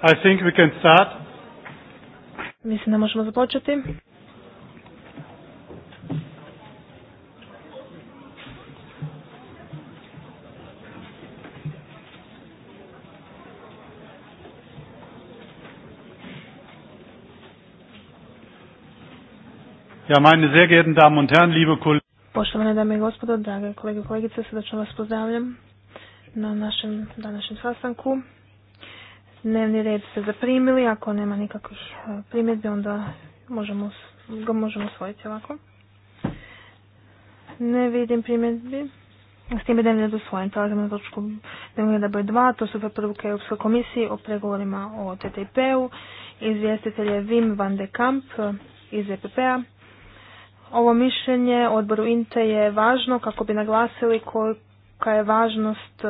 I think we can start. Mislim da možemo započeti. Ja, meine sehr geehrten Damen und Herren, liebe Kollegen. Poštovane dame i gospodo, drage kolege i kolegice, srdačno vas pozdravljam na našem današnjem sastanku. Dnevni red ste zaprimili, ako nema nikakvih e, primjedbi onda možemo, ga možemo usvojiti ovako. Ne vidim primjedbi. S time da je usvojen, prelazimo na točku dnevnog reda broj 2, to su preporuke Europske komisije o pregovorima o TTIP-u. Izvjestitelj je Wim van de Kamp iz EPP-a. Ovo mišljenje odboru INTE je važno kako bi naglasili kolika je važnost e,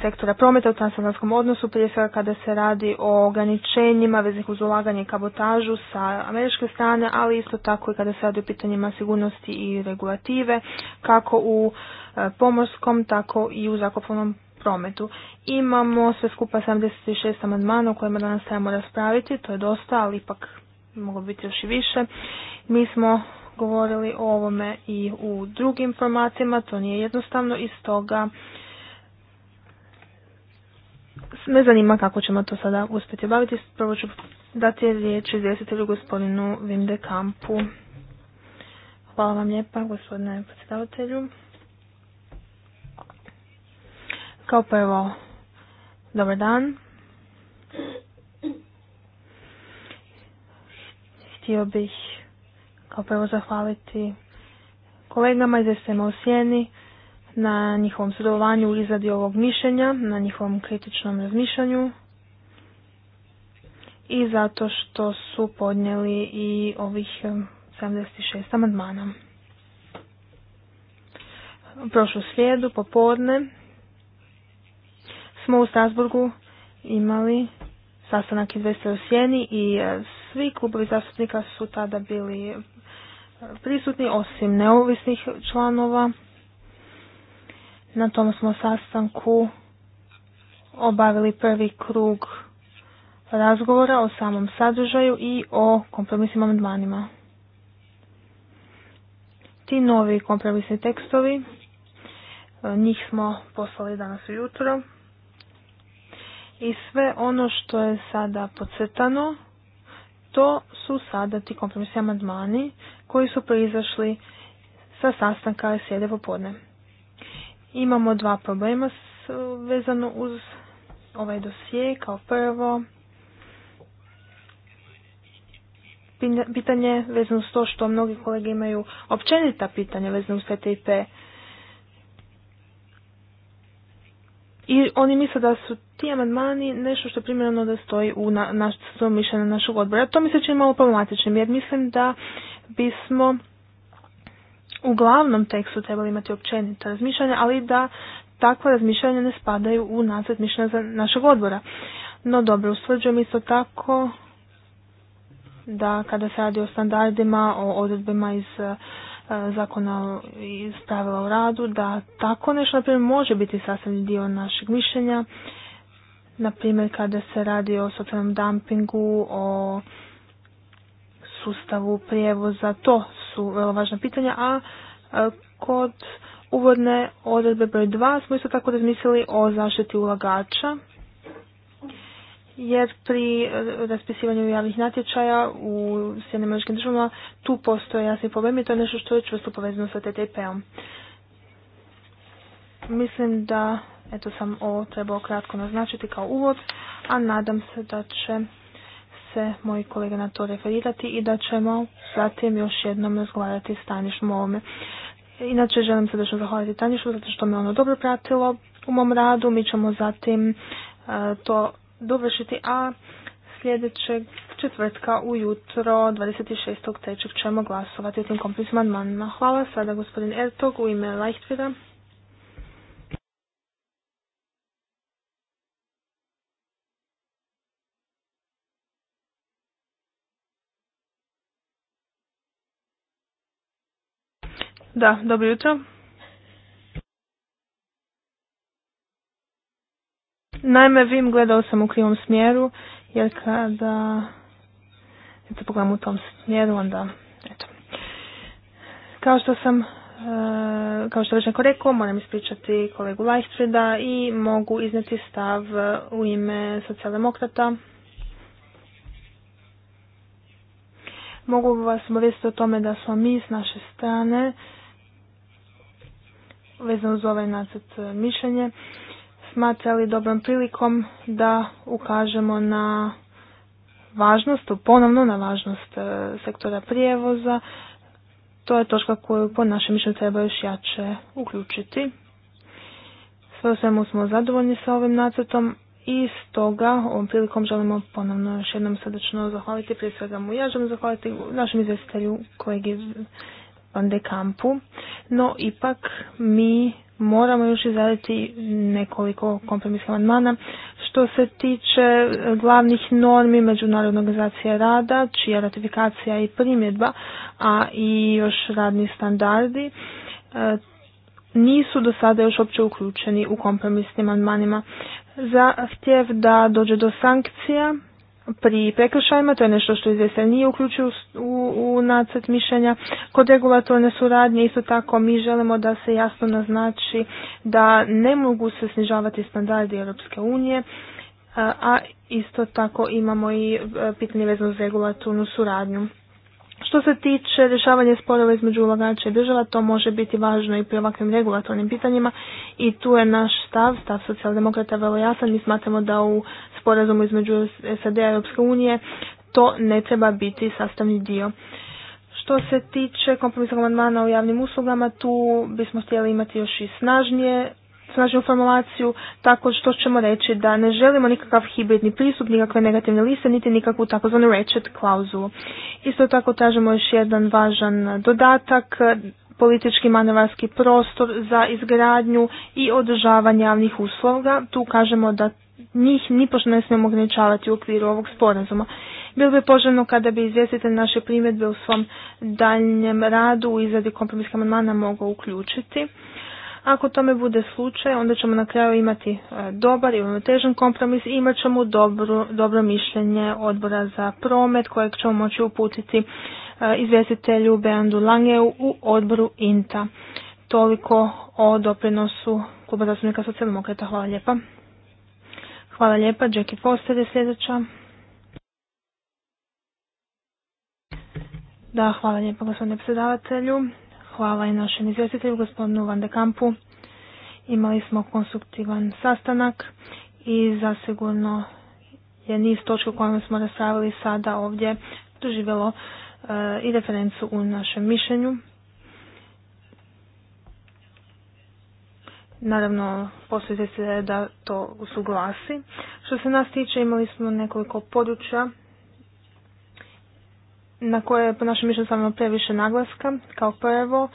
sektora prometa u transatlantskom odnosu, prije svega kada se radi o ograničenjima veznih uz ulaganje i kabotažu sa američke strane, ali isto tako i kada se radi o pitanjima sigurnosti i regulative, kako u e, pomorskom, tako i u zakoplovnom prometu. Imamo sve skupa 76 amandmana o kojima danas trebamo raspraviti, to je dosta, ali ipak moglo biti još i više. Mi smo govorili o ovome i u drugim formatima, to nije jednostavno i stoga me zanima kako ćemo to sada uspjeti obaviti. Prvo ću dati riječ izvjestitelju gospodinu Vimde Kampu. Hvala vam lijepa gospodine predsjedavatelju. Kao prvo, pa dobar dan. Htio bih kao prvo pa zahvaliti kolegama iz SMA u Sjeni na njihovom sudjelovanju u izradi ovog mišljenja, na njihovom kritičnom razmišljanju i zato što su podnijeli i ovih 76 amandmana. Prošlu srijedu popodne smo u Strasburgu imali sastanak iz u Sjeni i e, svi klubovi zastupnika su tada bili e, prisutni osim neovisnih članova na tom smo sastanku obavili prvi krug razgovora o samom sadržaju i o kompromisnim amandmanima. Ti novi kompromisni tekstovi, e, njih smo poslali danas ujutro. I sve ono što je sada podcrtano, to su sada ti kompromisni amandmani koji su proizašli sa sastanka sjede popodne. Imamo dva problema vezano uz ovaj dosije. Kao prvo, pitanje vezano s to što mnogi kolege imaju općenita pitanja vezano uz TTIP. I oni misle da su ti amandmani nešto što je primjerno da stoji u na, mišljenju našeg odbora. To mi se čini malo problematičnim jer mislim da bismo u glavnom tekstu trebali imati općenita razmišljanja, ali da takva razmišljanja ne spadaju u nacrt mišljenja za našeg odbora. No dobro, ustvrđujem isto tako da kada se radi o standardima, o odredbama iz e, zakona i pravila u radu, da tako nešto na primjer, može biti sastavni dio našeg mišljenja. Na primjer, kada se radi o socijalnom dumpingu, o sustavu prijevoza. To su vrlo važna pitanja, a e, kod uvodne odredbe broj 2 smo isto tako razmislili o zaštiti ulagača, jer pri e, raspisivanju javnih natječaja u Sjednim američkim državama tu postoje jasni problemi i to je nešto što je čvrsto povezano sa TTIP-om. Mislim da eto sam ovo trebao kratko naznačiti kao uvod, a nadam se da će se moji kolege na to referirati i da ćemo zatim još jednom razgovarati s Tanišom ovome. Inače želim se zahvaliti Tanišu zato što me ono dobro pratilo u mom radu. Mi ćemo zatim e, to dovršiti, a sljedećeg četvrtka ujutro 26.3. ćemo glasovati o tim kompromisnim Hvala sada gospodin Ertog u ime Leichtfrieda. Da, dobro jutro. Naime, Vim gledao sam u krivom smjeru, jer kada eto, pogledam u tom smjeru, onda, eto. Kao što sam, e, kao što već neko rekao, moram ispričati kolegu Lajstrida i mogu izneti stav u ime socijaldemokrata. Mogu vas obavijestiti o tome da smo mi s naše strane vezano uz ovaj nacrt e, mišljenje smatrali dobrom prilikom da ukažemo na važnost, ponovno na važnost e, sektora prijevoza. To je točka koju po našem mišljenju treba još jače uključiti. Sve o svemu smo zadovoljni sa ovim nacrtom i stoga ovom prilikom želimo ponovno još jednom srdečno zahvaliti prije svega mu ja želim zahvaliti našem izvjestitelju je de Kampu, no ipak mi moramo još izraditi nekoliko kompromisnih amandmana što se tiče glavnih normi Međunarodne organizacije rada, čija ratifikacija i primjedba, a i još radni standardi, e, nisu do sada još uopće uključeni u kompromisnim amandmanima. Zahtjev da dođe do sankcija pri prekršajima, to je nešto što izvjesel nije uključio u, u nacrt mišljenja. Kod regulatorne suradnje isto tako mi želimo da se jasno naznači da ne mogu se snižavati standardi Europske unije, a isto tako imamo i e, pitanje vezano za regulatornu suradnju. Što se tiče rješavanja sporova između ulagača i država, to može biti važno i pri ovakvim regulatornim pitanjima i tu je naš stav, stav socijaldemokrata vrlo jasan. Mi smatramo da u sporazumu između SAD-a i Europske unije, to ne treba biti sastavni dio. Što se tiče kompromisnog amandmana o javnim uslugama, tu bismo htjeli imati još i snažnije snažnu formulaciju, tako što ćemo reći da ne želimo nikakav hibridni pristup, nikakve negativne liste, niti nikakvu takozvanu ratchet klauzulu. Isto tako tražimo još jedan važan dodatak, politički manevarski prostor za izgradnju i održavanje javnih usluga. Tu kažemo da njih nipošto ne smijemo ograničavati u okviru ovog sporazuma. Bilo bi poželjno kada bi izvjestitelj naše primjedbe u svom daljnjem radu u izradi kompromiska amandmana mogao uključiti. Ako tome bude slučaj, onda ćemo na kraju imati e, dobar i uravnotežen kompromis i imat ćemo dobro, dobro mišljenje odbora za promet kojeg ćemo moći uputiti e, izvjestitelju Beandu Langeu u odboru INTA. Toliko o doprinosu Kluba zastupnika okreta. Hvala lijepa. Hvala lijepa. Jackie Foster je sljedeća. Da, hvala lijepa gospodine predsjedavatelju. Hvala i našem izvjestitelju gospodinu Van de Kampu. Imali smo konstruktivan sastanak i zasigurno je niz točka kojima smo raspravili sada ovdje doživjelo e, i referencu u našem mišljenju. Naravno, poslijete se da to usuglasi. Što se nas tiče, imali smo nekoliko područja na koje po našem mišljenju samo previše naglaska. Kao prvo,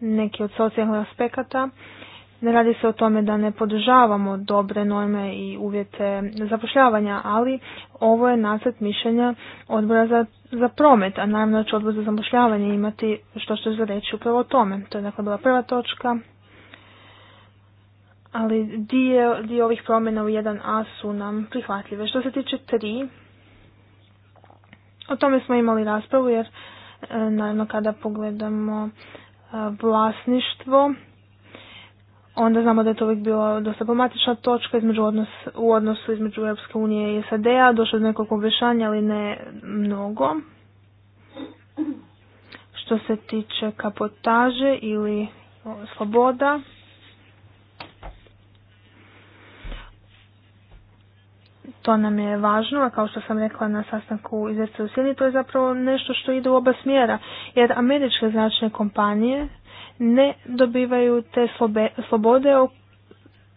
neki od socijalnih aspekata. Ne radi se o tome da ne podržavamo dobre norme i uvjete zapošljavanja, ali ovo je nacrt mišljenja odbora za, za promet, a naravno će odbor za zapošljavanje imati što što za reći upravo o tome. To je dakle bila prva točka ali dio, dio ovih promjena u 1a su nam prihvatljive. Što se tiče 3, o tome smo imali raspravu jer e, naravno kada pogledamo e, vlasništvo, onda znamo da je to uvijek bila dosta problematična točka između odnos, u odnosu između Europske unije i SAD-a, došlo do nekog obješanja, ali ne mnogo. Što se tiče kapotaže ili sloboda, to nam je važno, a kao što sam rekla na sastanku iz u Sjedi, to je zapravo nešto što ide u oba smjera, jer američke zračne kompanije ne dobivaju te slobode o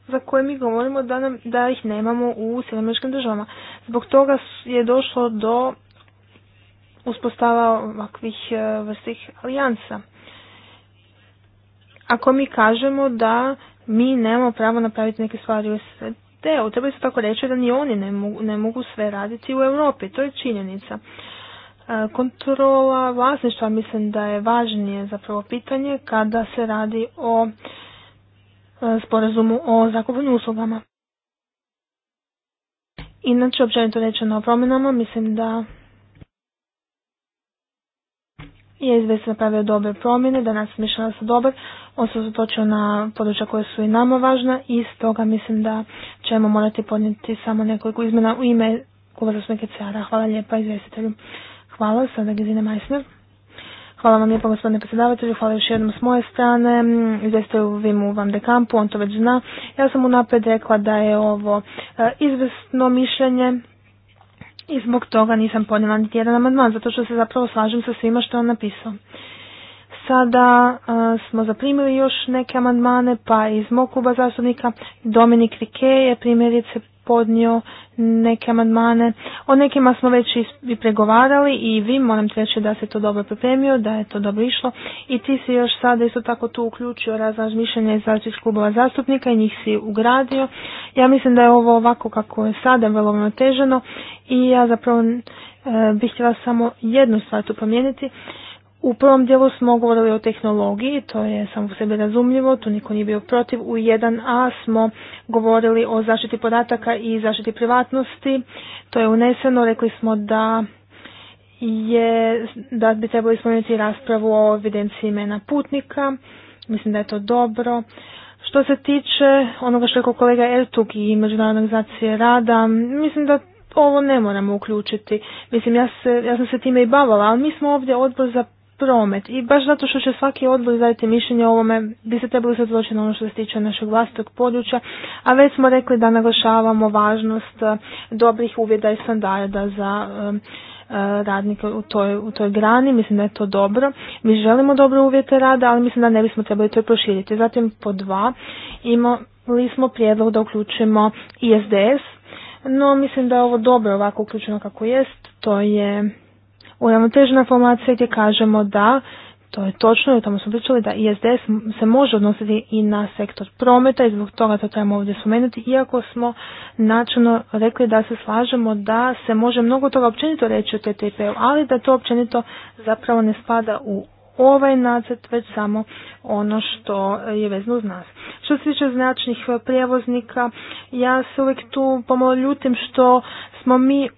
za koje mi govorimo da, nam, da ih nemamo u Sjedinjeničkim državama. Zbog toga je došlo do uspostava ovakvih e, vrstih alijansa. Ako mi kažemo da mi nemamo pravo napraviti neke stvari u te, u Treba se tako reći da ni oni ne mogu, ne mogu sve raditi u Europi, to je činjenica. E, kontrola vlasništva mislim da je važnije zapravo pitanje kada se radi o e, sporazumu o zakupnim uslugama. Inače, općenito rečeno o promjenama, mislim da je izvest napravio dobre promjene, da nas da su dobar, zatočio na područja koje su i nama važna i stoga mislim da ćemo morati podnijeti samo nekoliko izmjena u ime Kluba zastupnika Hvala lijepa izvjestitelju. Hvala, sada Gizine Majsner. Hvala vam lijepo gospodine predsjedavatelju, hvala još jednom s moje strane, izvjestitelju Vimu Van de Kampu, on to već zna. Ja sam unaprijed rekla da je ovo e, izvestno mišljenje i zbog toga nisam podnijela niti jedan amandman, zato što se zapravo slažem sa svima što je on napisao. Sada e, smo zaprimili još neke amandmane, pa iz mog kluba zastupnika Dominik Rike je primjerice podnio neke amandmane. O nekima smo već i pregovarali i vi moram ti da se to dobro pripremio, da je to dobro išlo i ti si još sada isto tako tu uključio razmišljanje mišljenja iz različitih klubova zastupnika i njih si ugradio. Ja mislim da je ovo ovako kako je sada vrlo teženo i ja zapravo e, bih htjela samo jednu stvar tu promijeniti. U prvom dijelu smo govorili o tehnologiji, to je samo po sebi razumljivo, tu niko nije bio protiv. U 1a smo govorili o zaštiti podataka i zaštiti privatnosti, to je uneseno, rekli smo da je da bi trebali spomenuti raspravu o evidenciji imena putnika, mislim da je to dobro. Što se tiče onoga što je kolega Ertug i Međunarodne organizacije rada, mislim da ovo ne moramo uključiti. Mislim, ja, se, ja sam se time i bavila, ali mi smo ovdje odbor za promet. I baš zato što će svaki odbor zadati mišljenje o ovome, bi se trebali sredoći na ono što se tiče našeg vlastitog područja, a već smo rekli da naglašavamo važnost e, dobrih uvjeda i standarda za e, e, radnika u toj, u toj grani, mislim da je to dobro. Mi želimo dobre uvjete rada, ali mislim da ne bismo trebali to proširiti. Zatim po dva imali smo prijedlog da uključimo ISDS, no mislim da je ovo dobro ovako uključeno kako jest, to je uravnotežena formacija gdje kažemo da, to je točno i o tome smo pričali, da ISDS se može odnositi i na sektor prometa i zbog toga to trebamo ovdje spomenuti, iako smo načelno rekli da se slažemo da se može mnogo toga općenito reći o TTIP-u, ali da to općenito zapravo ne spada u ovaj nacrt već samo ono što je vezno uz nas. Što se tiče značnih prijevoznika, ja se uvijek tu pomalo ljutim što smo mi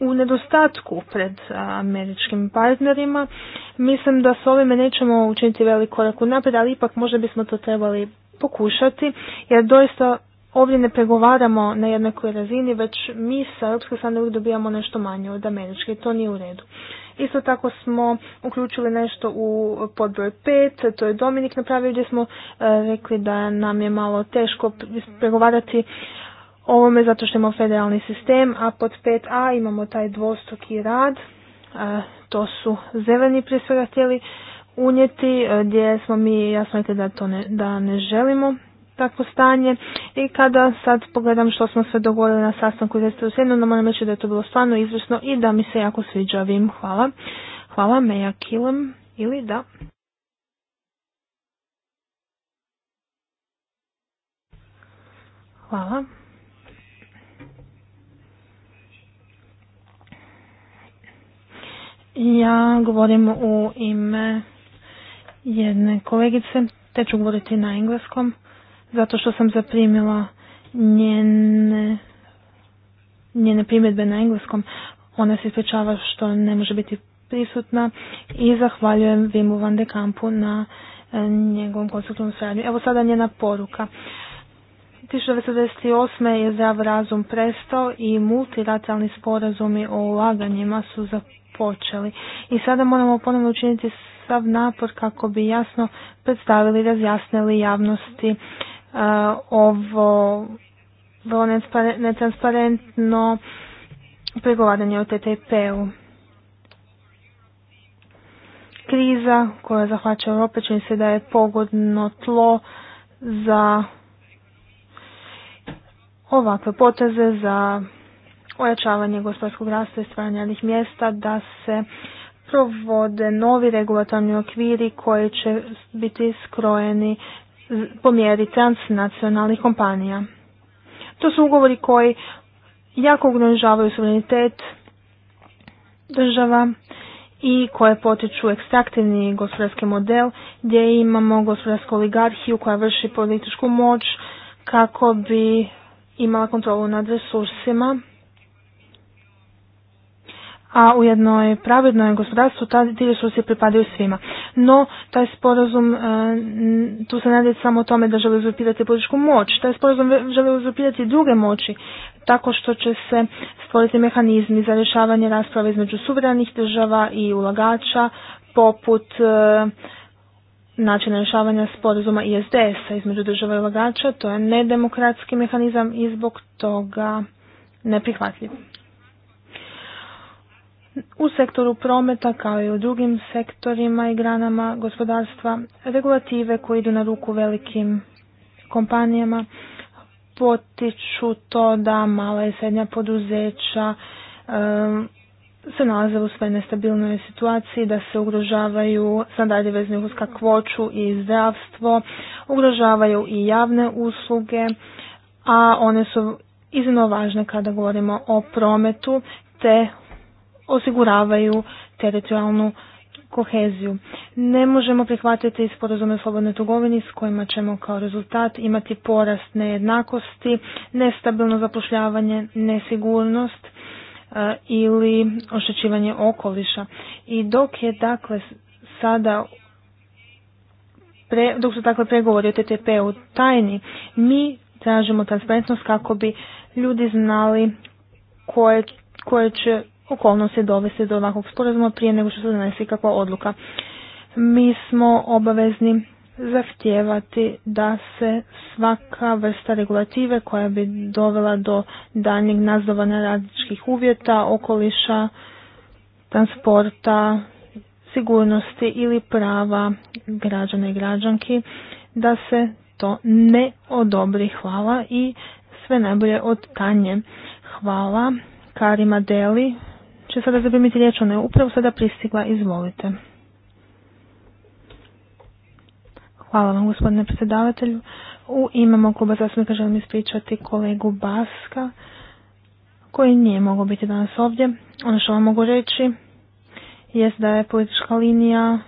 u nedostatku pred američkim partnerima. Mislim da s ovime nećemo učiniti velik korak unaprijed, ali ipak možda bismo to trebali pokušati, jer doista ovdje ne pregovaramo na jednakoj razini, već mi sa Europske strane uvijek dobijamo nešto manje od američke i to nije u redu. Isto tako smo uključili nešto u podbroj 5, to je Dominik napravio gdje smo e, rekli da nam je malo teško pregovarati ovome zato što imamo federalni sistem, a pod 5a imamo taj dvostoki rad, e, to su zeleni prije svega htjeli unijeti, e, gdje smo mi jasno da, to ne, da ne želimo takvo stanje i kada sad pogledam što smo sve dogovorili na sastanku izvesti u sjednu, moram reći da je to bilo stvarno izvrsno i da mi se jako sviđa Vim. Hvala. Hvala Meja Kilom ili da. Hvala. Ja govorim u ime jedne kolegice, te ću govoriti na engleskom, zato što sam zaprimila njene, njene primjedbe na engleskom. Ona se ispričava što ne može biti prisutna i zahvaljujem Vimu van de Kampu na e, njegovom konstruktivnom sradnju. Evo sada njena poruka. 1998. je zdrav razum prestao i multilateralni sporazumi o ulaganjima su počeli. I sada moramo ponovno učiniti sav napor kako bi jasno predstavili i razjasnili javnosti e, ovo vrlo netransparentno pregovaranje o ttp u Kriza koja zahvaća Europe čini se da je pogodno tlo za ovakve poteze, za ojačavanje gospodarskog rasta i stvaranja radnih mjesta, da se provode novi regulatorni okviri koji će biti skrojeni po mjeri transnacionalnih kompanija. To su ugovori koji jako ugrožavaju suverenitet država i koje potiču ekstraktivni gospodarski model gdje imamo gospodarsku oligarhiju koja vrši političku moć kako bi imala kontrolu nad resursima a u jednoj pravednoj gospodarstvu ta dio resursi pripadaju svima. No, taj sporazum, e, tu se ne radi samo o tome da žele uzupirati političku moć, taj sporazum žele uzupirati druge moći, tako što će se stvoriti mehanizmi za rješavanje rasprave između suverenih država i ulagača, poput e, načina rješavanja sporazuma ISDS-a između država i ulagača, to je nedemokratski mehanizam i zbog toga neprihvatljiv. U sektoru prometa kao i u drugim sektorima i granama gospodarstva regulative koje idu na ruku velikim kompanijama potiču to da mala i srednja poduzeća se nalaze u sve nestabilnoj situaciji, da se ugrožavaju standardi vezni uz kakvoću i zdravstvo, ugrožavaju i javne usluge, a one su iznimno važne kada govorimo o prometu te osiguravaju teritorijalnu koheziju. Ne možemo prihvatiti sporazume slobodne slobodnoj trgovini s kojima ćemo kao rezultat imati porast nejednakosti, nestabilno zapošljavanje, nesigurnost e, ili oštećivanje okoliša. I dok je dakle sada dok su dakle pregovori o TTP-u tajni, mi tražimo transparentnost kako bi ljudi znali koje, koje će okolnosti dovesti do ovakvog sporazuma prije nego što se donese kakva odluka. Mi smo obavezni zahtijevati da se svaka vrsta regulative koja bi dovela do daljnjeg nazdovanja različitih uvjeta, okoliša, transporta, sigurnosti ili prava građana i građanki, da se to ne odobri. Hvala i sve najbolje od Tanje. Hvala Karima Deli, će sada zaprimiti riječ, ona je upravo sada pristigla, izvolite. Hvala vam gospodine predsjedavatelju. U ime mog kluba zastupnika želim ispričati kolegu Baska koji nije mogao biti danas ovdje. Ono što vam mogu reći jest da je politička linija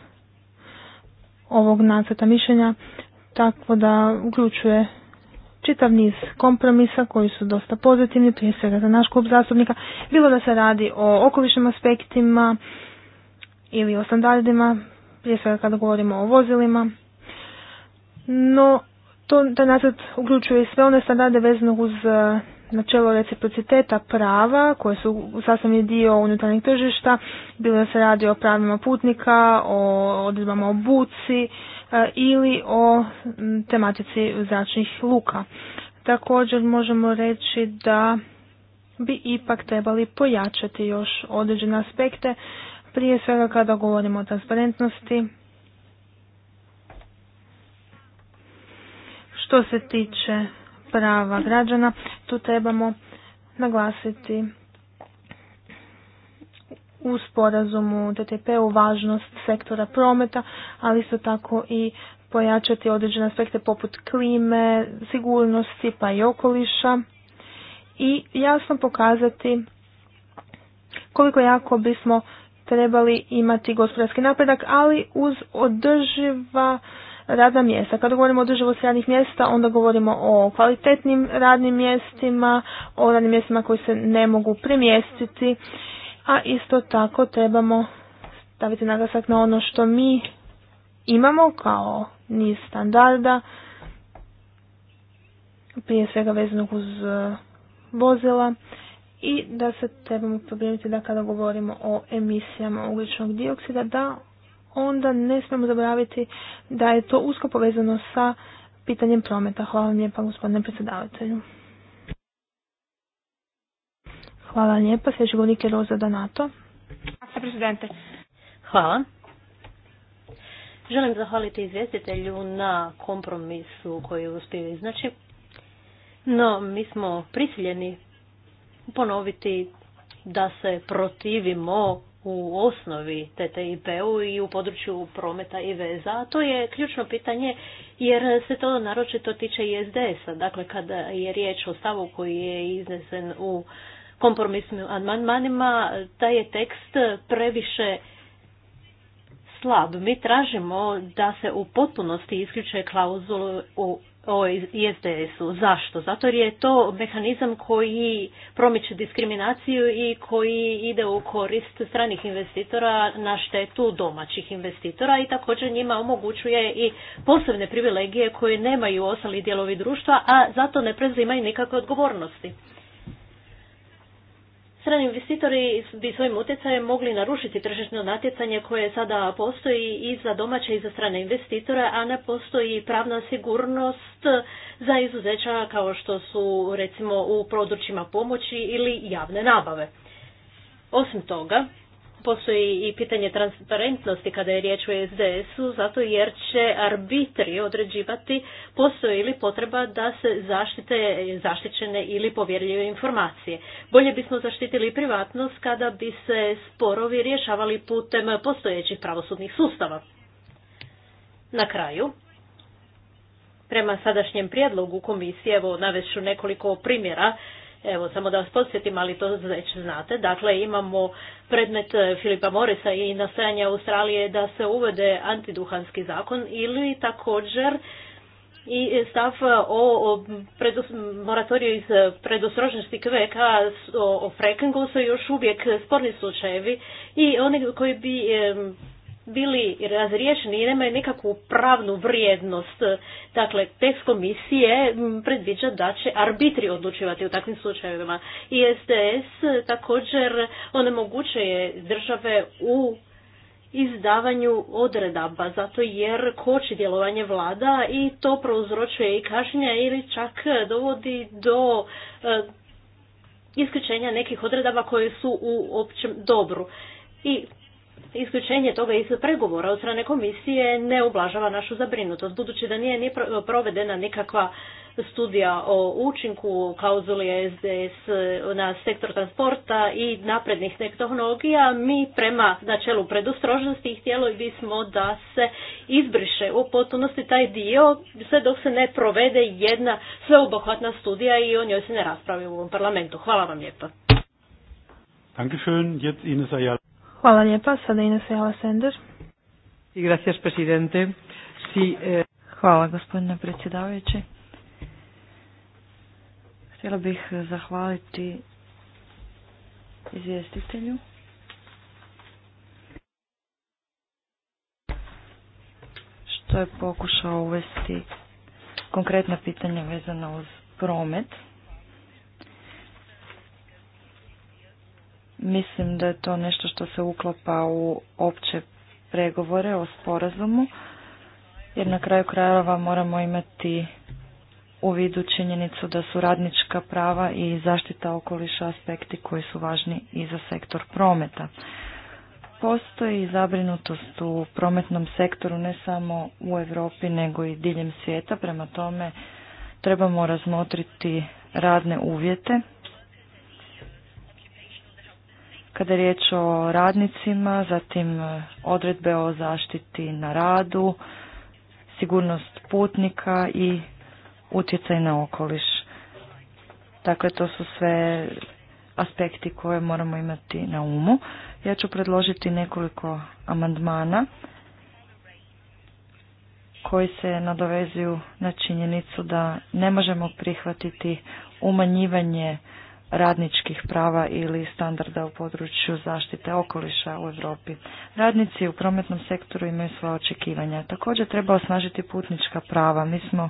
ovog nacrta mišljenja tako da uključuje čitav niz kompromisa koji su dosta pozitivni, prije svega za naš klub zastupnika, bilo da se radi o okolišnim aspektima ili o standardima, prije svega kada govorimo o vozilima. No, to, da uključuje uključuje sve one standarde vezano uz eh, načelo reciprociteta prava koje su sasvim dio unutarnjeg tržišta, bilo da se radi o pravima putnika, o odredbama o buci, E, ili o tematici zračnih luka. Također možemo reći da bi ipak trebali pojačati još određene aspekte, prije svega kada govorimo o transparentnosti, Što se tiče prava građana, tu trebamo naglasiti u sporazumu TTP-u važnost sektora prometa, ali isto tako i pojačati određene aspekte poput klime, sigurnosti pa i okoliša i jasno pokazati koliko jako bismo trebali imati gospodarski napredak, ali uz održiva radna mjesta. Kada govorimo o održivosti radnih mjesta, onda govorimo o kvalitetnim radnim mjestima, o radnim mjestima koji se ne mogu premjestiti a isto tako trebamo staviti naglasak na ono što mi imamo kao niz standarda, prije svega vezanog uz eh, vozila i da se trebamo pobrinuti da kada govorimo o emisijama ugljičnog dioksida da onda ne smijemo zaboraviti da je to usko povezano sa pitanjem prometa. Hvala vam lijepa gospodine predsjedavatelju. Hvala lijepa. Sljedeći govornik je Roza Danato. Hvala. Želim zahvaliti izvjestitelju na kompromisu koji je uspio iznaći. No, mi smo prisiljeni ponoviti da se protivimo u osnovi TTIP-u i u području prometa i veza. To je ključno pitanje jer se to naročito tiče i SDS-a. Dakle, kada je riječ o stavu koji je iznesen u kompromisnim amandmanima, taj je tekst previše slab. Mi tražimo da se u potpunosti isključe klauzulu u o ISDS-u. Zašto? Zato jer je to mehanizam koji promiče diskriminaciju i koji ide u korist stranih investitora na štetu domaćih investitora i također njima omogućuje i posebne privilegije koje nemaju ostali dijelovi društva, a zato ne prezimaju nikakve odgovornosti. Strani investitori bi svojim utjecajem mogli narušiti tržišno natjecanje koje sada postoji i za domaće i za strane investitore, a ne postoji pravna sigurnost za izuzeća kao što su recimo u područjima pomoći ili javne nabave. Osim toga, postoji i pitanje transparentnosti kada je riječ o SDS-u, zato jer će arbitri određivati postoji li potreba da se zaštite zaštićene ili povjerljive informacije. Bolje bismo zaštitili privatnost kada bi se sporovi rješavali putem postojećih pravosudnih sustava. Na kraju, prema sadašnjem prijedlogu komisije, evo navešu nekoliko primjera, Evo, samo da vas podsjetim, ali to već znate. Dakle, imamo predmet e, Filipa Morisa i nastajanja Australije da se uvede antiduhanski zakon ili također i stav o moratoriju iz predostrožnosti kveka o frackingu su još uvijek sporni slučajevi i oni koji bi bili razriješeni i nemaju nikakvu pravnu vrijednost. Dakle, tekst komisije predviđa da će arbitri odlučivati u takvim slučajevima. I SDS također onemogućuje države u izdavanju odredaba, zato jer koči djelovanje vlada i to prouzročuje i kašnja ili čak dovodi do e, isključenja nekih odredaba koje su u općem dobru. I isključenje toga iz pregovora od strane komisije ne ublažava našu zabrinutost, budući da nije provedena nikakva studija o učinku klauzuli SDS na sektor transporta i naprednih tehnologija, mi prema načelu predostrožnosti htjeli bismo da se izbriše u potpunosti taj dio sve dok se ne provede jedna sveobuhvatna studija i o njoj se ne raspravi u ovom parlamentu. Hvala vam lijepa. Hvala lijepa. Sada Ines Jala Sender. I gracias, presidente. Si, eh... Hvala, gospodine predsjedavajući. Htjela bih zahvaliti izvjestitelju. Što je pokušao uvesti konkretna pitanja vezana uz promet Mislim da je to nešto što se uklapa u opće pregovore o sporazumu, jer na kraju krajeva moramo imati u vidu činjenicu da su radnička prava i zaštita okoliša aspekti koji su važni i za sektor prometa. Postoji zabrinutost u prometnom sektoru ne samo u Europi nego i diljem svijeta, prema tome trebamo razmotriti radne uvjete kada je riječ o radnicima, zatim e, odredbe o zaštiti na radu, sigurnost putnika i utjecaj na okoliš. Dakle, to su sve aspekti koje moramo imati na umu. Ja ću predložiti nekoliko amandmana koji se nadovezuju na činjenicu da ne možemo prihvatiti umanjivanje radničkih prava ili standarda u području zaštite okoliša u Europi. Radnici u prometnom sektoru imaju sva očekivanja. Također treba osnažiti putnička prava. Mi smo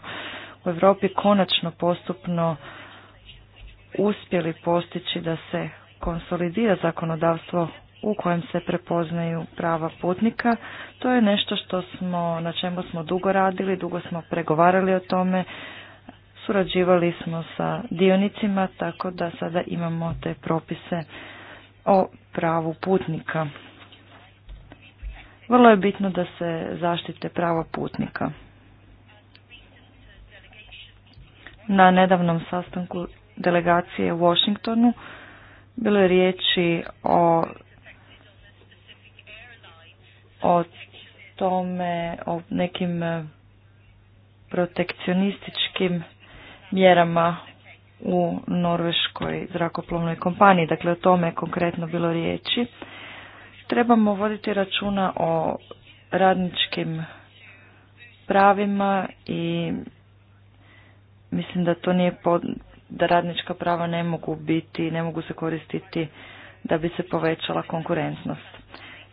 u Europi konačno postupno uspjeli postići da se konsolidira zakonodavstvo u kojem se prepoznaju prava putnika. To je nešto što smo, na čemu smo dugo radili, dugo smo pregovarali o tome Surađivali smo sa dionicima tako da sada imamo te propise o pravu putnika. Vrlo je bitno da se zaštite prava putnika. Na nedavnom sastanku delegacije u Washingtonu bilo je riječi o, o tome, o nekim protekcionističkim mjerama u norveškoj zrakoplovnoj kompaniji. Dakle, o tome je konkretno bilo riječi. Trebamo voditi računa o radničkim pravima i mislim da to nije pod, da radnička prava ne mogu biti, ne mogu se koristiti da bi se povećala konkurentnost.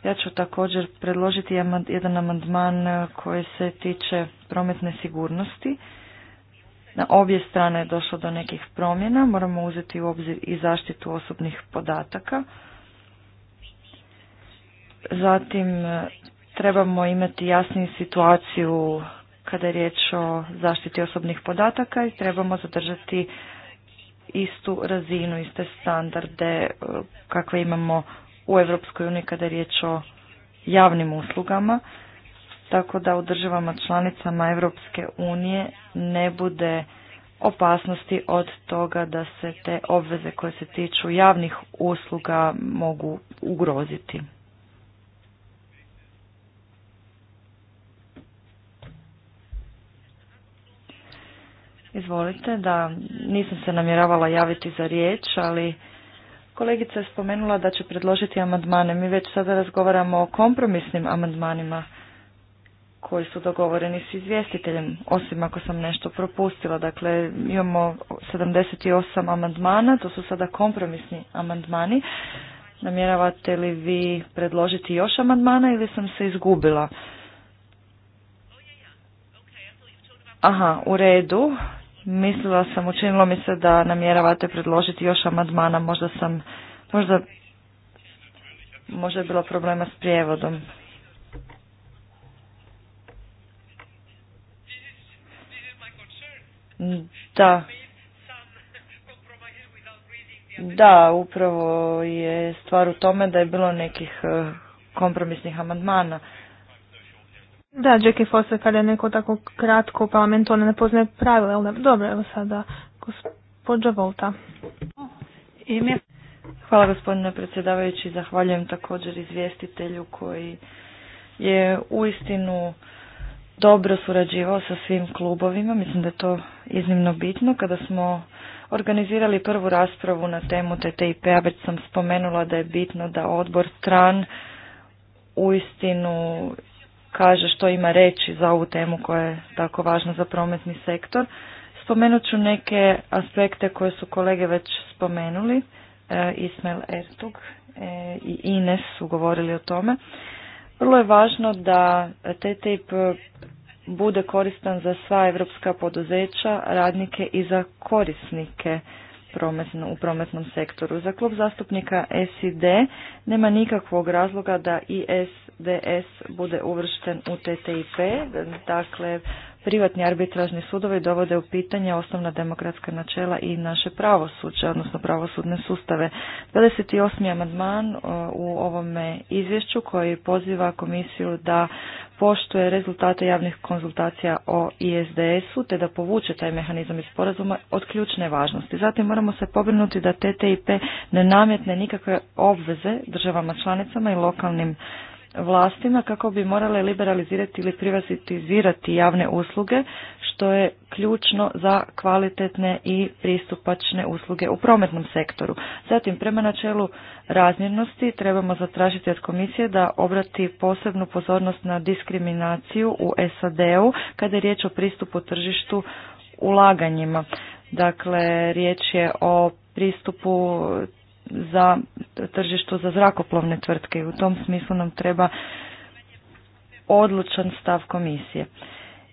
Ja ću također predložiti jedan amandman koji se tiče prometne sigurnosti na obje strane je došlo do nekih promjena, moramo uzeti u obzir i zaštitu osobnih podataka. Zatim e, trebamo imati jasniju situaciju kada je riječ o zaštiti osobnih podataka i trebamo zadržati istu razinu, iste standarde e, kakve imamo u EU kada je riječ o javnim uslugama tako da u državama članicama Europske unije ne bude opasnosti od toga da se te obveze koje se tiču javnih usluga mogu ugroziti. Izvolite, da nisam se namjeravala javiti za riječ, ali kolegica je spomenula da će predložiti amandmane. Mi već sada razgovaramo o kompromisnim amandmanima koji su dogovoreni s izvjestiteljem, osim ako sam nešto propustila. Dakle, imamo 78 amandmana, to su sada kompromisni amandmani. Namjeravate li vi predložiti još amandmana ili sam se izgubila? Aha, u redu. Mislila sam, učinilo mi se da namjeravate predložiti još amandmana, možda sam, možda, možda je bilo problema s prijevodom. Da. Da, upravo je stvar u tome da je bilo nekih e, kompromisnih amandmana. Da, Jackie Foster, kada je neko tako kratko u parlamentu, ona ne poznaje pravila, onda dobro, evo sada, gospođa Volta. Hvala gospodine predsjedavajući, zahvaljujem također izvjestitelju koji je uistinu dobro surađivao sa svim klubovima, mislim da je to iznimno bitno. Kada smo organizirali prvu raspravu na temu TTIP-a, već sam spomenula da je bitno da odbor u uistinu kaže što ima reći za ovu temu koja je tako važna za prometni sektor. Spomenut ću neke aspekte koje su kolege već spomenuli. E, Ismail Ertug e, i Ines su govorili o tome. Vrlo je važno da TTIP bude koristan za sva evropska poduzeća, radnike i za korisnike u prometnom sektoru. Za klub zastupnika SID nema nikakvog razloga da ISDS bude uvršten u TTIP, dakle privatni arbitražni sudovi dovode u pitanje osnovna demokratska načela i naše pravosuđe, odnosno pravosudne sustave. 28. amandman uh, u ovome izvješću koji poziva komisiju da poštuje rezultate javnih konzultacija o ISDS-u te da povuče taj mehanizam iz sporazuma od ključne važnosti. Zatim moramo se pobrinuti da TTIP ne nametne nikakve obveze državama članicama i lokalnim vlastima kako bi morale liberalizirati ili privatizirati javne usluge, što je ključno za kvalitetne i pristupačne usluge u prometnom sektoru. Zatim, prema načelu razmjernosti trebamo zatražiti od komisije da obrati posebnu pozornost na diskriminaciju u SAD-u kada je riječ o pristupu tržištu ulaganjima. Dakle, riječ je o pristupu za tržištu za zrakoplovne tvrtke i u tom smislu nam treba odlučan stav komisije.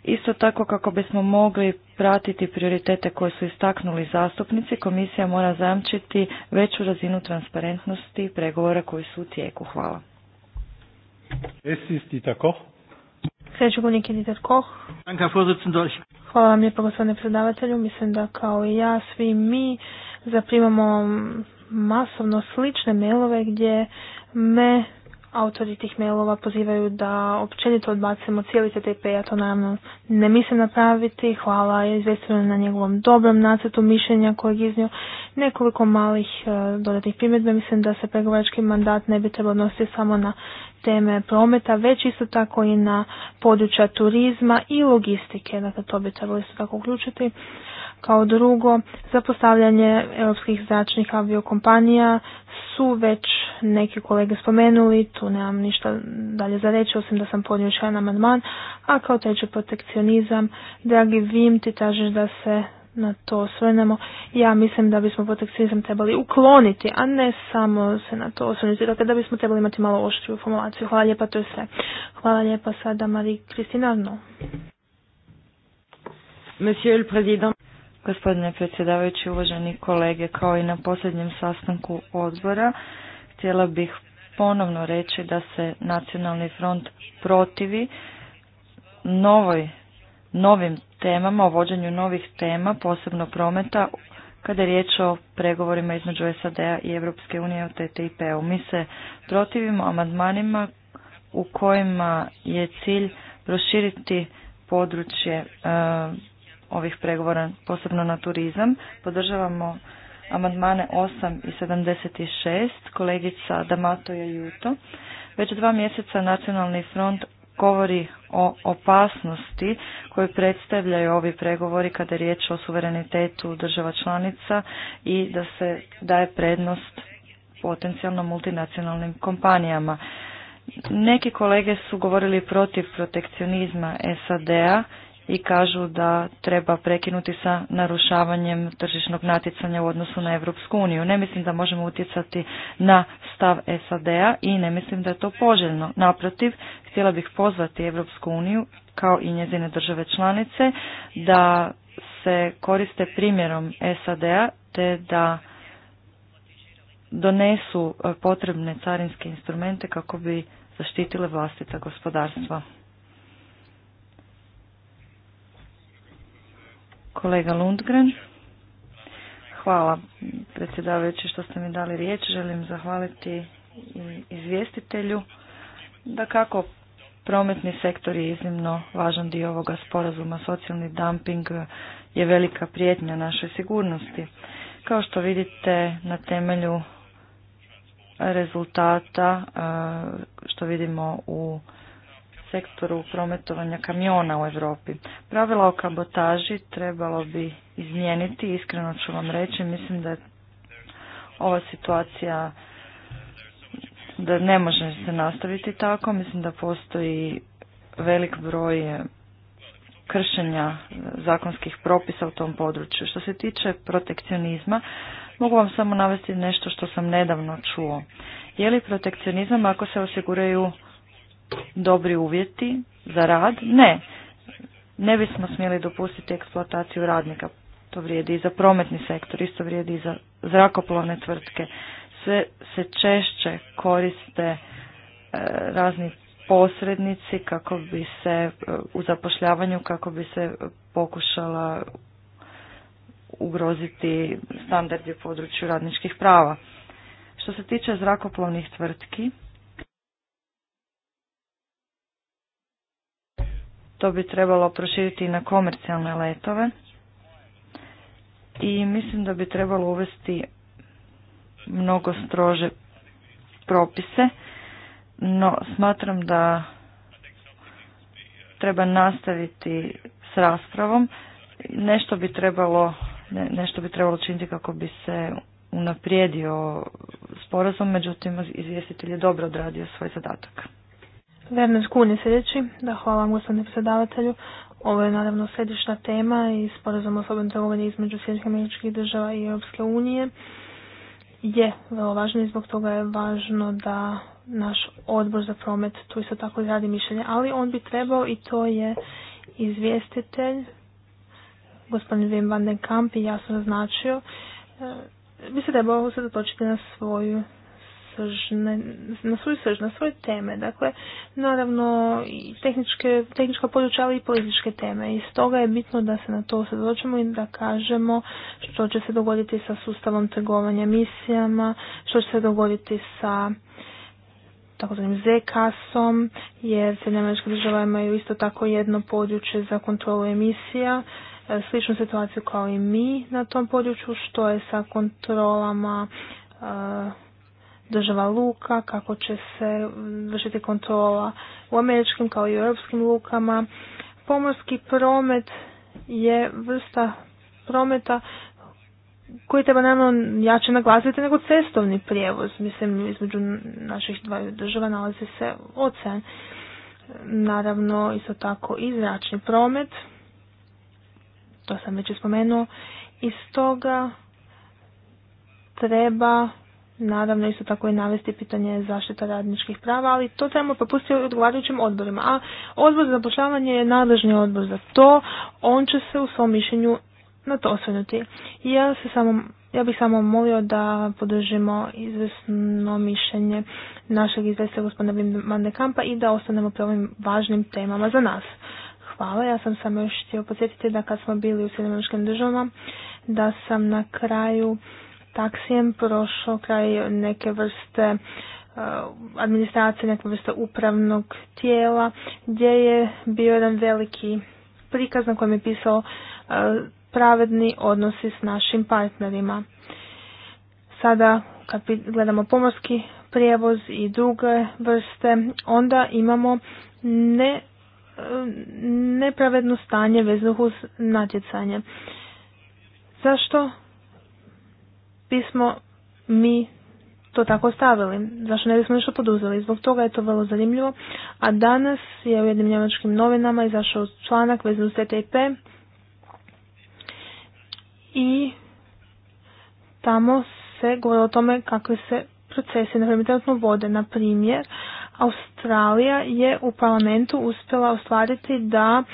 Isto tako kako bismo mogli pratiti prioritete koje su istaknuli zastupnici, komisija mora zamčiti veću razinu transparentnosti pregovora koji su u tijeku. Hvala. Hvala vam lijepo gospodine predavatelju. Mislim da kao i ja, svi mi zaprimamo masovno slične mailove gdje me autori tih mailova pozivaju da općenito odbacimo cijeli TTP, ja to naravno ne mislim napraviti, hvala izvjestitelju na njegovom dobrom nacetu mišljenja kojeg iznio nekoliko malih e, dodatnih primjedbe, mislim da se pregovarački mandat ne bi trebao odnositi samo na teme prometa, već isto tako i na područja turizma i logistike, dakle to bi trebalo isto tako uključiti. Kao drugo, za postavljanje europskih zračnih aviokompanija su već neki kolege spomenuli, tu nemam ništa dalje za reći, osim da sam podnio još jedan amandman, a kao treći protekcionizam, dragi Vim, ti tražiš da se na to osvrnemo. Ja mislim da bismo protekcionizam trebali ukloniti, a ne samo se na to osvrnuti. Dakle, da bismo trebali imati malo oštriju formulaciju. Hvala lijepa, to je sve. Hvala lijepa sada Mari Kristina Monsieur le Président. Gospodine predsjedavajući, uvaženi kolege, kao i na posljednjem sastanku odbora, htjela bih ponovno reći da se Nacionalni front protivi novoj, novim temama, o vođenju novih tema, posebno prometa, kada je riječ o pregovorima između SAD-a i Europske unije o TTIP-u. Mi se protivimo amandmanima u kojima je cilj proširiti područje e, ovih pregovora, posebno na turizam. Podržavamo amandmane 8 i 76, kolegica Damato Juto Već dva mjeseca Nacionalni front govori o opasnosti koju predstavljaju ovi pregovori kada je riječ o suverenitetu država članica i da se daje prednost potencijalno multinacionalnim kompanijama. Neki kolege su govorili protiv protekcionizma SAD-a i kažu da treba prekinuti sa narušavanjem tržišnog natjecanja u odnosu na Europsku uniju. Ne mislim da možemo utjecati na stav SAD-a i ne mislim da je to poželjno. Naprotiv, htjela bih pozvati Europsku uniju kao i njezine države članice da se koriste primjerom SAD-a te da donesu potrebne carinske instrumente kako bi zaštitile vlastita gospodarstva. Kolega Lundgren. Hvala predsjedavajući što ste mi dali riječ. Želim zahvaliti izvjestitelju da kako prometni sektor je iznimno važan dio ovoga sporazuma. Socijalni dumping je velika prijetnja našoj sigurnosti. Kao što vidite na temelju rezultata što vidimo u sektoru prometovanja kamiona u Europi. Pravila o kabotaži trebalo bi izmijeniti, iskreno ću vam reći, mislim da je ova situacija da ne može se nastaviti tako, mislim da postoji velik broj kršenja zakonskih propisa u tom području. Što se tiče protekcionizma, mogu vam samo navesti nešto što sam nedavno čuo. Je li protekcionizam ako se osiguraju dobri uvjeti za rad? Ne. Ne bismo smjeli dopustiti eksploataciju radnika. To vrijedi i za prometni sektor, isto vrijedi i za zrakoplovne tvrtke. Sve se češće koriste e, razni posrednici kako bi se e, u zapošljavanju kako bi se pokušala ugroziti standardi u području radničkih prava. Što se tiče zrakoplovnih tvrtki, To bi trebalo proširiti i na komercijalne letove. I mislim da bi trebalo uvesti mnogo strože propise, no smatram da treba nastaviti s raspravom. Nešto bi trebalo, nešto bi trebalo činiti kako bi se unaprijedio sporazum, međutim izvjestitelj je dobro odradio svoj zadatak. Werner Kun sljedeći. Da, hvala vam gospodine predsjedavatelju. Ovo je naravno središnja tema i sporazum o slobodnom trgovini između Sjedinjenih američkih država i Europske unije je vrlo važno i zbog toga je važno da naš odbor za promet tu isto tako izradi mišljenje, ali on bi trebao i to je izvjestitelj gospodin Wim van den Kamp i jasno naznačio e, bi se trebao usredotočiti na svoju na svoju na svoje teme. Dakle, naravno, i tehnička područja, ali i političke teme. I stoga je bitno da se na to osredočimo i da kažemo što će se dogoditi sa sustavom trgovanja emisijama, što će se dogoditi sa takozvanim Z-kasom, jer se države imaju isto tako jedno područje za kontrolu emisija, e, sličnu situaciju kao i mi na tom području, što je sa kontrolama e, država luka, kako će se mm, vršiti kontrola u američkim kao i u europskim lukama. Pomorski promet je vrsta prometa koji treba naravno jače naglasiti nego cestovni prijevoz. Mislim, između naših dva država nalazi se ocean. Naravno, isto tako i zračni promet. To sam već spomenuo. I stoga treba naravno isto tako i navesti pitanje zaštita radničkih prava, ali to trebamo propustiti u odgovarajućim odborima. A odbor za zapošljavanje je nadležni odbor za to, on će se u svom mišljenju na to osvrnuti. Ja, se samo, ja bih samo molio da podržimo izvesno mišljenje našeg izvesta gospodina Mande Kampa i da ostanemo pri ovim važnim temama za nas. Hvala, ja sam samo još htio podsjetiti da kad smo bili u Sjedinjeničkim državama, da sam na kraju taksijem prošao kraj neke vrste e, administracije, neke vrste upravnog tijela, gdje je bio jedan veliki prikaz na kojem je pisao e, pravedni odnosi s našim partnerima. Sada kad gledamo pomorski prijevoz i druge vrste, onda imamo ne, e, nepravedno stanje vezano uz natjecanje. Zašto bismo mi to tako stavili? Zašto ne bismo ništa poduzeli? Zbog toga je to vrlo zanimljivo. A danas je u jednim njemačkim novinama izašao članak vezan uz TTIP i tamo se govori o tome kakvi se procesi na vode. Na primjer, Australija je u parlamentu uspjela ostvariti da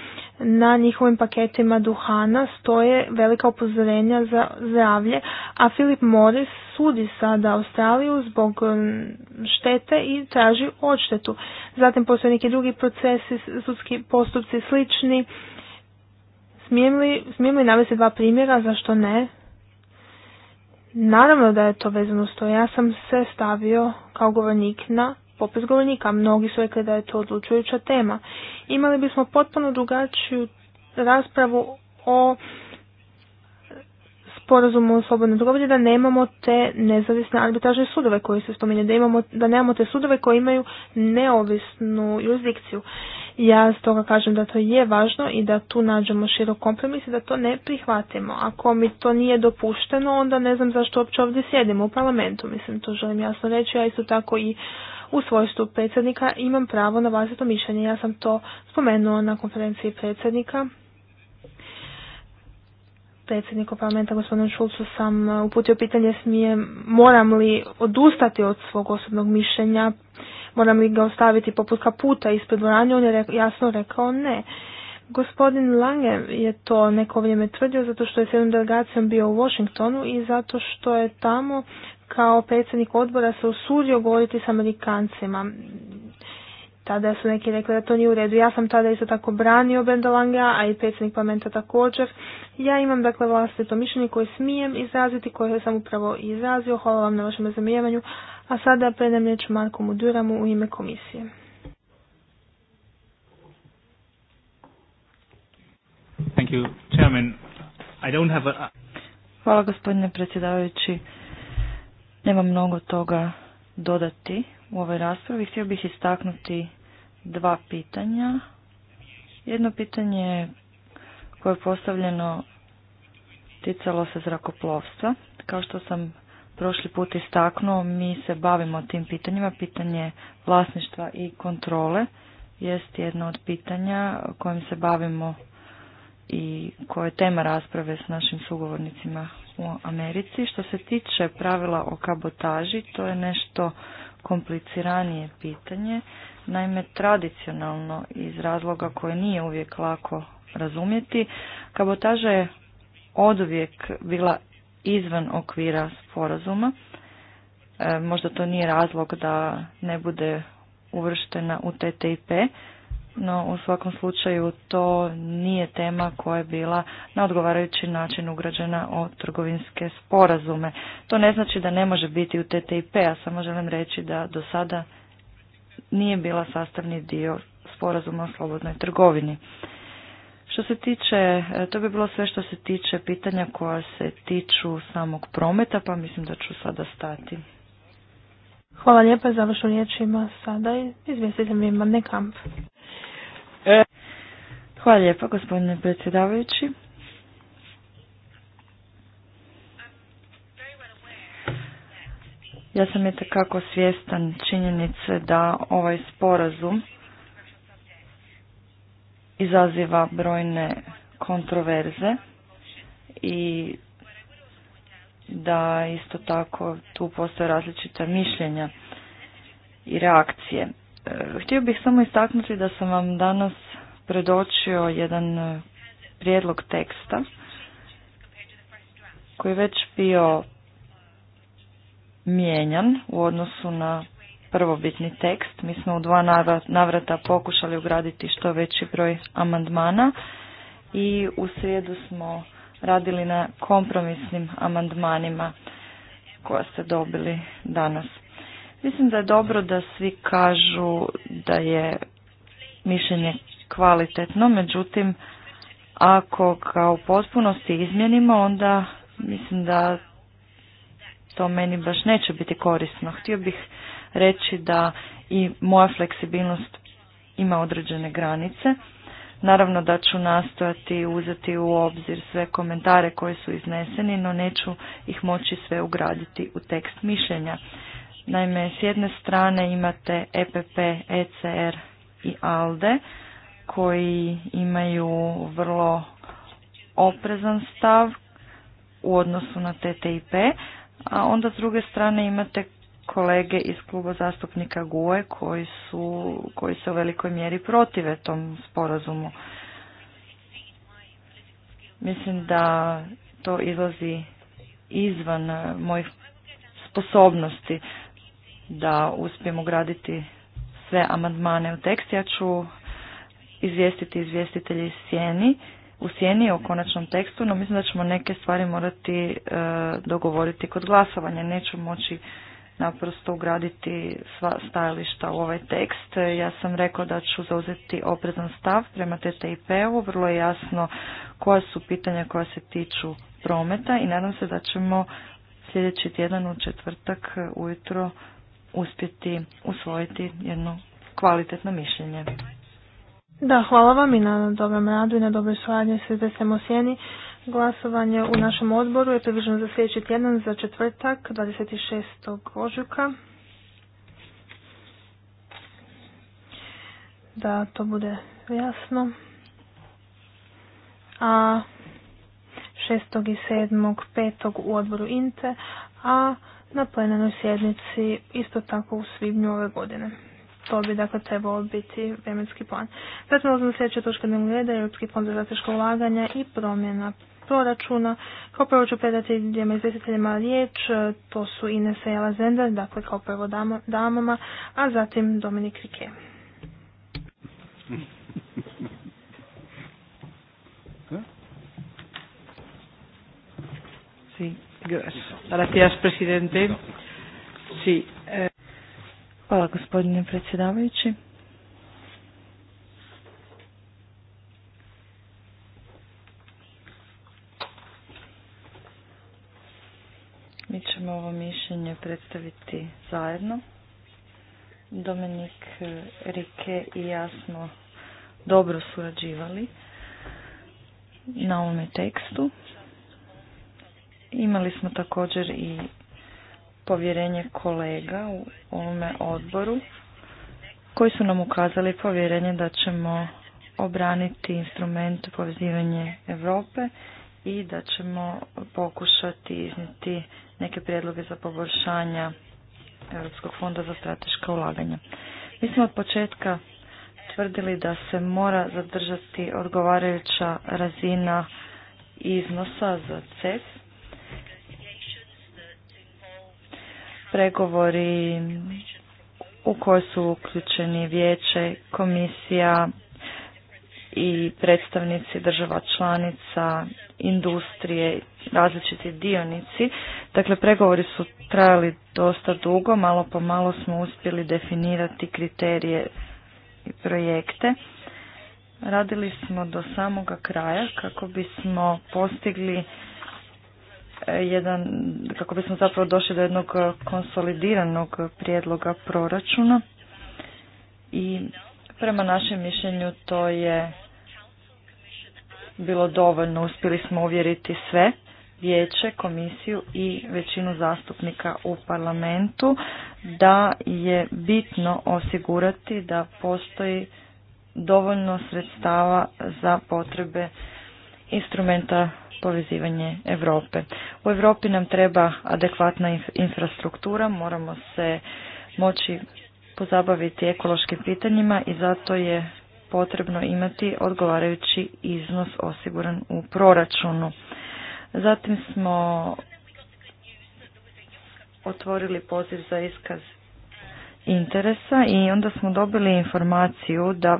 na njihovim paketima duhana stoje velika upozorenja za zdravlje, a Philip Morris sudi sada Australiju zbog um, štete i traži odštetu. Zatim postoje neki drugi procesi, sudski postupci slični. Smijem li, navesti dva primjera, zašto ne? Naravno da je to vezano s to. Ja sam se stavio kao govornik na popis govornika. Mnogi su rekli da je to odlučujuća tema. Imali bismo potpuno drugačiju raspravu o sporazumu o slobodnoj trgovini da nemamo te nezavisne arbitražne sudove koji se spominje, da, imamo, da nemamo te sudove koji imaju neovisnu jurisdikciju. Ja stoga kažem da to je važno i da tu nađemo širok kompromis i da to ne prihvatimo. Ako mi to nije dopušteno, onda ne znam zašto uopće ovdje sjedimo u parlamentu. Mislim, to želim jasno reći, Ja isto tako i u svojstvu predsjednika imam pravo na vlastito mišljenje. Ja sam to spomenula na konferenciji predsjednika. Predsjedniku parlamenta gospodinu Šulcu sam uh, uputio pitanje smije moram li odustati od svog osobnog mišljenja, moram li ga ostaviti poput kaputa ispred dvorane, on je jasno rekao ne. Gospodin Lange je to neko vrijeme tvrdio zato što je s jednom delegacijom bio u Washingtonu i zato što je tamo kao predsjednik odbora se usudio govoriti s Amerikancima. Tada su neki rekli da to nije u redu. Ja sam tada isto tako branio Bendolanga, a i predsjednik parlamenta također. Ja imam dakle vlastito mišljenje koje smijem izraziti, koje sam upravo izrazio. Hvala vam na vašem razumijevanju. A sada predam riječ Marku Muduramu u ime komisije. Hvala gospodine predsjedavajući. Nemam mnogo toga dodati u ovoj raspravi. Htio bih istaknuti dva pitanja. Jedno pitanje koje je postavljeno ticalo se zrakoplovstva. Kao što sam prošli put istaknuo, mi se bavimo tim pitanjima. Pitanje vlasništva i kontrole jest jedno od pitanja kojim se bavimo i koje je tema rasprave s našim sugovornicima u Americi. Što se tiče pravila o kabotaži, to je nešto kompliciranije pitanje. Naime, tradicionalno iz razloga koje nije uvijek lako razumjeti, kabotaža je oduvijek bila izvan okvira sporazuma. E, možda to nije razlog da ne bude uvrštena u TTIP, no u svakom slučaju to nije tema koja je bila na odgovarajući način ugrađena o trgovinske sporazume. To ne znači da ne može biti u TTIP, a samo želim reći da do sada nije bila sastavni dio sporazuma o slobodnoj trgovini. Što se tiče, e, to bi bilo sve što se tiče pitanja koja se tiču samog prometa, pa mislim da ću sada stati. Hvala lijepa. Završu riječ ima sada izvjestitelj Vim Nekamp. E. Hvala lijepa gospodine predsjedavajući. Ja sam je kako svjestan činjenice da ovaj sporazum izaziva brojne kontroverze i da isto tako tu postoje različita mišljenja i reakcije. E, htio bih samo istaknuti da sam vam danas predočio jedan e, prijedlog teksta koji je već bio mijenjan u odnosu na prvobitni tekst. Mi smo u dva navrata pokušali ugraditi što veći broj amandmana i u srijedu smo radili na kompromisnim amandmanima koja ste dobili danas. Mislim da je dobro da svi kažu da je mišljenje kvalitetno, međutim, ako kao potpunosti izmjenimo, onda mislim da to meni baš neće biti korisno. Htio bih reći da i moja fleksibilnost ima određene granice Naravno da ću nastojati uzeti u obzir sve komentare koji su izneseni, no neću ih moći sve ugraditi u tekst mišljenja. Naime, s jedne strane imate EPP, ECR i ALDE koji imaju vrlo oprezan stav u odnosu na TTIP, a onda s druge strane imate kolege iz kluba zastupnika GUE koji, su, koji se u velikoj mjeri protive tom sporazumu. Mislim da to izlazi izvan eh, mojih sposobnosti da uspijem ugraditi sve amandmane u tekst. Ja ću izvijestiti izvjestitelji sjeni, u sjeni o konačnom tekstu, no mislim da ćemo neke stvari morati eh, dogovoriti kod glasovanja. Neću moći naprosto ugraditi sva stajališta u ovaj tekst. Ja sam rekao da ću zauzeti oprezan stav prema TTIP-u, vrlo je jasno koja su pitanja koja se tiču prometa i nadam se da ćemo sljedeći tjedan u četvrtak ujutro uspjeti usvojiti jedno kvalitetno mišljenje. Da, hvala vam i na dobrom radu i na dobroj suradnji Glasovanje u našem odboru je predviđeno za sljedeći tjedan za četvrtak 26. ožujka. Da to bude jasno. A 6. i 7. petog u odboru INTE, a na plenarnoj sjednici isto tako u svibnju ove godine. To bi dakle trebao biti vremenski plan. Zatim ulazimo to sljedeće točke dnevnog reda, Europski fond za strateško ulaganja i promjena proračuna. Kao prvo ću predati dvijema izvjestiteljima riječ, e, to su Inesa i Alazender, dakle kao prvo damama, a zatim Dominik Rike. Sí, gracias, presidente. Sí. Eh. Hvala gospodine predsjedavajući. Mi ćemo ovo mišljenje predstaviti zajedno. Domenik eh, Rike i ja smo dobro surađivali na ovome tekstu. Imali smo također i povjerenje kolega u ovome odboru koji su nam ukazali povjerenje da ćemo obraniti instrument povezivanje Europe i da ćemo pokušati izniti neke prijedloge za poboljšanja Europskog fonda za strateška ulaganja. Mi smo od početka tvrdili da se mora zadržati odgovarajuća razina iznosa za CES, Pregovori u koje su uključeni vijeće, komisija, i predstavnici država članica, industrije, različiti dionici. Dakle, pregovori su trajali dosta dugo, malo po malo smo uspjeli definirati kriterije i projekte. Radili smo do samoga kraja kako bismo postigli e, jedan, kako bismo zapravo došli do jednog konsolidiranog prijedloga proračuna i Prema našem mišljenju to je bilo dovoljno. Uspjeli smo uvjeriti sve vijeće, komisiju i većinu zastupnika u parlamentu da je bitno osigurati da postoji dovoljno sredstava za potrebe instrumenta povezivanje Europe. U Europi nam treba adekvatna infrastruktura, moramo se moći pozabaviti ekološkim pitanjima i zato je potrebno imati odgovarajući iznos osiguran u proračunu. Zatim smo otvorili poziv za iskaz interesa i onda smo dobili informaciju da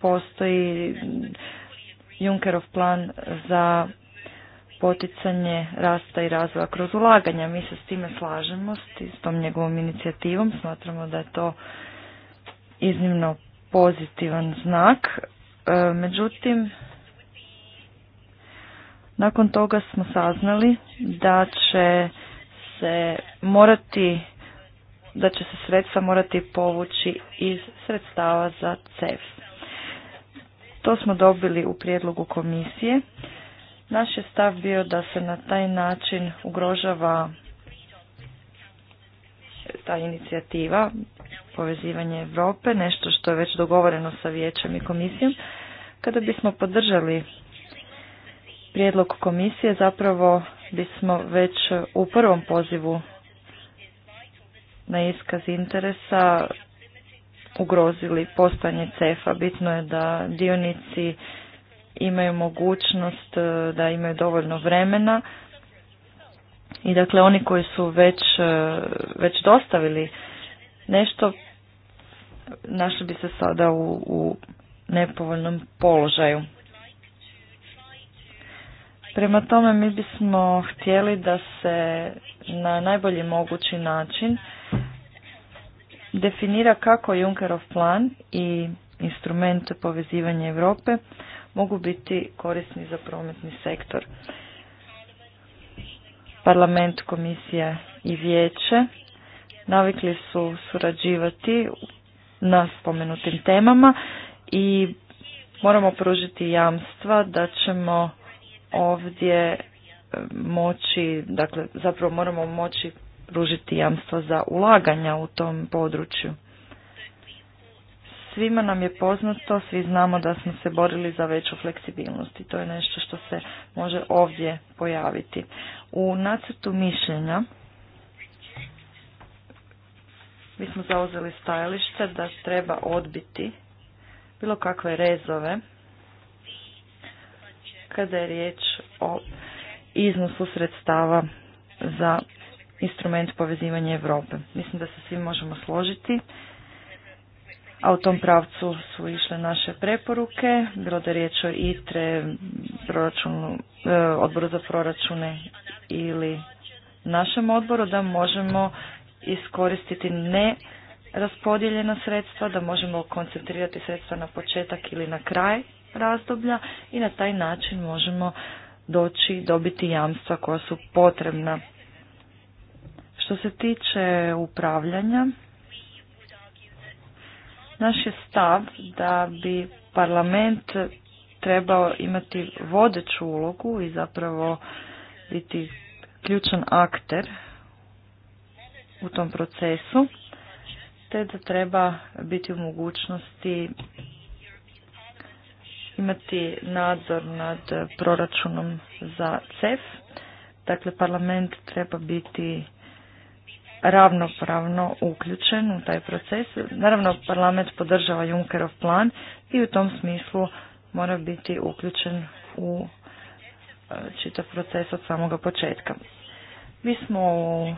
postoji Junkerov plan za poticanje rasta i razvoja kroz ulaganja. Mi se s time slažemo, s tom njegovom inicijativom, smatramo da je to iznimno pozitivan znak. E, međutim, nakon toga smo saznali da će se morati da će se sredstva morati povući iz sredstava za CEF. To smo dobili u prijedlogu komisije. Naš je stav bio da se na taj način ugrožava ta inicijativa povezivanje Europe, nešto što je već dogovoreno sa vijećem i komisijom. Kada bismo podržali prijedlog komisije, zapravo bismo već u prvom pozivu na iskaz interesa ugrozili postanje cefa. Bitno je da dionici imaju mogućnost e, da imaju dovoljno vremena i dakle oni koji su već, e, već dostavili nešto našli bi se sada u, u nepovoljnom položaju. Prema tome mi bismo htjeli da se na najbolji mogući način definira kako Junkerov plan i instrument povezivanja Europe mogu biti korisni za prometni sektor. Parlament, komisija i vijeće navikli su surađivati na spomenutim temama i moramo pružiti jamstva da ćemo ovdje e, moći, dakle zapravo moramo moći pružiti jamstva za ulaganja u tom području. Svima nam je poznato, svi znamo da smo se borili za veću fleksibilnost i to je nešto što se može ovdje pojaviti. U nacrtu mišljenja mi smo zauzeli stajalište da treba odbiti bilo kakve rezove kada je riječ o iznosu sredstava za instrument povezivanja Europe. Mislim da se svi možemo složiti a u tom pravcu su išle naše preporuke, bilo da je riječ o ITRE, e, odboru za proračune ili našem odboru, da možemo iskoristiti ne raspodijeljena sredstva, da možemo koncentrirati sredstva na početak ili na kraj razdoblja i na taj način možemo doći, dobiti jamstva koja su potrebna. Što se tiče upravljanja, naš je stav da bi parlament trebao imati vodeću ulogu i zapravo biti ključan akter u tom procesu, te da treba biti u mogućnosti imati nadzor nad proračunom za CEF. Dakle, parlament treba biti ravnopravno uključen u taj proces. Naravno, parlament podržava Junckerov plan i u tom smislu mora biti uključen u e, čitav proces od samoga početka. Mi smo u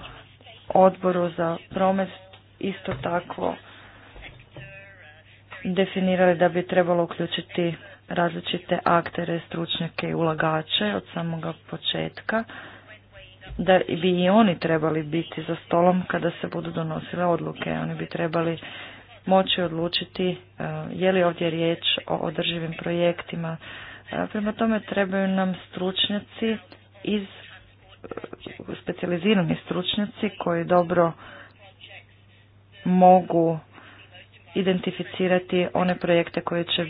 odboru za promet isto tako definirali da bi trebalo uključiti različite aktere, stručnjake i ulagače od samoga početka da bi i oni trebali biti za stolom kada se budu donosile odluke. Oni bi trebali moći odlučiti e, je li ovdje riječ o održivim projektima. E, prema tome trebaju nam stručnjaci iz e, specializirani stručnjaci koji dobro mogu identificirati one projekte koje će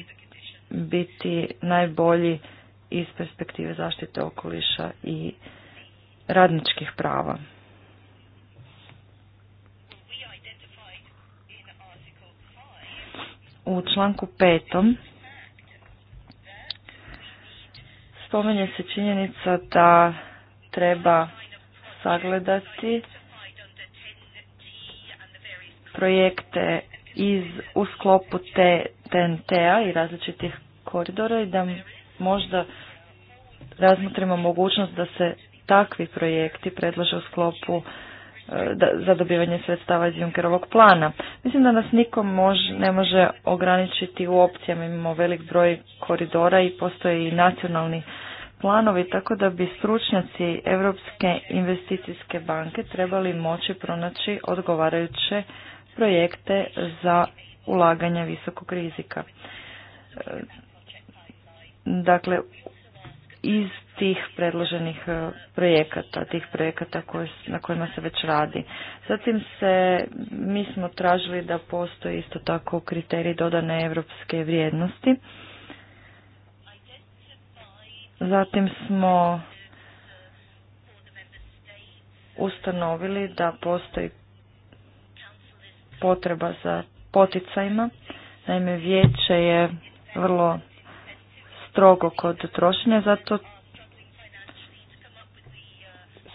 biti najbolji iz perspektive zaštite okoliša i radničkih prava. U članku petom spomenje se činjenica da treba sagledati projekte iz u sklopu TNT-a i različitih koridora i da možda razmotrimo mogućnost da se takvi projekti predlaže u sklopu e, za dobivanje sredstava iz Junkerovog plana. Mislim da nas nikom ne može ograničiti u opcijama. Imamo velik broj koridora i postoje i nacionalni planovi, tako da bi stručnjaci Europske investicijske banke trebali moći pronaći odgovarajuće projekte za ulaganja visokog rizika. E, dakle, iz tih predloženih e, projekata, tih projekata koje, na kojima se već radi. Zatim se, mi smo tražili da postoji isto tako kriterij dodane evropske vrijednosti. Zatim smo ustanovili da postoji potreba za poticajima. Naime, vijeće je vrlo strogo kod trošenja, zato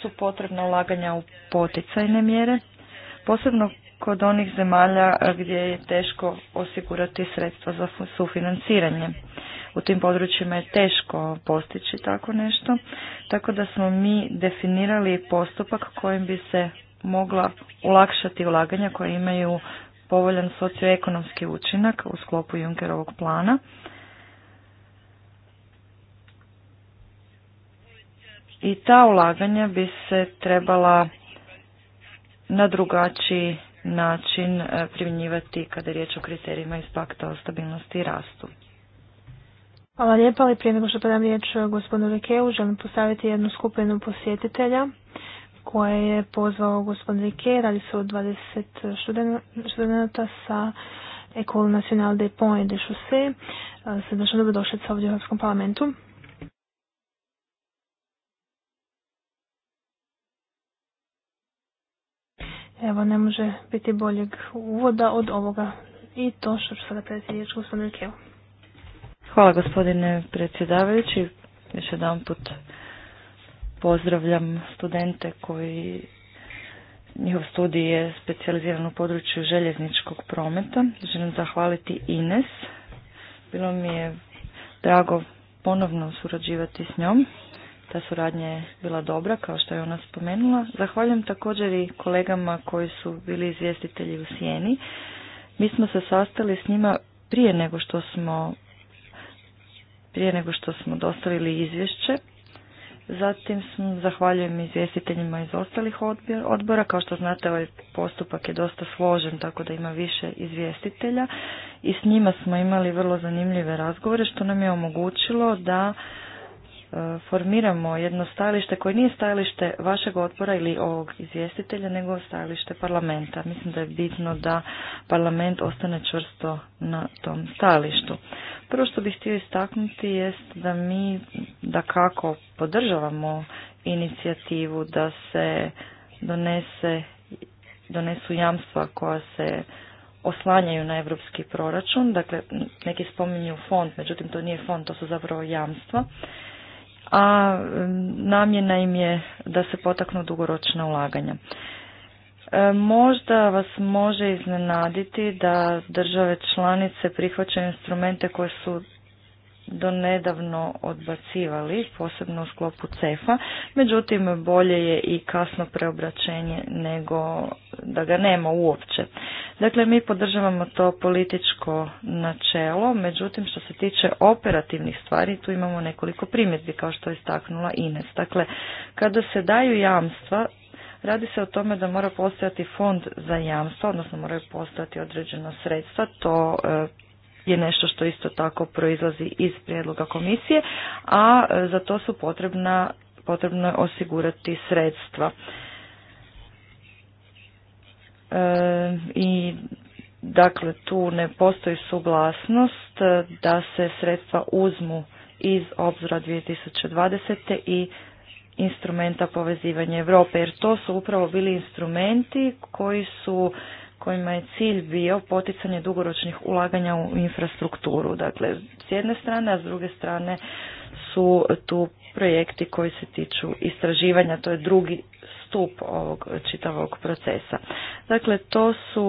su potrebna ulaganja u poticajne mjere, posebno kod onih zemalja gdje je teško osigurati sredstva za sufinanciranje. U tim područjima je teško postići tako nešto, tako da smo mi definirali postupak kojim bi se mogla ulakšati ulaganja koja imaju povoljan socioekonomski učinak u sklopu Junkerovog plana i ta ulaganja bi se trebala na drugačiji način e, primjenjivati kada je riječ o kriterijima iz pakta o stabilnosti i rastu. Hvala lijepa, ali prije nego što podam riječ e, gospodinu Rikeu, želim postaviti jednu skupinu posjetitelja koje je pozvao gospodin Rike, radi se o 20 studenta sa Ecole Nationale des Ponts et des Chaussées. E, došli sa ovdje u Europskom parlamentu. Evo, ne može biti boljeg uvoda od ovoga i to što ću sada riječ Hvala gospodine predsjedavajući. Još jedan put pozdravljam studente koji njihov studij je specijaliziran u području željezničkog prometa. Želim zahvaliti Ines. Bilo mi je drago ponovno surađivati s njom. Ta suradnja je bila dobra, kao što je ona spomenula. Zahvaljujem također i kolegama koji su bili izvjestitelji u Sijeni. Mi smo se sastali s njima prije nego što smo prije nego što smo dostavili izvješće. Zatim zahvaljujem izvjestiteljima iz ostalih odbora. Kao što znate, ovaj postupak je dosta složen, tako da ima više izvjestitelja. I s njima smo imali vrlo zanimljive razgovore, što nam je omogućilo da formiramo jedno stajalište koje nije stajalište vašeg odbora ili ovog izvjestitelja, nego stajalište parlamenta. Mislim da je bitno da parlament ostane čvrsto na tom stajalištu. Prvo što bih htio istaknuti jest da mi da kako podržavamo inicijativu da se donese, donesu jamstva koja se oslanjaju na europski proračun, dakle neki spominju fond, međutim to nije fond, to su zapravo jamstva a namjena im je da se potaknu dugoročna ulaganja. E, možda vas može iznenaditi da države članice prihvaćaju instrumente koje su do nedavno odbacivali, posebno u sklopu cefa, međutim bolje je i kasno preobraćenje nego da ga nema uopće. Dakle, mi podržavamo to političko načelo, međutim što se tiče operativnih stvari, tu imamo nekoliko primjedbi kao što je istaknula Ines. Dakle, kada se daju jamstva, Radi se o tome da mora postojati fond za jamstva, odnosno moraju postojati određeno sredstva, to e, je nešto što isto tako proizlazi iz prijedloga komisije, a e, za to su potrebna, potrebno je osigurati sredstva. E, I dakle tu ne postoji suglasnost e, da se sredstva uzmu iz obzora 2020. i instrumenta povezivanja Europe jer to su upravo bili instrumenti koji su kojima je cilj bio poticanje dugoročnih ulaganja u infrastrukturu. Dakle, s jedne strane, a s druge strane su tu projekti koji se tiču istraživanja, to je drugi stup ovog čitavog procesa. Dakle, to su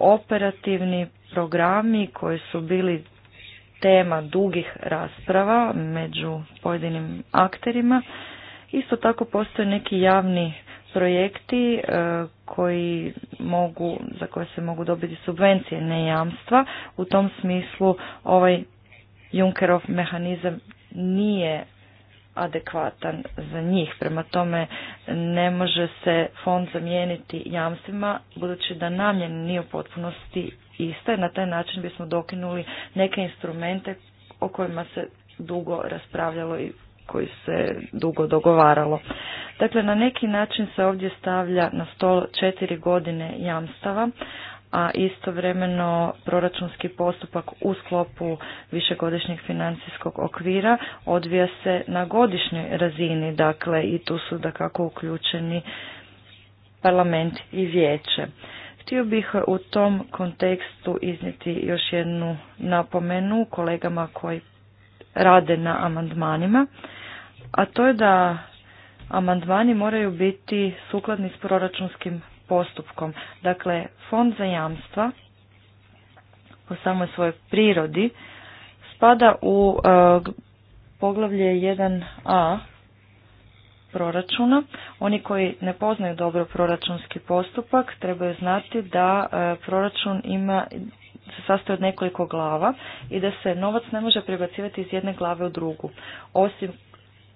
operativni programi koji su bili tema dugih rasprava među pojedinim akterima. Isto tako postoje neki javni projekti e, koji mogu, za koje se mogu dobiti subvencije, ne jamstva. U tom smislu ovaj Junkerov mehanizam nije adekvatan za njih. Prema tome ne može se fond zamijeniti jamstvima budući da namjen nije u potpunosti ista. Na taj način bismo dokinuli neke instrumente o kojima se dugo raspravljalo i koji se dugo dogovaralo. Dakle, na neki način se ovdje stavlja na stol četiri godine jamstava, a istovremeno proračunski postupak u sklopu višegodišnjeg financijskog okvira odvija se na godišnjoj razini, dakle i tu su da kako uključeni parlament i vijeće. Htio bih u tom kontekstu iznijeti još jednu napomenu kolegama koji rade na amandmanima, a to je da amandmani moraju biti sukladni s proračunskim postupkom. Dakle, fond za jamstva po samoj svojoj prirodi spada u e, poglavlje 1a proračuna. Oni koji ne poznaju dobro proračunski postupak trebaju znati da e, proračun ima se sastoji od nekoliko glava i da se novac ne može prebacivati iz jedne glave u drugu, osim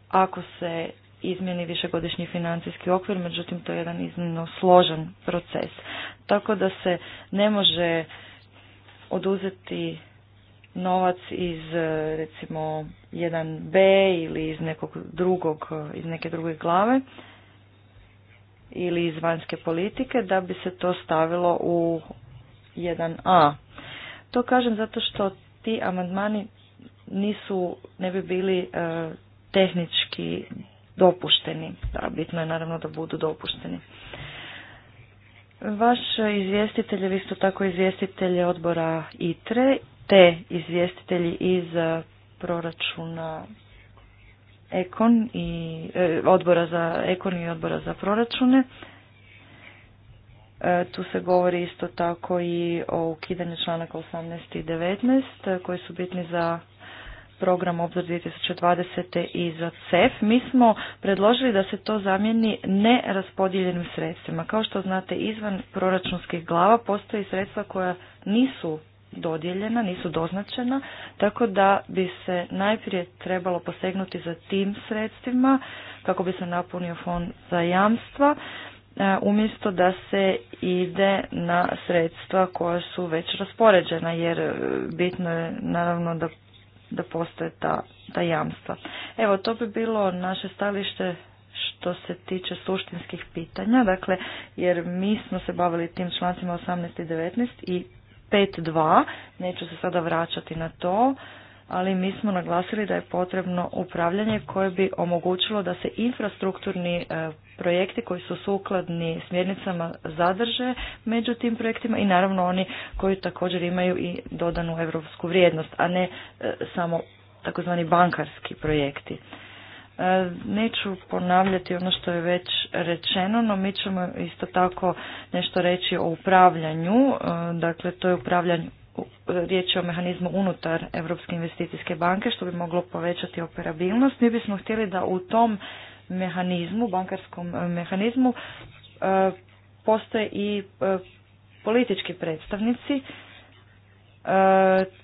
ako se izmjeni višegodišnji financijski okvir, međutim to je jedan iznimno složen proces. Tako da se ne može oduzeti novac iz recimo 1B ili iz nekog drugog, iz neke druge glave ili iz vanjske politike da bi se to stavilo u 1A to kažem zato što ti amandmani nisu, ne bi bili e, tehnički dopušteni. Da, bitno je naravno da budu dopušteni. Vaš izvjestitelj je isto tako izvjestitelj odbora ITRE, te izvjestitelji iz e, proračuna Ekon i e, odbora za Ekon i odbora za proračune. Tu se govori isto tako i o ukidanju članaka 18 i 19 eh, koji su bitni za program Obzor 2020. i za CEF. Mi smo predložili da se to zamijeni neraspodijeljenim sredstvima. Kao što znate, izvan proračunskih glava postoji sredstva koja nisu dodijeljena, nisu doznačena, tako da bi se najprije trebalo posegnuti za tim sredstvima kako bi se napunio fond za jamstva E, umjesto da se ide na sredstva koja su već raspoređena jer e, bitno je naravno da, da postoje ta, jamstva. Evo to bi bilo naše stalište što se tiče suštinskih pitanja, dakle jer mi smo se bavili tim člancima 18 i 19 i 5.2, neću se sada vraćati na to, ali mi smo naglasili da je potrebno upravljanje koje bi omogućilo da se infrastrukturni e, projekti koji su sukladni smjernicama zadrže među tim projektima i naravno oni koji također imaju i dodanu europsku vrijednost, a ne e, samo takozvani bankarski projekti. E, neću ponavljati ono što je već rečeno, no mi ćemo isto tako nešto reći o upravljanju. Dakle, to je upravljanje riječ je o mehanizmu unutar Europske investicijske banke što bi moglo povećati operabilnost. Mi bismo htjeli da u tom mehanizmu, bankarskom e, mehanizmu e, postoje i e, politički predstavnici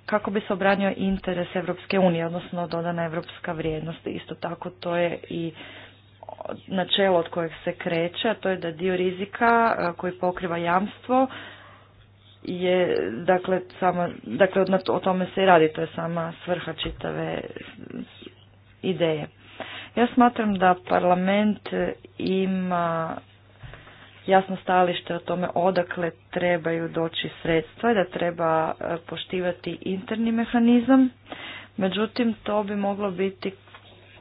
kako bi se obranio interes Europske unije, odnosno dodana europska vrijednost. Isto tako to je i načelo od kojeg se kreće, a to je da dio rizika koji pokriva jamstvo je dakle sama dakle o tome se i radi to je sama svrha čitave ideje ja smatram da parlament ima jasno stajalište o tome odakle trebaju doći sredstva i da treba e, poštivati interni mehanizam međutim to bi moglo biti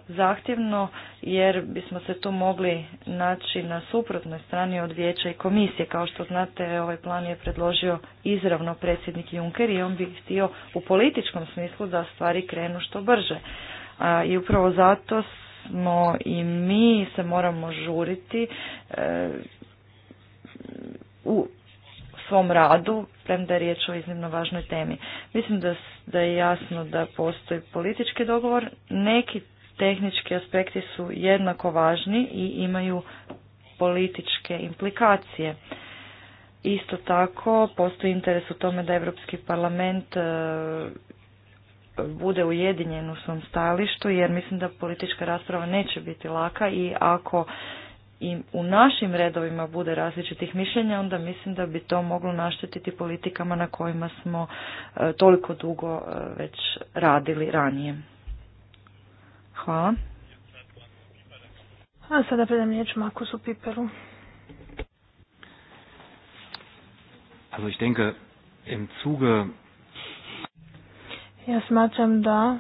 zahtjevno jer bismo se tu mogli naći na suprotnoj strani od vijeća i komisije. Kao što znate, ovaj plan je predložio izravno predsjednik Juncker i on bi htio u političkom smislu da stvari krenu što brže. I upravo zato smo i mi se moramo žuriti e, u svom radu, premda je riječ o iznimno važnoj temi. Mislim da, da je jasno da postoji politički dogovor, neki tehnički aspekti su jednako važni i imaju političke implikacije. Isto tako postoji interes u tome da Europski parlament e, bude ujedinjen u svom stajalištu jer mislim da politička rasprava neće biti laka i ako i u našim redovima bude različitih mišljenja, onda mislim da bi to moglo naštetiti politikama na kojima smo e, toliko dugo e, već radili ranije. Hvala. A sada predam riječ Makusu Piperu. Also ich denke, im ja smatram da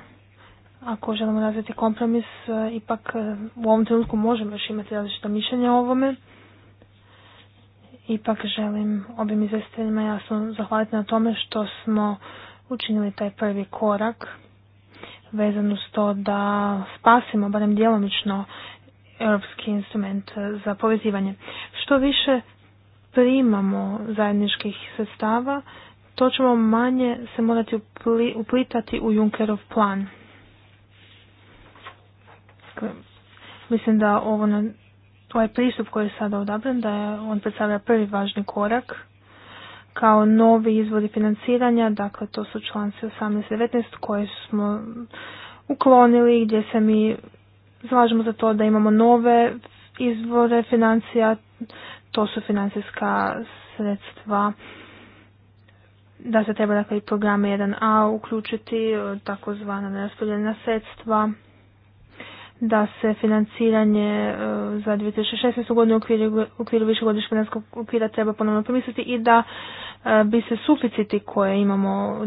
ako želimo razviti kompromis, eh, ipak eh, u ovom trenutku možemo još imati različita mišljenja o ovome. Ipak želim obim izvestiteljima jasno zahvaliti na tome što smo učinili taj prvi korak vezan uz to da spasimo barem djelomično europski instrument e, za povezivanje. Što više primamo zajedničkih sredstava, to ćemo manje se morati uplitati u Junkerov plan. Mislim da ovo, ovaj pristup koji je sada odabran, da je on predstavlja prvi važni korak kao novi izvori financiranja, dakle to su članci 18-19 koje smo uklonili gdje se mi zalažemo za to da imamo nove izvore financija, to su financijska sredstva da se treba dakle i programe 1a uključiti takozvana neraspodjeljena sredstva da se financiranje e, za 2016. godinu u okviru, okviru višegodišnjeg okvira treba ponovno promisliti i da e, bi se suficiti koje imamo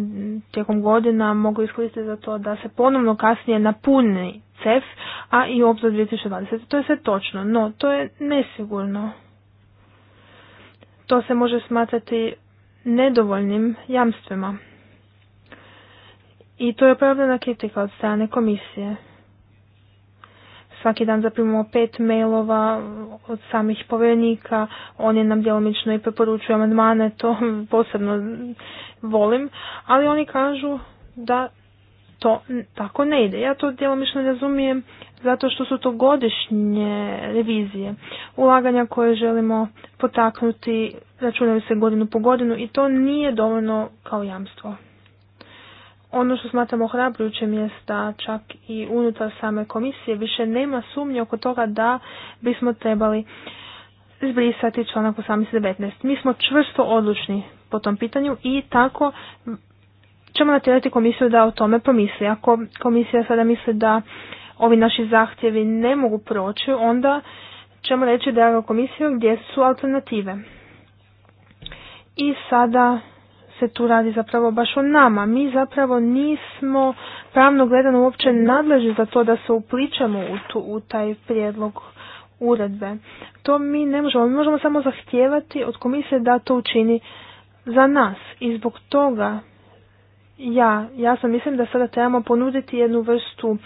tijekom godina mogli iskoristiti za to da se ponovno kasnije napuni CEF, a i obzor 2020. To je sve točno, no to je nesigurno. To se može smatrati nedovoljnim jamstvima. I to je opravdana kritika od strane komisije. Svaki dan zaprimamo pet mailova od samih povjerenika, oni nam djelomično i preporučuju amandmane, to posebno volim, ali oni kažu da to tako ne ide. Ja to djelomično razumijem zato što su to godišnje revizije. Ulaganja koje želimo potaknuti računaju se godinu po godinu i to nije dovoljno kao jamstvo ono što smatramo ohrabrujućem je da čak i unutar same komisije više nema sumnje oko toga da bismo trebali zbrisati članak 18.19. Mi smo čvrsto odlučni po tom pitanju i tako ćemo natjerati komisiju da o tome pomisli. Ako komisija sada misli da ovi naši zahtjevi ne mogu proći, onda ćemo reći da je komisija gdje su alternative. I sada se tu radi zapravo baš o nama. Mi zapravo nismo pravno gledano uopće nadležni za to da se upličemo u, tu, u taj prijedlog uredbe. To mi ne možemo. Mi možemo samo zahtijevati od komisije da to učini za nas. I zbog toga ja, ja sam mislim da sada trebamo ponuditi jednu vrstu um,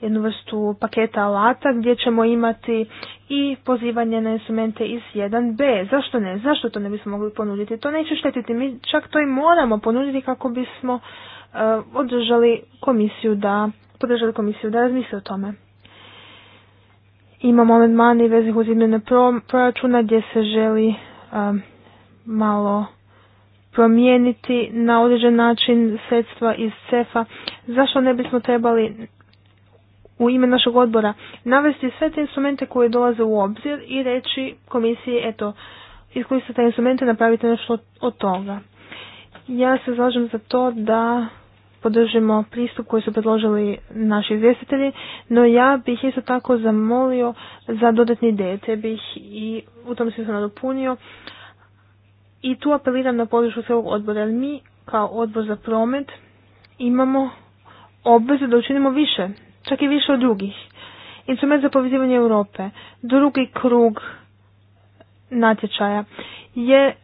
jednu vrstu paketa alata gdje ćemo imati i pozivanje na instrumente iz 1b. Zašto ne? Zašto to ne bismo mogli ponuditi? To neće štetiti. Mi čak to i moramo ponuditi kako bismo uh, održali komisiju da, podržali komisiju da razmisli o tome. Imamo amandmane vezih uz izmjene proračuna gdje se želi e, malo promijeniti na određen način sredstva iz CEFA. Zašto ne bismo trebali u ime našeg odbora navesti sve te instrumente koje dolaze u obzir i reći komisiji, eto, iskoristite te instrumente, napravite nešto od toga. Ja se zlažem za to da podržimo pristup koji su predložili naši izvjestitelji, no ja bih isto tako zamolio za dodatni ideje, bih i u tom se nadopunio. I tu apeliram na podršku svog odbora, jer mi kao odbor za promet imamo obvezu da učinimo više čak i više od drugih. Instrument za povezivanje Europe, drugi krug natječaja je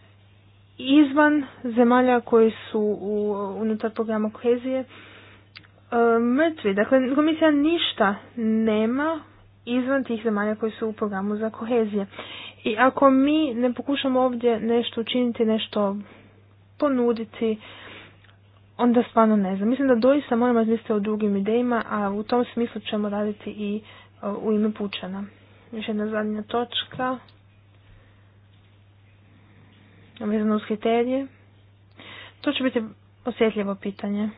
izvan zemalja koji su u, unutar programa kohezije e, mrtvi. Dakle, komisija ništa nema izvan tih zemalja koji su u programu za kohezije. I ako mi ne pokušamo ovdje nešto učiniti, nešto ponuditi, onda stvarno ne znam. Mislim da doista moramo razmisliti o drugim idejima, a u tom smislu ćemo raditi i e, u ime Pučana. Još jedna zadnja točka. Vezano uz kriterije. To će biti osjetljivo pitanje.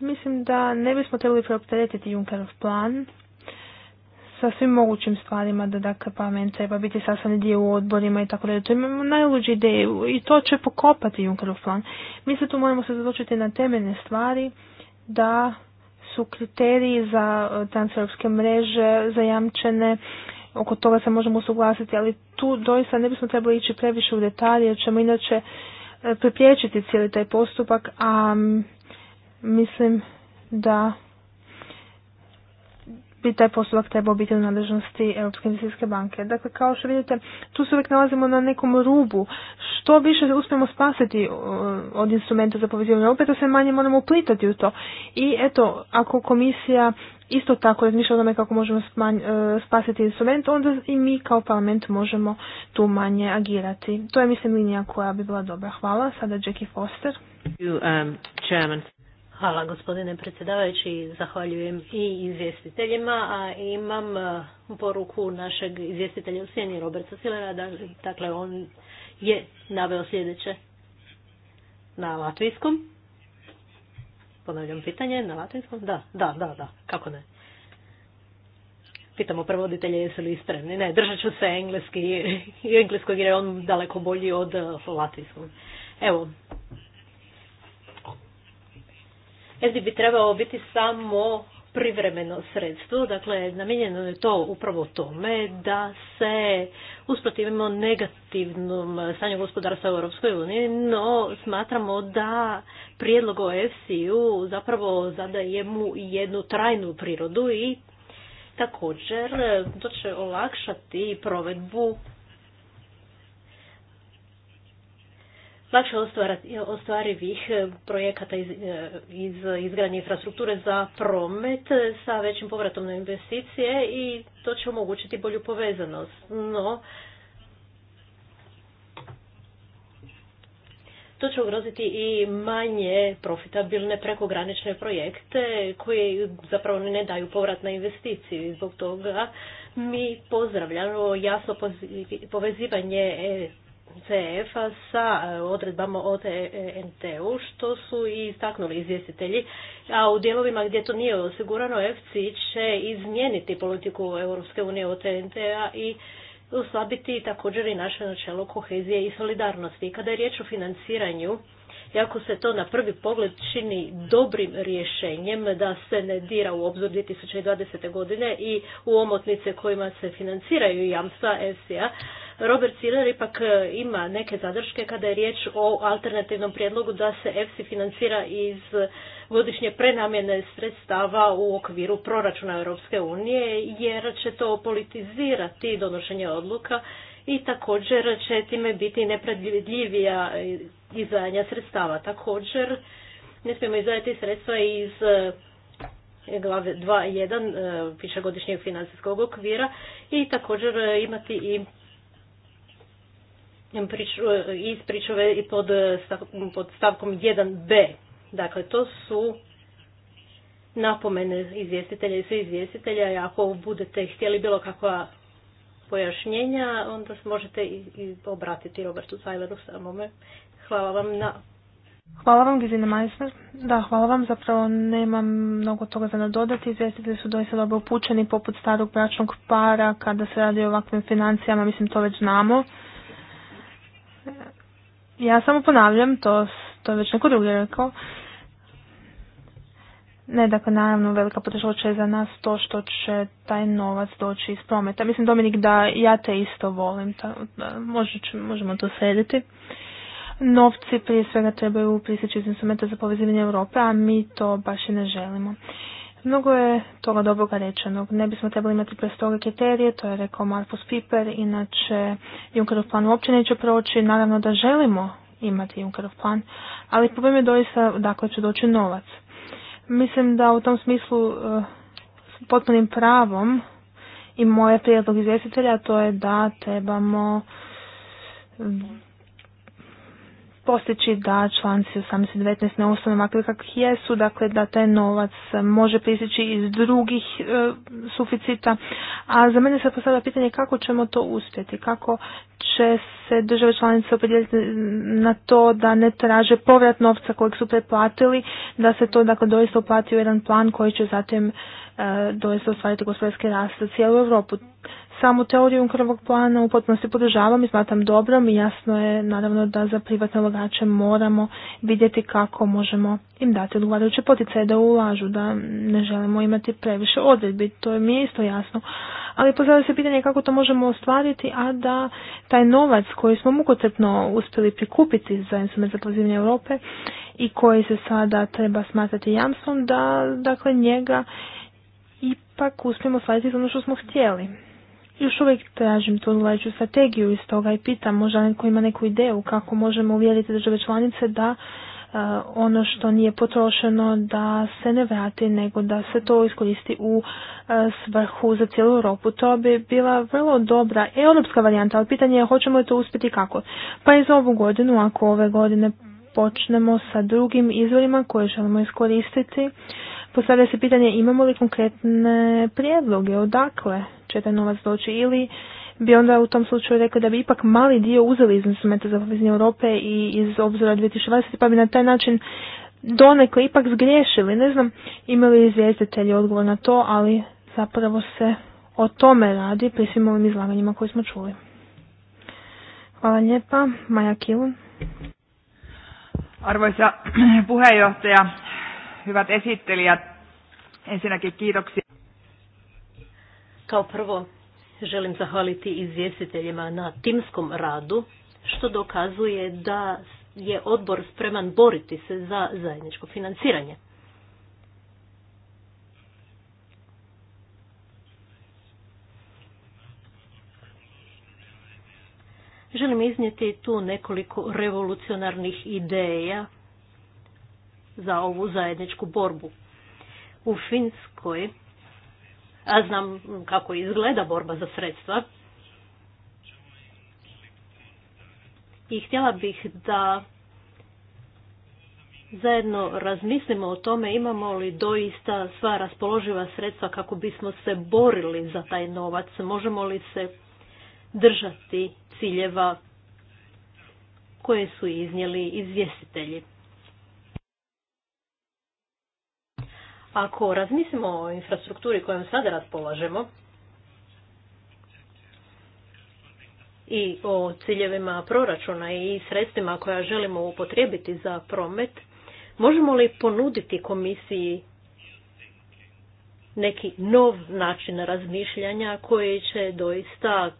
Mislim da ne bismo trebali preopteretiti Junkerov plan, sa svim mogućim stvarima da dakle parlament treba biti sastavni dio u odborima i tako dalje. To imamo najluđe ideju i to će pokopati Junckerov plan. Mi se tu moramo se zadočiti na temeljne stvari da su kriteriji za e, transeuropske mreže zajamčene, oko toga se možemo suglasiti, ali tu doista ne bismo trebali ići previše u detalje jer ćemo inače e, pripriječiti cijeli taj postupak, a mislim da bi taj postupak trebao biti u nadležnosti Europske investicijske banke. Dakle, kao što vidite, tu se uvijek nalazimo na nekom rubu. Što više uspijemo spasiti od instrumenta za povezivanje opet to se manje moramo uplitati u to. I eto, ako komisija isto tako razmišlja o tome kako možemo e, spasiti instrument, onda i mi kao parlament možemo tu manje agirati. To je, mislim, linija koja bi bila dobra. Hvala. Sada Jackie Foster. Hvala gospodine predsjedavajući, zahvaljujem i izvjestiteljima, a imam e, poruku našeg izvjestitelja u sjeni Roberta Silera, dakle, dakle on je naveo sljedeće na latvijskom. Ponavljam pitanje, na latinskom? Da, da, da, da, kako ne. Pitamo prevoditelje jesu li spremni. Ne, držat ću se engleski i engleskog jer je on daleko bolji od e, latinskog. Evo, EFDI bi trebao biti samo privremeno sredstvo, dakle namijenjeno je to upravo tome da se usprotivimo negativnom stanju gospodarstva u Europskoj no smatramo da prijedlog o EFSI-u zapravo zadaje mu jednu trajnu prirodu i također to će olakšati provedbu lakše ostvarivih e, projekata e, iz, izgradnje infrastrukture za promet e, sa većim povratom na investicije i to će omogućiti bolju povezanost. No, to će ugroziti i manje profitabilne prekogranične projekte koji zapravo ne daju povrat na investiciju zbog toga mi pozdravljamo jasno povezivanje CF-a sa e, odredbama o e u što su i istaknuli izvjestitelji. A u dijelovima gdje to nije osigurano, FC će izmijeniti politiku Europske unije e a i uslabiti također i naše načelo kohezije i solidarnosti. Kada je riječ o financiranju, iako se to na prvi pogled čini dobrim rješenjem da se ne dira u obzor 2020. godine i u omotnice kojima se financiraju jamstva efsi Robert Siller ipak e, ima neke zadrške kada je riječ o alternativnom prijedlogu da se EFSI financira iz godišnje prenamjene sredstava u okviru proračuna Europske unije jer će to politizirati donošenje odluka i također će time biti nepredvidljivija izdajanja sredstava. Također ne smijemo izdajati sredstva iz e, glave 2.1 e, višegodišnjeg financijskog okvira i također imati i iz pričove i pod, stavkom 1b. Dakle, to su napomene izvjestitelja i sve izvjestitelja. Ako budete htjeli bilo kakva pojašnjenja, onda se možete i obratiti Robertu Cajleru samome. Hvala vam na... Hvala vam, Gizina Majsner. Da, hvala vam. Zapravo nemam mnogo toga za nadodati. Izvjestitelji su doista dobro upućeni poput starog bračnog para kada se radi o ovakvim financijama. Mislim, to već znamo. Ja samo ponavljam, to, to je već neko drugi rekao. Ne, dakle, naravno, velika poteškoća je za nas to što će taj novac doći iz prometa. Mislim, Dominik, da ja te isto volim, ta, da, možemo to srediti. Novci prije svega trebaju prisjeći iz instrumenta za povezivanje Europe, a mi to baš i ne želimo. Mnogo je toga dobroga rečenog. Ne bismo trebali imati prestoge kriterije, to je rekao Marfus Piper, inače Junkerov plan uopće neće proći. Naravno da želimo imati Junkerov plan, ali problem je doista dakle će doći novac. Mislim da u tom smislu eh, s potpunim pravom i moje prijedlog izvjestitelja to je da trebamo postići da članci 18.19 ne osnovnom ovakve kakvih jesu, dakle da taj novac može pristići iz drugih e, suficita. A za mene se postavlja pitanje kako ćemo to uspjeti, kako će se države članice opredjeliti na to da ne traže povrat novca kojeg su preplatili, da se to dakle doista uplati u jedan plan koji će zatim e, doista ostvariti gospodarski rast za cijelu Europu. Samu teoriju krvog plana u potpunosti podržavam i smatram dobrom i jasno je naravno da za privatne ulagače moramo vidjeti kako možemo im dati odgovarajuće poticaje da ulažu, da ne želimo imati previše odredbi, to mi je isto jasno. Ali postavlja se pitanje kako to možemo ostvariti, a da taj novac koji smo mukotrpno uspjeli prikupiti za instrument za pozivanje Europe i koji se sada treba smatrati jamstvom, da dakle njega ipak uspijemo ostvariti za ono što smo htjeli još uvijek tražim tu odgovarajuću strategiju iz toga i pitam možda netko ima neku ideju kako možemo uvjeriti države članice da e, ono što nije potrošeno da se ne vrati nego da se to iskoristi u e, svrhu za cijelu Europu. To bi bila vrlo dobra europska varijanta, ali pitanje je hoćemo li to uspjeti kako. Pa i za ovu godinu, ako ove godine počnemo sa drugim izvorima koje želimo iskoristiti, postavlja se pitanje imamo li konkretne prijedloge, odakle će taj novac doći ili bi onda u tom slučaju rekli da bi ipak mali dio uzeli iz instrumenta za povezanje Europe i iz obzora 2020 pa bi na taj način donekle ipak zgriješili. Ne znam imali izvjestitelji odgovor na to, ali zapravo se o tome radi pri svim ovim izlaganjima koje smo čuli. Hvala lijepa. Maja Kilun. Arvoisa puheenjohtaja, hyvät esittelijät, ensinnäkin kiitoksia. Kao prvo, želim zahvaliti izvjestiteljima na timskom radu, što dokazuje da je odbor spreman boriti se za zajedničko financiranje. Želim iznijeti tu nekoliko revolucionarnih ideja za ovu zajedničku borbu. U Finskoj znam kako izgleda borba za sredstva. I htjela bih da zajedno razmislimo o tome imamo li doista sva raspoloživa sredstva kako bismo se borili za taj novac, možemo li se držati ciljeva koje su iznijeli izvjestitelji. Ako razmislimo o infrastrukturi kojom sada raspolažemo i o ciljevima proračuna i sredstvima koja želimo upotrijebiti za promet, možemo li ponuditi komisiji neki nov način razmišljanja koji će doista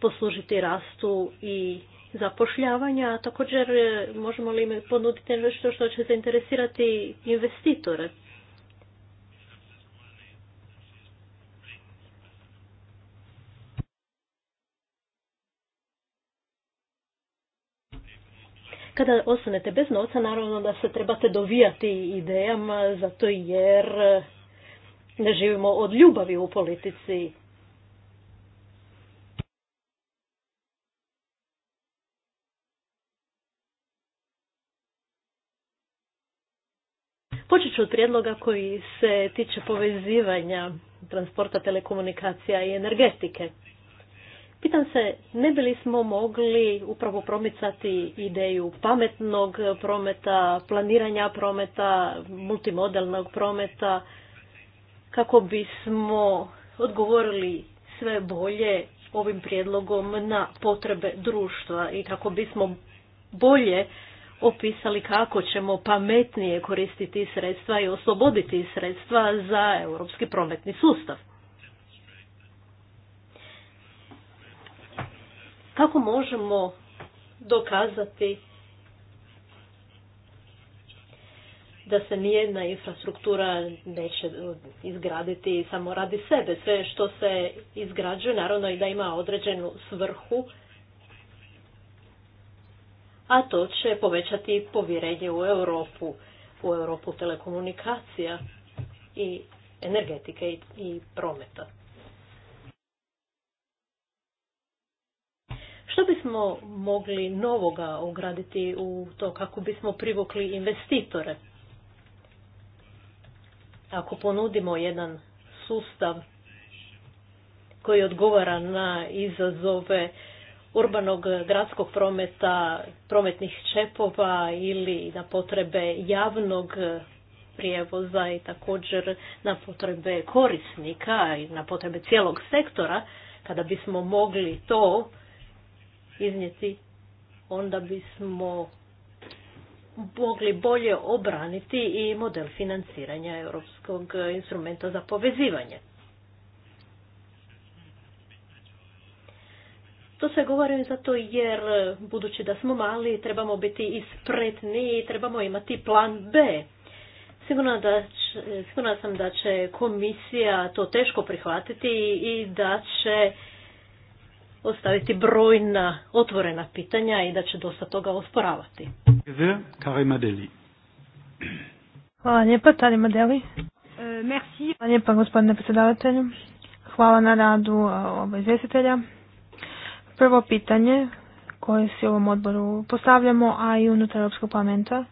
poslužiti rastu i zapošljavanja, a također e, možemo li im ponuditi nešto što će zainteresirati investitore. Kada ostanete bez novca, naravno da se trebate dovijati idejama, zato jer e, ne živimo od ljubavi u politici. od prijedloga koji se tiče povezivanja transporta, telekomunikacija i energetike. Pitam se, ne bi smo mogli upravo promicati ideju pametnog prometa, planiranja prometa, multimodalnog prometa, kako bismo odgovorili sve bolje ovim prijedlogom na potrebe društva i kako bismo bolje opisali kako ćemo pametnije koristiti sredstva i osloboditi sredstva za europski prometni sustav. Kako možemo dokazati da se nijedna infrastruktura neće izgraditi samo radi sebe. Sve što se izgrađuje, naravno i da ima određenu svrhu, a to će povećati povjerenje u Europu, u Europu telekomunikacija i energetike i prometa. Što bismo mogli novoga ugraditi u to kako bismo privukli investitore? Ako ponudimo jedan sustav koji odgovara na izazove urbanog gradskog prometa, prometnih čepova ili na potrebe javnog prijevoza i također na potrebe korisnika i na potrebe cijelog sektora, kada bismo mogli to iznijeti, onda bismo mogli bolje obraniti i model financiranja Europskog instrumenta za povezivanje. To se govorim zato jer, budući da smo mali, trebamo biti ispretni i trebamo imati plan B. Sigurno da će, sigurna sam da će komisija to teško prihvatiti i da će ostaviti brojna otvorena pitanja i da će dosta toga osporavati. Hvala lijepa, Tari eh, merci. Hvala lijepa gospodine predsjedavatelju. Hvala na radu eh, izvjestitelja. Prvo pitanje koje si u ovom odboru postavljamo, a i unutar Europskog parlamenta,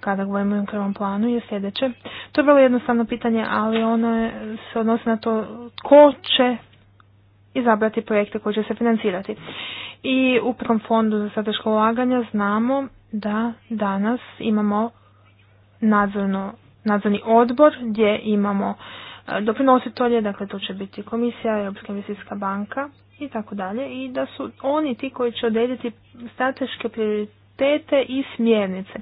kada govorimo o krvom planu, je sljedeće. To je vrlo jednostavno pitanje, ali ono je, se odnosi na to ko će izabrati projekte koji će se financirati. I u prvom fondu za strateško ulaganja znamo da danas imamo nadzorno, nadzorni odbor gdje imamo e, doprinositelje, dakle to će biti komisija, Europska investicijska banka i tako dalje i da su oni ti koji će odrediti strateške prioritete i smjernice.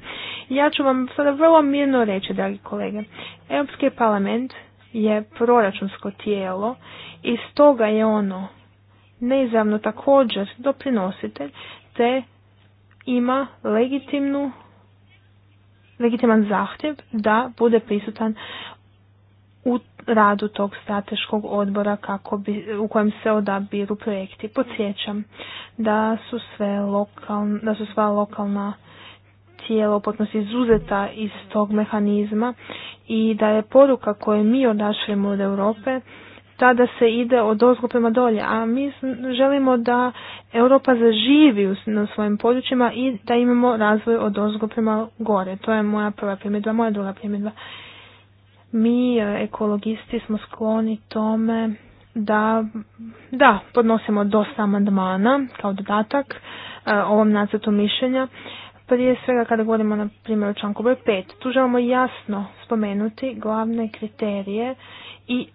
Ja ću vam sada vrlo mirno reći, dragi kolege, Europski parlament je proračunsko tijelo i stoga je ono neizravno također doprinositelj te ima legitimnu legitiman zahtjev da bude prisutan u radu tog strateškog odbora kako bi, u kojem se odabiru projekti. Podsjećam da su, sve lokal, da su sva lokalna tijela potpunosti izuzeta iz tog mehanizma i da je poruka koju mi odašljemo od Europe tada se ide od ozgo prema dolje, a mi želimo da Europa zaživi na svojim područjima i da imamo razvoj od ozgo prema gore. To je moja prva primjedba, moja druga primjedba. Mi e, ekologisti smo skloni tome da, da podnosimo dosta amandmana kao dodatak e, ovom nacrtu mišljenja. Prije svega kada govorimo na primjer o članku broj 5, tu želimo jasno spomenuti glavne kriterije i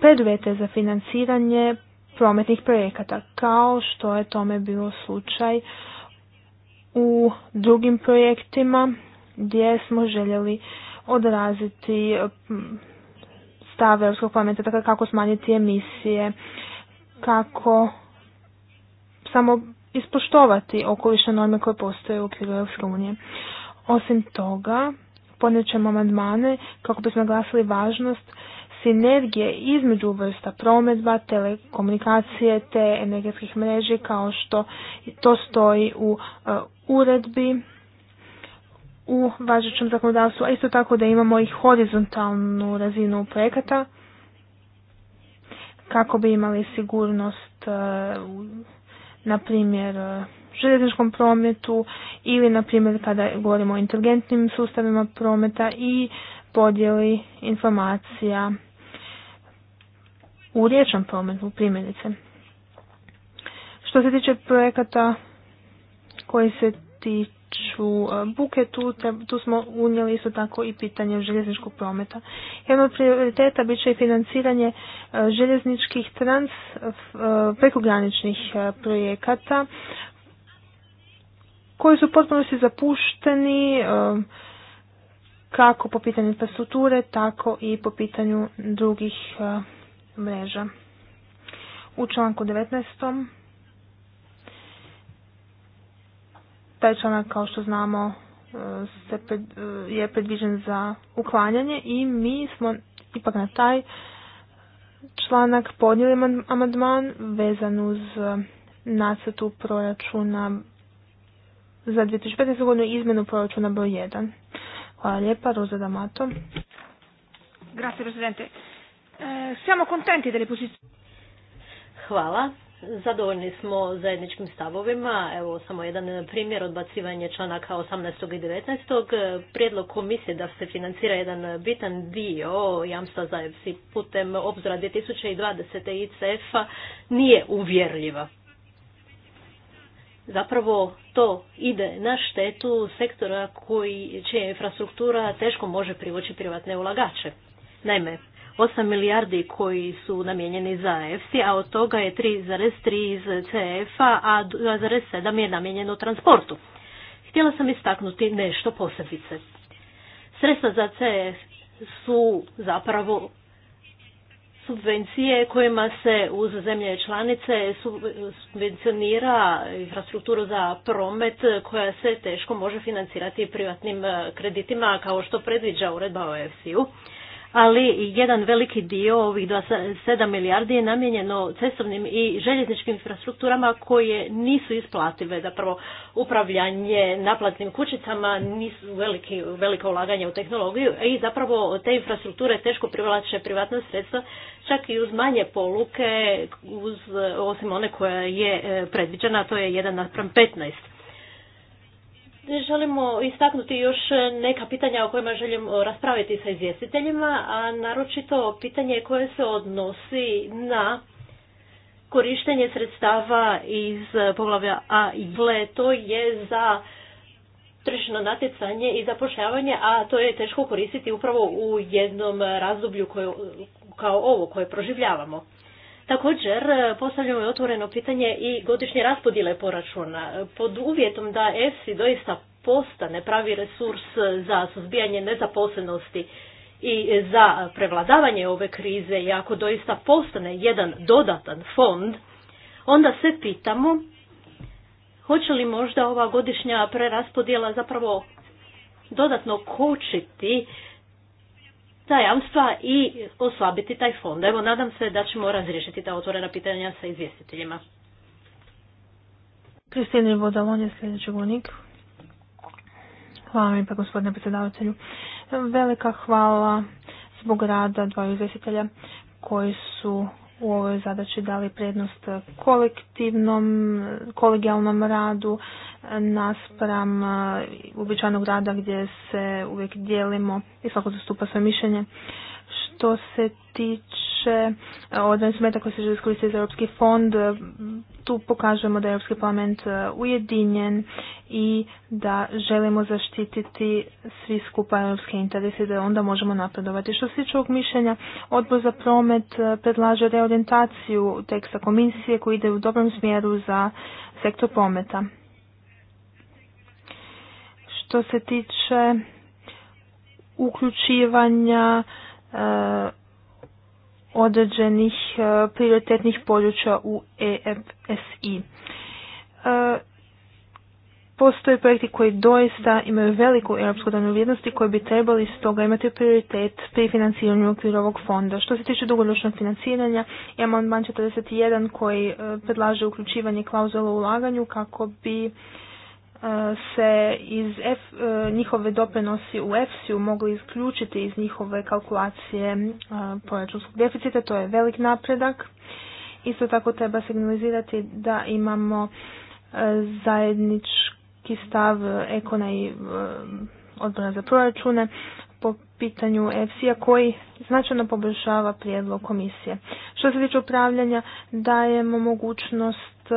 predvete za financiranje prometnih projekata, kao što je tome bilo slučaj u drugim projektima gdje smo željeli odraziti stave Europskog parlamenta, dakle kako smanjiti emisije, kako samo ispoštovati okolišne norme koje postoje u okviru Europske unije. Osim toga, podnijet ćemo amandmane kako bismo naglasili važnost sinergije između vrsta prometba, telekomunikacije te energetskih mreži kao što to stoji u e, uredbi u važećem zakonodavstvu, a isto tako da imamo i horizontalnu razinu projekata kako bi imali sigurnost e, na primjer e, željezničkom prometu ili na primjer kada govorimo o inteligentnim sustavima prometa i podjeli informacija u riječnom prometu primjerice. Što se tiče projekata koji se ti tiču e, buke, tu, tu smo unijeli isto tako i pitanje željezničkog prometa. Jedan od prioriteta bit će i financiranje e, željezničkih trans e, prekograničnih projekata koji su potpuno si zapušteni kako po pitanju infrastrukture, tako i po pitanju drugih mreža. U članku 19. Taj članak, kao što znamo, e, se e, je predviđen za uklanjanje i mi smo ipak na taj članak podnijeli amandman vezan uz e, nacrtu proračuna za 2015. godinu izmenu proračuna broj 1. Hvala lijepa, Roza D'Amato. Grazie, Presidente. siamo contenti delle posizioni. Hvala. Zadovoljni smo zajedničkim stavovima. Evo samo jedan primjer odbacivanje članaka 18. i 19. Prijedlog komisije da se financira jedan bitan dio jamstva za EPSI putem obzora 2020. icf a nije uvjerljiva. Zapravo to ide na štetu sektora koji, čija infrastruktura teško može privući privatne ulagače. Naime, 8 milijardi koji su namijenjeni za EFSI, a od toga je 3,3 iz CF-a, a 2,7 je namijenjeno transportu. Htjela sam istaknuti nešto posebice. Sredstva za CF su zapravo subvencije kojima se uz zemlje članice subvencionira infrastrukturu za promet koja se teško može financirati privatnim kreditima kao što predviđa uredba o EFSI-u ali jedan veliki dio ovih 7 milijardi je namijenjeno cestovnim i željezničkim infrastrukturama koje nisu isplative. Zapravo upravljanje naplatnim kućicama nisu veliki, velika ulaganja u tehnologiju i zapravo te infrastrukture teško privlače privatna sredstva čak i uz manje poluke uz, osim one koja je e, predviđena, a to je jedan napram 15 želimo istaknuti još neka pitanja o kojima želimo raspraviti sa izvjestiteljima, a naročito pitanje koje se odnosi na korištenje sredstava iz poglavlja A i to je za tržišno natjecanje i zapošljavanje, a to je teško koristiti upravo u jednom razdoblju koje, kao ovo koje proživljavamo. Također, postavljamo je otvoreno pitanje i godišnje raspodjele poračuna. Pod uvjetom da EFSI doista postane pravi resurs za suzbijanje nezaposlenosti i za prevladavanje ove krize i ako doista postane jedan dodatan fond, onda se pitamo hoće li možda ova godišnja preraspodjela zapravo dodatno kočiti ta jamstva i oslabiti taj fond. Evo, nadam se da ćemo razriješiti ta otvorena pitanja sa izvjestiteljima. Kristina Vodalon je sljedeći govornik. Hvala vam pa, gospodine predsjedavatelju. Velika hvala zbog rada dva izvjestitelja koji su u ovoj zadaći dali prednost kolektivnom, kolegijalnom radu naspram e, uobičajenog rada gdje se uvijek dijelimo i svako zastupa svoje mišljenje. Što se tiče E, od instrumenta koji se želi iskoristiti za Europski fond, e, tu pokažemo da je Europski parlament e, ujedinjen i da želimo zaštititi svi skupa europske interese da onda možemo napredovati. Što se tiče ovog mišljenja, odbor za promet predlaže reorientaciju teksta komisije koji ide u dobrom smjeru za sektor prometa. Što se tiče uključivanja određenih e, prioritetnih područja u EFSI. E, postoje projekti koji doista imaju veliku europsku danu vrijednost koji bi trebali stoga imati prioritet pri financiranju okviru ovog fonda. Što se tiče dugoročnog financiranja, imamo amandman 41 koji e, predlaže uključivanje klauzula u ulaganju kako bi E, se iz F, e, njihove doprinosi u EFSI-u mogli isključiti iz njihove kalkulacije e, proračunskog deficita, to je velik napredak. Isto tako treba signalizirati da imamo zajednički stav ekona i odbora za proračune po pitanju EFSI-a koji značajno poboljšava prijedlog komisije. Što se tiče upravljanja, dajemo mogućnost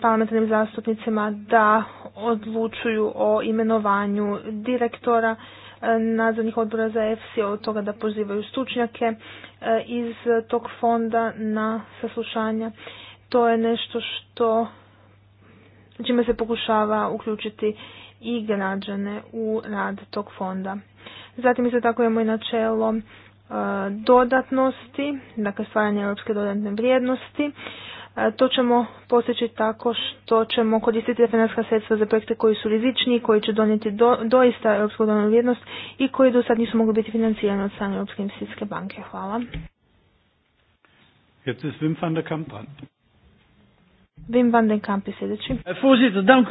parlamentarnim zastupnicima da odlučuju o imenovanju direktora e, nadzornih odbora za EFSI, od toga da pozivaju stručnjake e, iz tog fonda na saslušanja. To je nešto što čime se pokušava uključiti i građane u rad tog fonda. Zatim isto tako imamo i načelo e, dodatnosti, dakle stvaranje europske dodatne vrijednosti. To ćemo postići tako što ćemo koristiti financijska sredstva za projekte koji su rizični, koji će donijeti do, doista europsku dodanu vrijednost i koji do sad nisu mogli biti financirani od strane Europske investicijske banke. Hvala. Jetzt ist Wim van Kamp dran. Wim van den Kamp je dank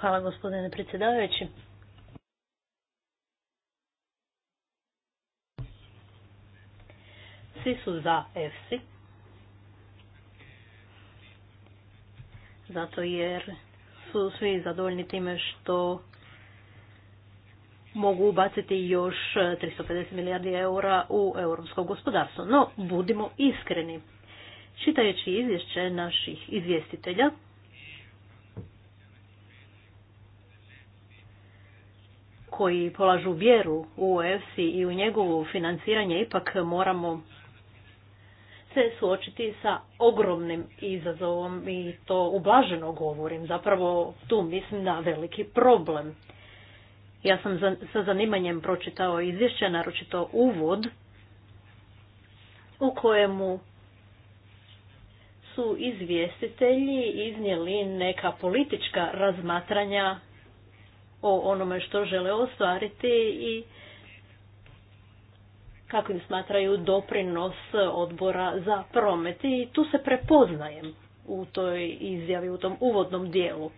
Hvala gospodine predsjedavajući. Svi su za EFSI zato jer su svi zadovoljni time što mogu ubaciti još 350 milijardi eura u europsko gospodarstvo. No, budimo iskreni. Čitajući izvješće naših izvjestitelja, koji polažu vjeru u UFC i u njegovu financiranje, ipak moramo se suočiti sa ogromnim izazovom i to ublaženo govorim. Zapravo tu mislim na veliki problem. Ja sam za, sa zanimanjem pročitao izvješće, naročito uvod, u kojemu su izvjestitelji iznijeli neka politička razmatranja o onome što žele ostvariti i kakvim smatraju doprinos odbora za promet i tu se prepoznajem u toj izjavi, u tom uvodnom dijelu.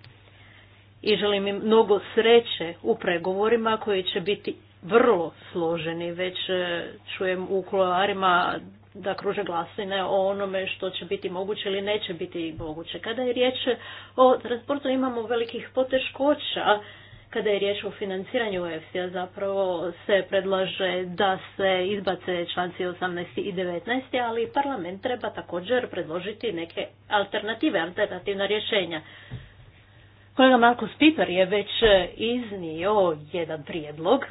I želim im mnogo sreće u pregovorima koji će biti vrlo složeni, već e, čujem u kuloarima da kruže glasine o onome što će biti moguće ili neće biti moguće. Kada je riječ o transportu imamo velikih poteškoća kada je riječ o financiranju ufc a zapravo se predlaže da se izbace članci 18. i 19. ali parlament treba također predložiti neke alternative, alternativna rješenja. Kolega Markus Piper je već iznio jedan prijedlog,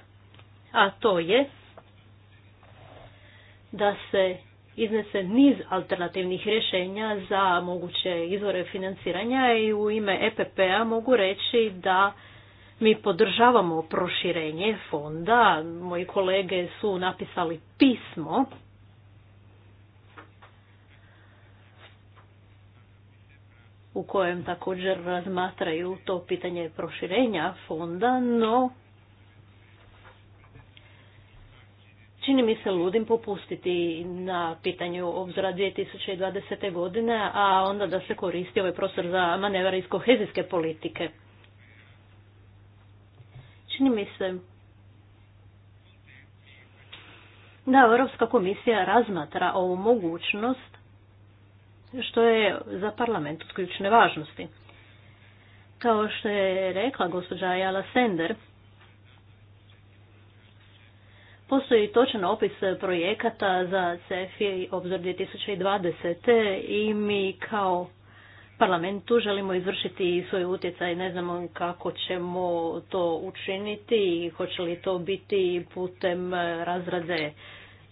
a to je da se iznese niz alternativnih rješenja za moguće izvore financiranja i u ime EPP-a mogu reći da mi podržavamo proširenje fonda. Moji kolege su napisali pismo u kojem također razmatraju to pitanje proširenja fonda, no čini mi se ludim popustiti na pitanju obzora 2020. godine, a onda da se koristi ovaj prostor za manevar iz kohezijske politike. Čini mi se da Europska komisija razmatra ovu mogućnost što je za parlament od ključne važnosti. Kao što je rekla gospođa Jala Sender, postoji točan opis projekata za CFI obzor 2020. i mi kao parlamentu želimo izvršiti svoj utjecaj, ne znamo kako ćemo to učiniti i hoće li to biti putem razrade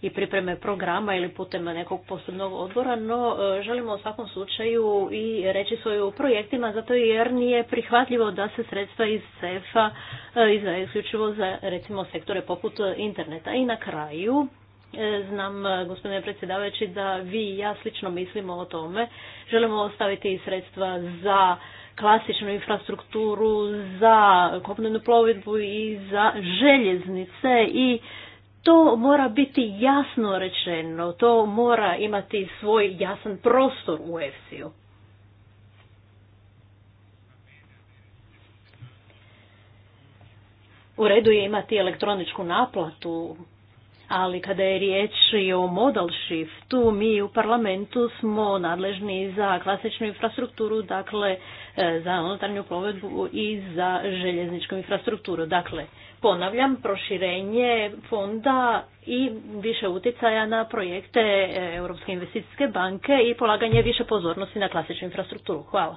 i pripreme programa ili putem nekog posebnog odbora, no e, želimo u svakom slučaju i reći svoju projektima, zato jer nije prihvatljivo da se sredstva iz CEF-a e, izdaje isključivo za recimo sektore poput interneta. I na kraju E, znam, e, gospodine predsjedavajući, da vi i ja slično mislimo o tome. Želimo ostaviti sredstva za klasičnu infrastrukturu, za kopnenu plovidbu i za željeznice i to mora biti jasno rečeno, to mora imati svoj jasan prostor u EFSI-u. U redu je imati elektroničku naplatu, ali kada je riječ o modal shiftu, mi u parlamentu smo nadležni za klasičnu infrastrukturu, dakle e, za unutarnju plovedbu i za željezničku infrastrukturu. Dakle, ponavljam, proširenje fonda i više utjecaja na projekte e, Europske investicijske banke i polaganje više pozornosti na klasičnu infrastrukturu. Hvala.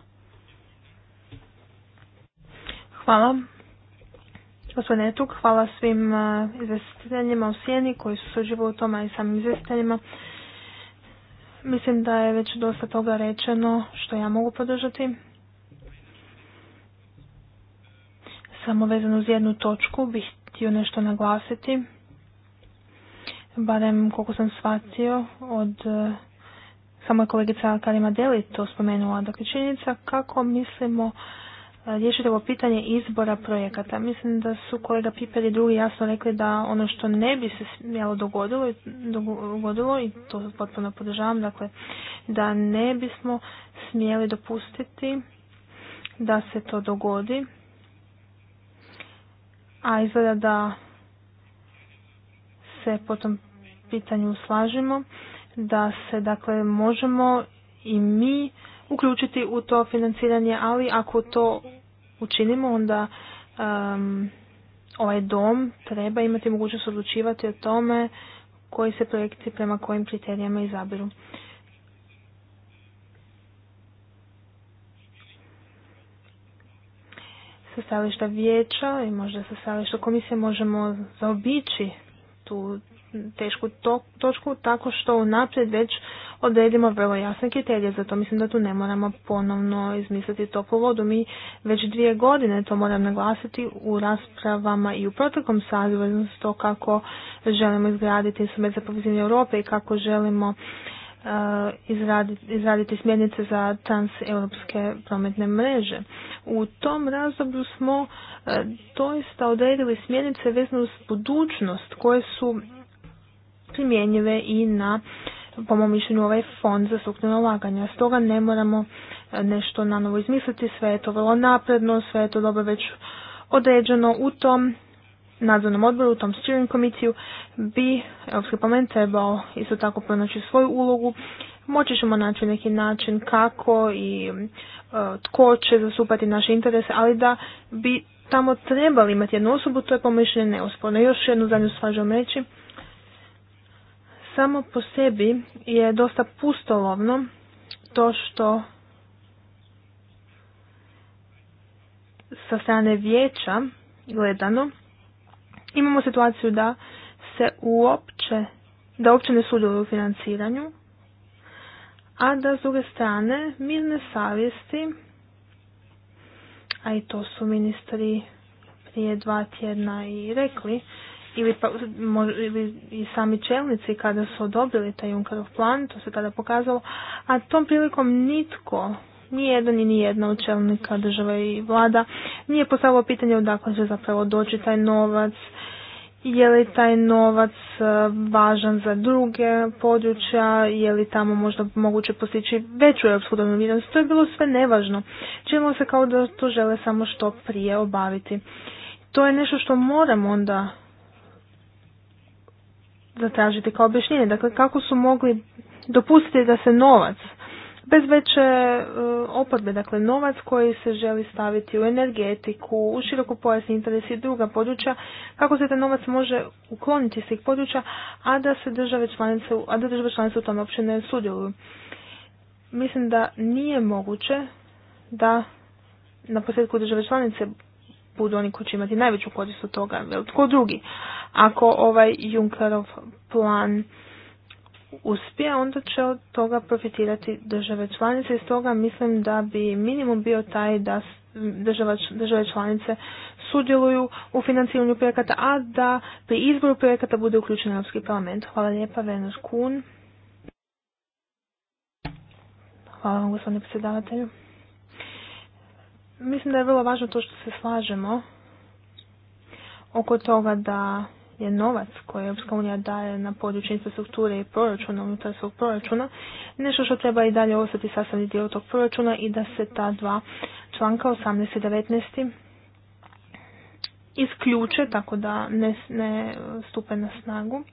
Hvala. Gospodine Tuk, hvala svim uh, izvjestiteljima u koji su sudjelovali u tome i samim izvjestiteljima. Mislim da je već dosta toga rečeno što ja mogu podržati. Samo vezano uz jednu točku bih htio nešto naglasiti. Barem koliko sam shvatio od uh, samo je kolegica Karima Deli to spomenula. Dakle, činjenica kako mislimo riješiti ovo pitanje izbora projekata. Mislim da su kolega Piper i drugi jasno rekli da ono što ne bi se smjelo dogodilo, dogodilo i to potpuno podržavam, dakle, da ne bismo smjeli dopustiti da se to dogodi, a izgleda da se po tom pitanju slažemo, da se dakle možemo i mi uključiti u to financiranje, ali ako to učinimo, onda ovaj dom treba imati mogućnost odlučivati o tome koji se projekti prema kojim kriterijama izabiru. Sa stavišta vijeća i možda sa komisije možemo zaobići tu tešku to, točku tako što unaprijed već odredimo vrlo jasne kriterije. Zato mislim da tu ne moramo ponovno izmisliti to vodu. Mi već dvije godine, to moram naglasiti, u raspravama i u protokom sazivu to kako želimo izgraditi instrument za povizivnje Europe i kako želimo e, izraditi, izraditi smjernice za transeuropske prometne mreže. U tom razdoblju smo e, doista odredili smjernice vezano uz budućnost koje su primjenjive i na po mom mišljenju ovaj fond za strukturno ulaganja. Stoga ne moramo e, nešto na novo izmisliti, sve je to vrlo napredno, sve je to dobro već određeno u tom nadzornom odboru, u tom steering komisiju bi Europski parlament trebao isto tako pronaći svoju ulogu. Moći ćemo naći neki način kako i e, tko će zastupati naše interese, ali da bi tamo trebali imati jednu osobu, to je pomišljenje neosporno. Još jednu zadnju stvar želim reći. Samo po sebi je dosta pustolovno to što sa strane vijeća gledano imamo situaciju da se uopće, da uopće ne sudjeluju u financiranju, a da s druge strane mirne savjesti, a i to su ministri prije dva tjedna i rekli, ili, pa, i sami čelnici kada su odobrili taj Junkerov plan, to se kada pokazalo, a tom prilikom nitko ni jedan i ni jedna od čelnika države i vlada nije postavilo pitanje odakle će zapravo doći taj novac, je li taj novac e, važan za druge područja, je li tamo možda moguće postići veću europsku domovinanost, to je bilo sve nevažno. činimo se kao da to žele samo što prije obaviti. To je nešto što moramo onda zatražiti kao objašnjenje. Dakle, kako su mogli dopustiti da se novac bez veće e, oporbe, dakle novac koji se želi staviti u energetiku, u široko pojasni interes i druga područja, kako se taj novac može ukloniti iz tih područja, a da se države članice, a da države članice u tome uopće ne sudjeluju. Mislim da nije moguće da na posljedku države članice budu oni koji će imati najveću korist od toga, jel tko drugi. Ako ovaj Junckerov plan uspije, onda će od toga profitirati države članice i stoga mislim da bi minimum bio taj da države članice sudjeluju u financiranju projekata, a da pri izboru projekata bude uključen Europski parlament. Hvala lijepa, Venus Kun. Hvala vam, gospodine predsjedavatelju. Mislim da je vrlo važno to što se slažemo oko toga da je novac koji Europska unija daje na području infrastrukture i proračuna unutar svog proračuna, nešto što treba i dalje ostati sastavni dio tog proračuna i da se ta dva članka 18 i 19 isključe tako da ne, ne stupe na snagu.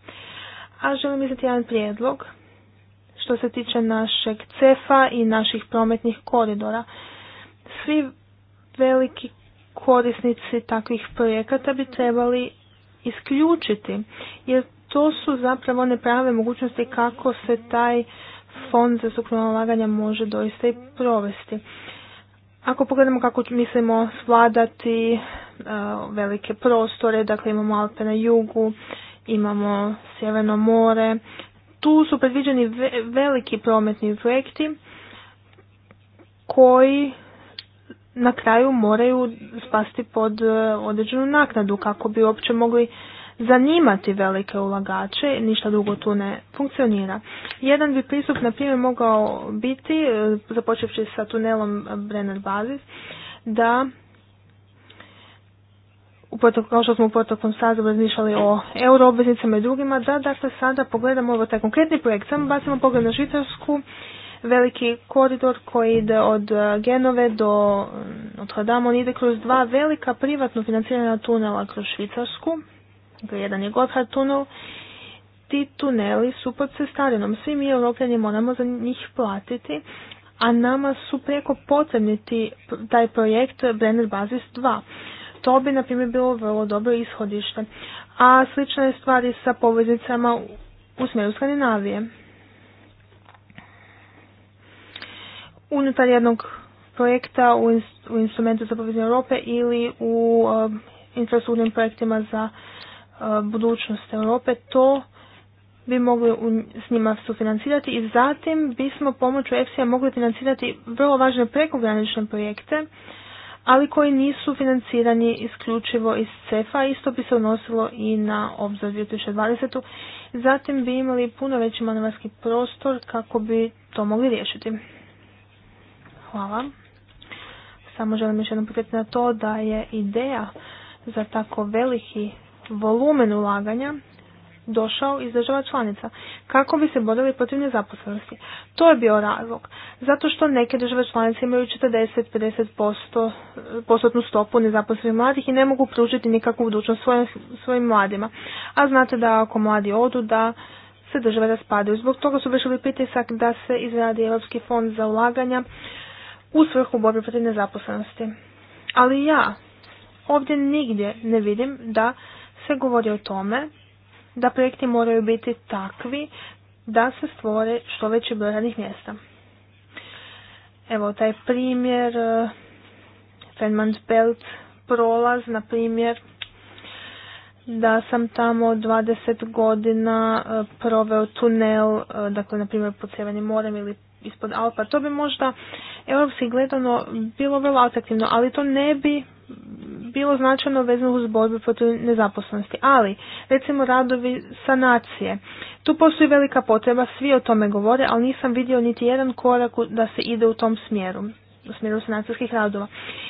A želim izdati jedan prijedlog što se tiče našeg cefa i naših prometnih koridora. Svi veliki korisnici takvih projekata bi trebali isključiti, jer to su zapravo one prave mogućnosti kako se taj fond za strukturno može doista i provesti. Ako pogledamo kako mislimo svladati e, velike prostore, dakle imamo Alpe na jugu, imamo Sjeverno more, tu su predviđeni veliki prometni projekti koji na kraju moraju spasti pod e, određenu naknadu kako bi uopće mogli zanimati velike ulagače, ništa drugo tu ne funkcionira. Jedan bi pristup na primjer mogao biti, e, započevši sa tunelom Brenner Bazis, da u kao što smo u protokom sazivu razmišljali o euroobveznicama i drugima, da dakle sada pogledamo ovo taj konkretni projekt, samo bacimo pogled na Švicarsku veliki koridor koji ide od e, Genove do mm, Notre on ide kroz dva velika privatno financirana tunela kroz Švicarsku, dakle, jedan je Gotthard tunel, ti tuneli su pod cestarinom, svi mi europljani moramo za njih platiti, a nama su preko potrebni ti, taj projekt Brenner Basis 2. To bi, na primjer, bilo vrlo dobro ishodište. A slična je stvari sa poveznicama u smjeru Skandinavije. unutar jednog projekta u, u instrumentu za povezanje Europe ili u uh, infrastrukturnim projektima za um, budućnost Europe, to bi mogli s njima sufinancirati i zatim bismo pomoću EFSI-a mogli financirati vrlo važne prekogranične projekte, ali koji nisu financirani isključivo iz CEFA, isto bi se odnosilo i na obzor 2020. Zatim bi imali puno veći manevarski prostor kako bi to mogli riješiti. Hvala. Samo želim još jednom potretiti na to da je ideja za tako veliki volumen ulaganja došao iz država članica kako bi se borili protiv nezaposlenosti. To je bio razlog. Zato što neke države članice imaju 40-50% postotnu stopu nezaposlenih mladih i ne mogu pružiti nikakvu budućnost svojim, svojim mladima. A znate da ako mladi odu da se države raspadaju. Zbog toga su vršili pritisak da se izradi Europski fond za ulaganja u svrhu borbe protiv nezaposlenosti. Ali ja ovdje nigdje ne vidim da se govori o tome da projekti moraju biti takvi da se stvore što veći broj radnih mjesta. Evo taj primjer, eh, Belt prolaz, na primjer, da sam tamo 20 godina eh, proveo tunel, eh, dakle, na primjer, pod Sjevernim morem ili ispod Alpa. To bi možda europski gledano bilo vrlo atraktivno, ali to ne bi bilo značajno vezano uz borbu protiv nezaposlenosti. Ali, recimo radovi sanacije. Tu postoji velika potreba, svi o tome govore, ali nisam vidio niti jedan korak da se ide u tom smjeru u smjeru sanacijskih radova.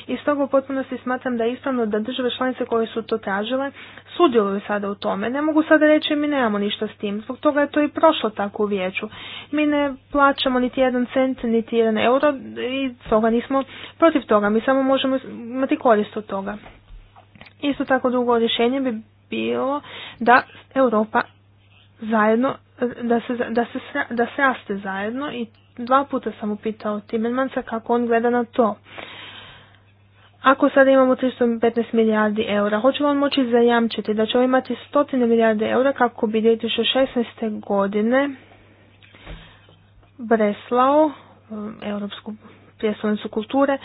I stoga u potpunosti smatram da je ispravno da države članice koje su to tražile sudjeluju sada u tome. Ne mogu sada reći mi nemamo ništa s tim, zbog toga je to i prošlo tako u vijeću. Mi ne plaćamo niti jedan cent, niti jedan euro i toga nismo protiv toga, mi samo možemo imati korist od toga. Isto tako drugo rješenje bi bilo da Europa zajedno, da se, da se, da se raste zajedno i dva puta sam upitao Timmermansa kako on gleda na to. Ako sada imamo 315 milijardi eura, hoće on moći zajamčiti da on imati stotine milijarde eura kako bi 2016. godine Breslao, um, Europsku prijestolnicu kulture,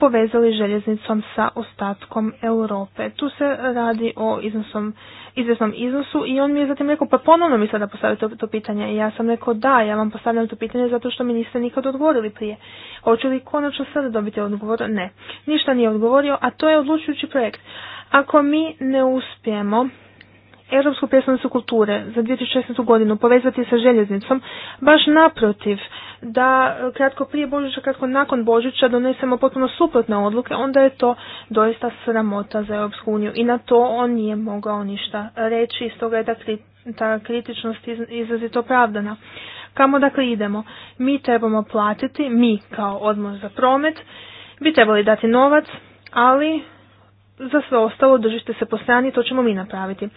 povezali željeznicom sa ostatkom Europe. Tu se radi o iznosom, izvjesnom iznosu i on mi je zatim rekao, pa ponovno mi sada postavite to, to pitanje. I ja sam rekao, da, ja vam postavljam to pitanje zato što mi niste nikad odgovorili prije. Hoću li konačno sada dobiti odgovor? Ne. Ništa nije odgovorio, a to je odlučujući projekt. Ako mi ne uspijemo Europsku predstavnicu kulture za 2016. godinu povezati sa željeznicom, baš naprotiv da e, kratko prije Božića, kratko nakon Božića donesemo potpuno suprotne odluke, onda je to doista sramota za Europsku uniju i na to on nije mogao ništa reći iz stoga je ta, kritičnost iz, izrazito opravdana. Kamo dakle idemo? Mi trebamo platiti, mi kao odmor za promet, bi trebali dati novac, ali za sve ostalo držite se po strani, to ćemo mi napraviti.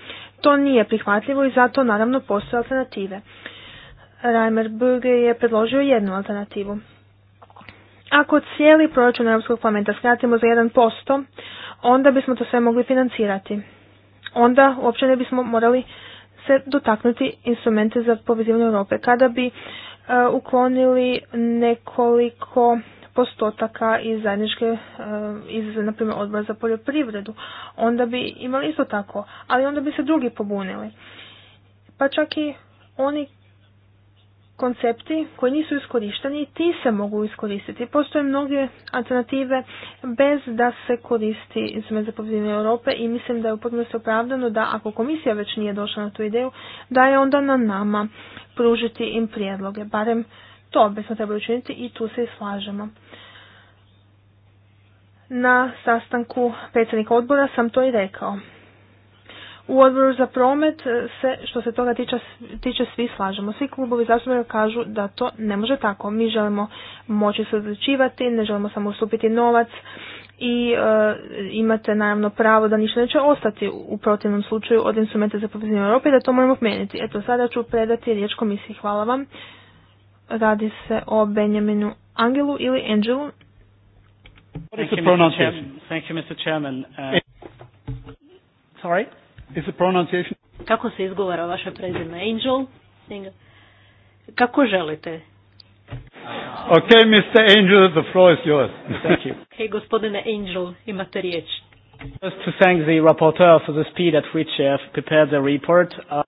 To nije prihvatljivo i zato naravno postoje alternative. Reimer je predložio jednu alternativu. Ako cijeli proračun Europskog parlamenta skratimo za 1%, onda bismo to sve mogli financirati. Onda uopće ne bismo morali se dotaknuti instrumente za povezivanje Europe. Kada bi e, uklonili nekoliko postotaka iz zajedničke, e, iz, na primjer, odbora za poljoprivredu, onda bi imali isto tako, ali onda bi se drugi pobunili. Pa čak i oni koncepti koji nisu iskorišteni ti se mogu iskoristiti. Postoje mnoge alternative bez da se koristi između za Europe i mislim da je upotno se opravdano da ako komisija već nije došla na tu ideju, da je onda na nama pružiti im prijedloge, barem to smo trebali učiniti i tu se i slažemo. Na sastanku predsjednika odbora sam to i rekao. U odboru za promet se, što se toga tiče, tiče svi slažemo. Svi klubovi zastupnika kažu da to ne može tako. Mi želimo moći se odlučivati, ne želimo samo ustupiti novac i e, imate naravno pravo da ništa neće ostati u protivnom slučaju od instrumenta za povezivanje Europe i da to moramo promijeniti. Eto, sada ću predati riječ komisiji. Hvala vam. Radi se o Benjaminu Angelu ili Angelu. What is the pronunciation? Thank you, Mr. Chairman. Uh, sorry? Is the pronunciation? Kako se izgovara vaše prezime? Angel? Kako želite? Ok, Mr. Angel, the floor is yours. Thank you. Okay, gospodine Angel, imate riječ. Just to thank the rapporteur for the speed at which he has prepared the report. Uh...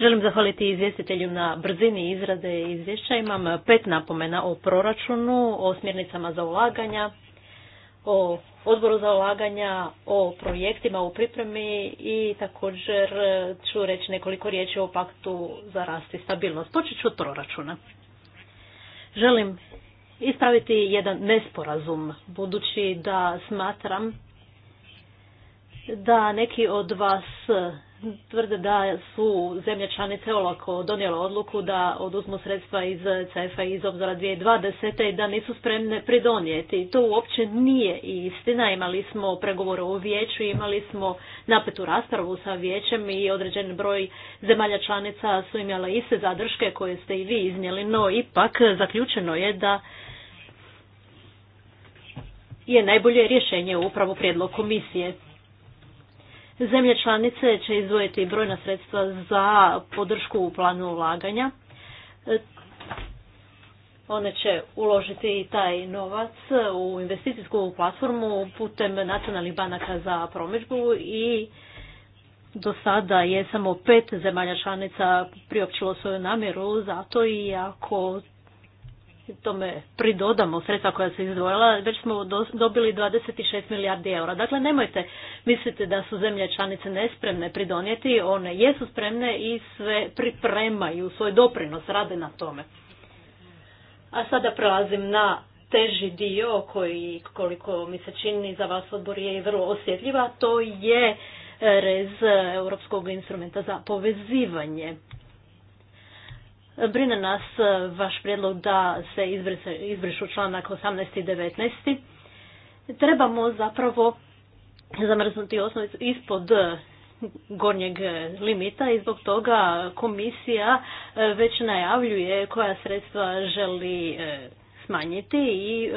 Želim zahvaliti izvjestitelju na brzini izrade izvješća. Imam pet napomena o proračunu, o smjernicama za ulaganja, o odboru za ulaganja, o projektima u pripremi i također ću reći nekoliko riječi o paktu za rast i stabilnost. Počet ću od proračuna. Želim ispraviti jedan nesporazum, budući da smatram da neki od vas tvrde da su zemlje članice olako donijele odluku da oduzmu sredstva iz CEFA iz obzora 2020. i da nisu spremne pridonijeti. To uopće nije istina. Imali smo pregovore u vijeću, imali smo napetu raspravu sa vijećem i određen broj zemalja članica su imale iste zadrške koje ste i vi iznijeli, no ipak zaključeno je da je najbolje rješenje upravo prijedlog komisije. Zemlje članice će izdvojiti brojna sredstva za podršku u planu ulaganja. E, one će uložiti i taj novac u investicijsku platformu putem nacionalnih banaka za promidžbu i do sada je samo pet zemalja članica priopćilo svoju namjeru, zato i ako tome pridodamo sredstva koja se izdvojila, već smo dobili 26 milijardi eura. Dakle, nemojte misliti da su zemlje članice nespremne pridonijeti, one jesu spremne i sve pripremaju svoj doprinos, rade na tome. A sada prelazim na teži dio koji, koliko mi se čini za vas odbor je i vrlo osjetljiva, to je rez Europskog instrumenta za povezivanje. Brine nas e, vaš prijedlog da se izbrišu članak 18. i 19. Trebamo zapravo zamrznuti osnovicu ispod e, gornjeg limita i zbog toga komisija e, već najavljuje koja sredstva želi smanjiti i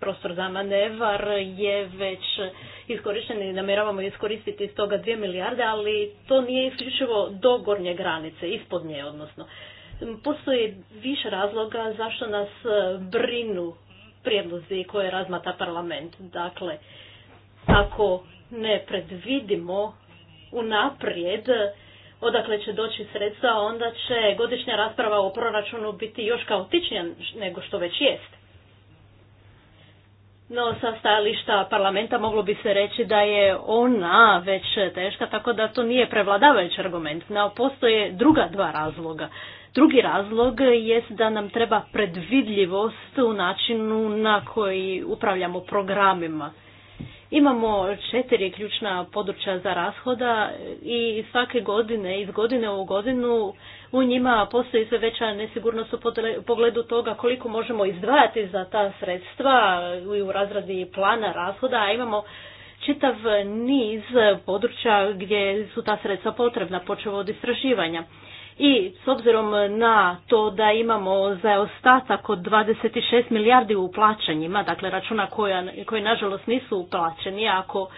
prostor za manevar je već iskorišten i namjeravamo iskoristiti stoga 2 milijarde, ali to nije isključivo do gornje granice, ispod nje odnosno. Postoji više razloga zašto nas e, brinu prijedlozi koje razmata parlament. Dakle, ako ne predvidimo unaprijed odakle će doći sredstva, onda će godišnja rasprava o proračunu biti još kaotičnija nego što već jest. No, sa stajališta parlamenta moglo bi se reći da je ona već teška, tako da to nije prevladavajući argument. No, postoje druga dva razloga. Drugi razlog jest da nam treba predvidljivost u načinu na koji upravljamo programima. Imamo četiri ključna područja za rashoda i svake godine, iz godine u godinu, u njima postoji sve veća nesigurnost u pogledu toga koliko možemo izdvajati za ta sredstva i u razradi plana rashoda, a imamo čitav niz područja gdje su ta sredstva potrebna, počevo od istraživanja. I s obzirom na to da imamo zaostatak od 26 milijardi u plaćanjima, dakle računa koja, koji nažalost nisu uplaćeni, ako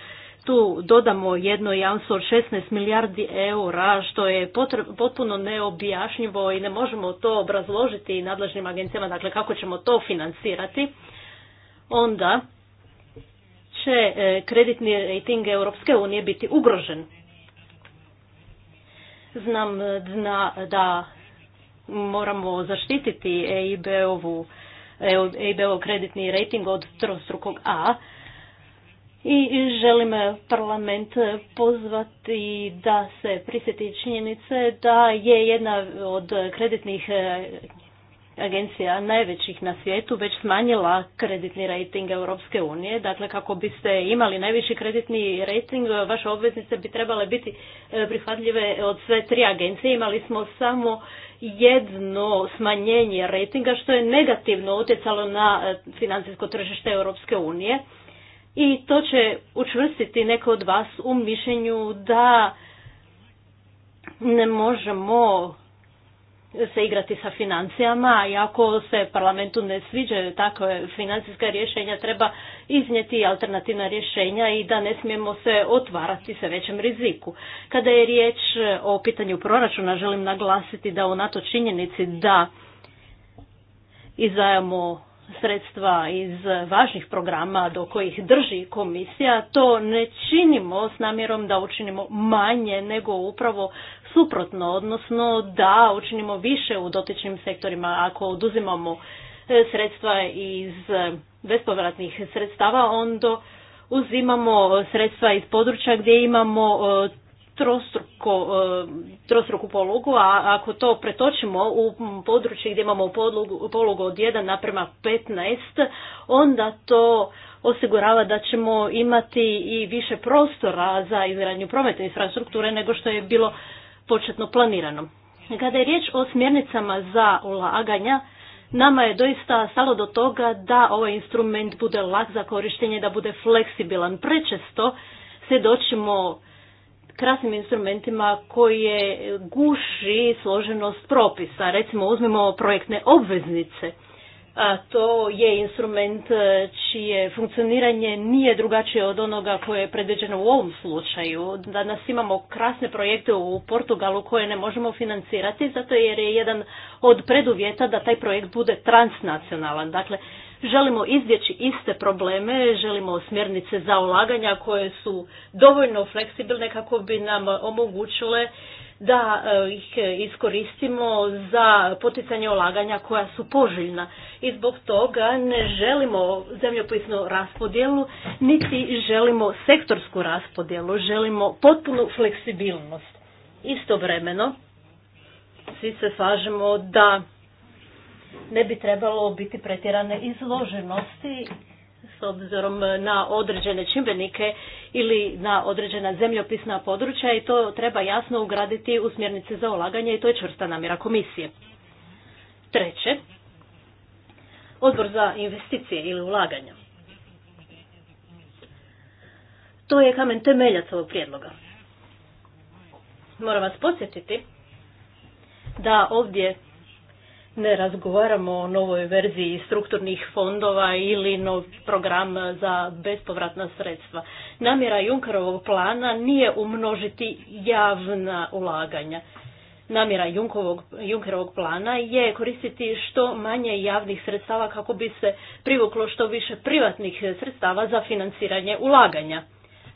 tu dodamo jedno jamstvo od 16 milijardi eura, što je potpuno neobjašnjivo i ne možemo to obrazložiti nadležnim agencijama, dakle kako ćemo to financirati, onda će e, kreditni rating Europske unije biti ugrožen znam e, dna, da moramo zaštititi EIB-ovu EIB-ov e kreditni rating od trostrukog A i želim parlament pozvati da se prisjeti činjenice da je jedna od kreditnih agencija najvećih na svijetu već smanjila kreditni rating Europske unije. Dakle, kako biste imali najviši kreditni rating, vaše obveznice bi trebale biti e, prihvatljive od sve tri agencije. Imali smo samo jedno smanjenje ratinga što je negativno utjecalo na e, financijsko tržište Europske unije. I to će učvrstiti neko od vas u mišljenju da ne možemo se igrati sa financijama i ako se parlamentu ne sviđaju takve financijska rješenja treba iznijeti alternativna rješenja i da ne smijemo se otvarati sa većem riziku. Kada je riječ o pitanju proračuna želim naglasiti da NATO činjenici da izdajamo sredstva iz važnih programa do kojih drži komisija, to ne činimo s namjerom da učinimo manje, nego upravo suprotno, odnosno da učinimo više u dotičnim sektorima ako oduzimamo e, sredstva iz e, bespovratnih sredstava, onda uzimamo sredstva iz područja gdje imamo e, trostruku polugu, a ako to pretočimo u područje gdje imamo polugu, od 1 naprema 15, onda to osigurava da ćemo imati i više prostora za izgradnju prometne infrastrukture nego što je bilo početno planirano. Kada je riječ o smjernicama za ulaganja, nama je doista stalo do toga da ovaj instrument bude lak za korištenje, da bude fleksibilan. Prečesto svjedočimo krasnim instrumentima koji guši složenost propisa. Recimo uzmimo projektne obveznice a to je instrument e, čije funkcioniranje nije drugačije od onoga koje je predviđeno u ovom slučaju. Danas imamo krasne projekte u Portugalu koje ne možemo financirati zato jer je jedan od preduvjeta da taj projekt bude transnacionalan. Dakle, želimo izbjeći iste probleme, želimo smjernice za ulaganja koje su dovoljno fleksibilne kako bi nam omogućile da e, ih iskoristimo za poticanje ulaganja koja su poželjna. I zbog toga ne želimo zemljopisnu raspodjelu, niti želimo sektorsku raspodjelu, želimo potpunu fleksibilnost. Istovremeno, svi se slažemo da ne bi trebalo biti pretjerane izloženosti s obzirom na određene čimbenike ili na određena zemljopisna područja i to treba jasno ugraditi u smjernice za ulaganje i to je čvrsta namjera komisije. Treće, odbor za investicije ili ulaganja. To je kamen temeljac ovog prijedloga. Moram vas podsjetiti da ovdje ne razgovaramo o novoj verziji strukturnih fondova ili nov program za bespovratna sredstva. Namjera Junkerovog plana nije umnožiti javna ulaganja. Namjera Junkerovog plana je koristiti što manje javnih sredstava kako bi se privuklo što više privatnih sredstava za financiranje ulaganja.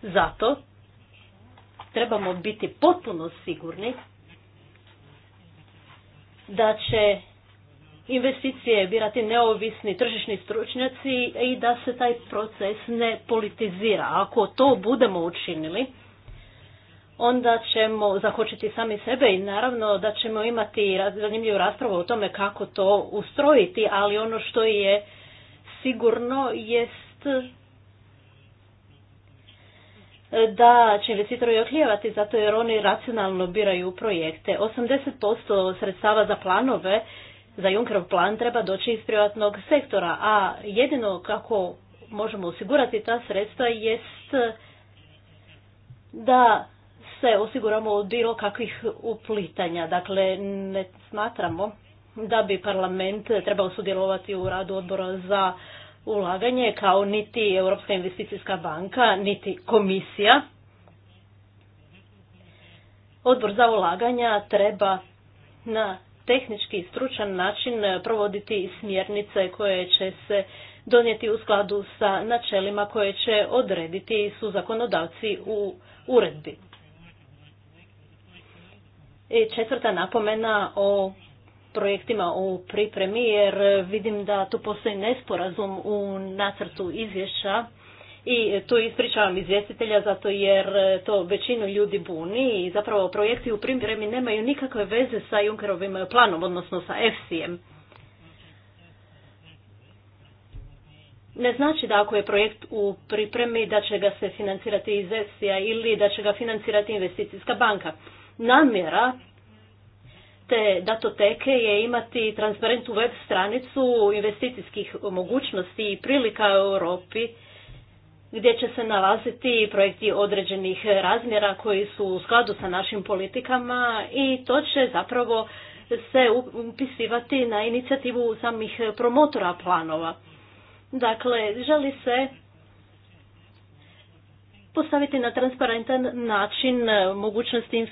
Zato trebamo biti potpuno sigurni da će investicije birati neovisni tržišni stručnjaci i da se taj proces ne politizira. Ako to budemo učinili, onda ćemo zahočiti sami sebe i naravno da ćemo imati zanimljivu raspravu o tome kako to ustrojiti, ali ono što je sigurno jest eh, da će investitori oklijevati zato jer oni racionalno biraju projekte. 80% sredstava za planove za Junkerov plan treba doći iz privatnog sektora, a jedino kako možemo osigurati ta sredstva jest da se osiguramo od bilo kakvih uplitanja. Dakle, ne smatramo da bi parlament trebao sudjelovati u radu odbora za ulaganje kao niti Europska investicijska banka, niti komisija. Odbor za ulaganja treba na tehnički i stručan način e, provoditi smjernice koje će se donijeti u skladu sa načelima koje će odrediti su zakonodavci u uredbi. I četvrta napomena o projektima u pripremi jer vidim da tu postoji nesporazum u nacrtu izvješća i e, tu ispričavam izvjestitelja zato jer e, to većinu ljudi buni i zapravo projekti u pripremi nemaju nikakve veze sa Junkerovim planom, odnosno sa FCM. Ne znači da ako je projekt u pripremi da će ga se financirati iz EFSI-a ili da će ga financirati investicijska banka. Namjera te datoteke je imati transparentnu web stranicu investicijskih mogućnosti i prilika u Europi gdje će se nalaziti projekti određenih razmjera koji su u skladu sa našim politikama i to će zapravo se upisivati na inicijativu samih promotora planova. Dakle, želi se postaviti na transparentan način e, mogućnosti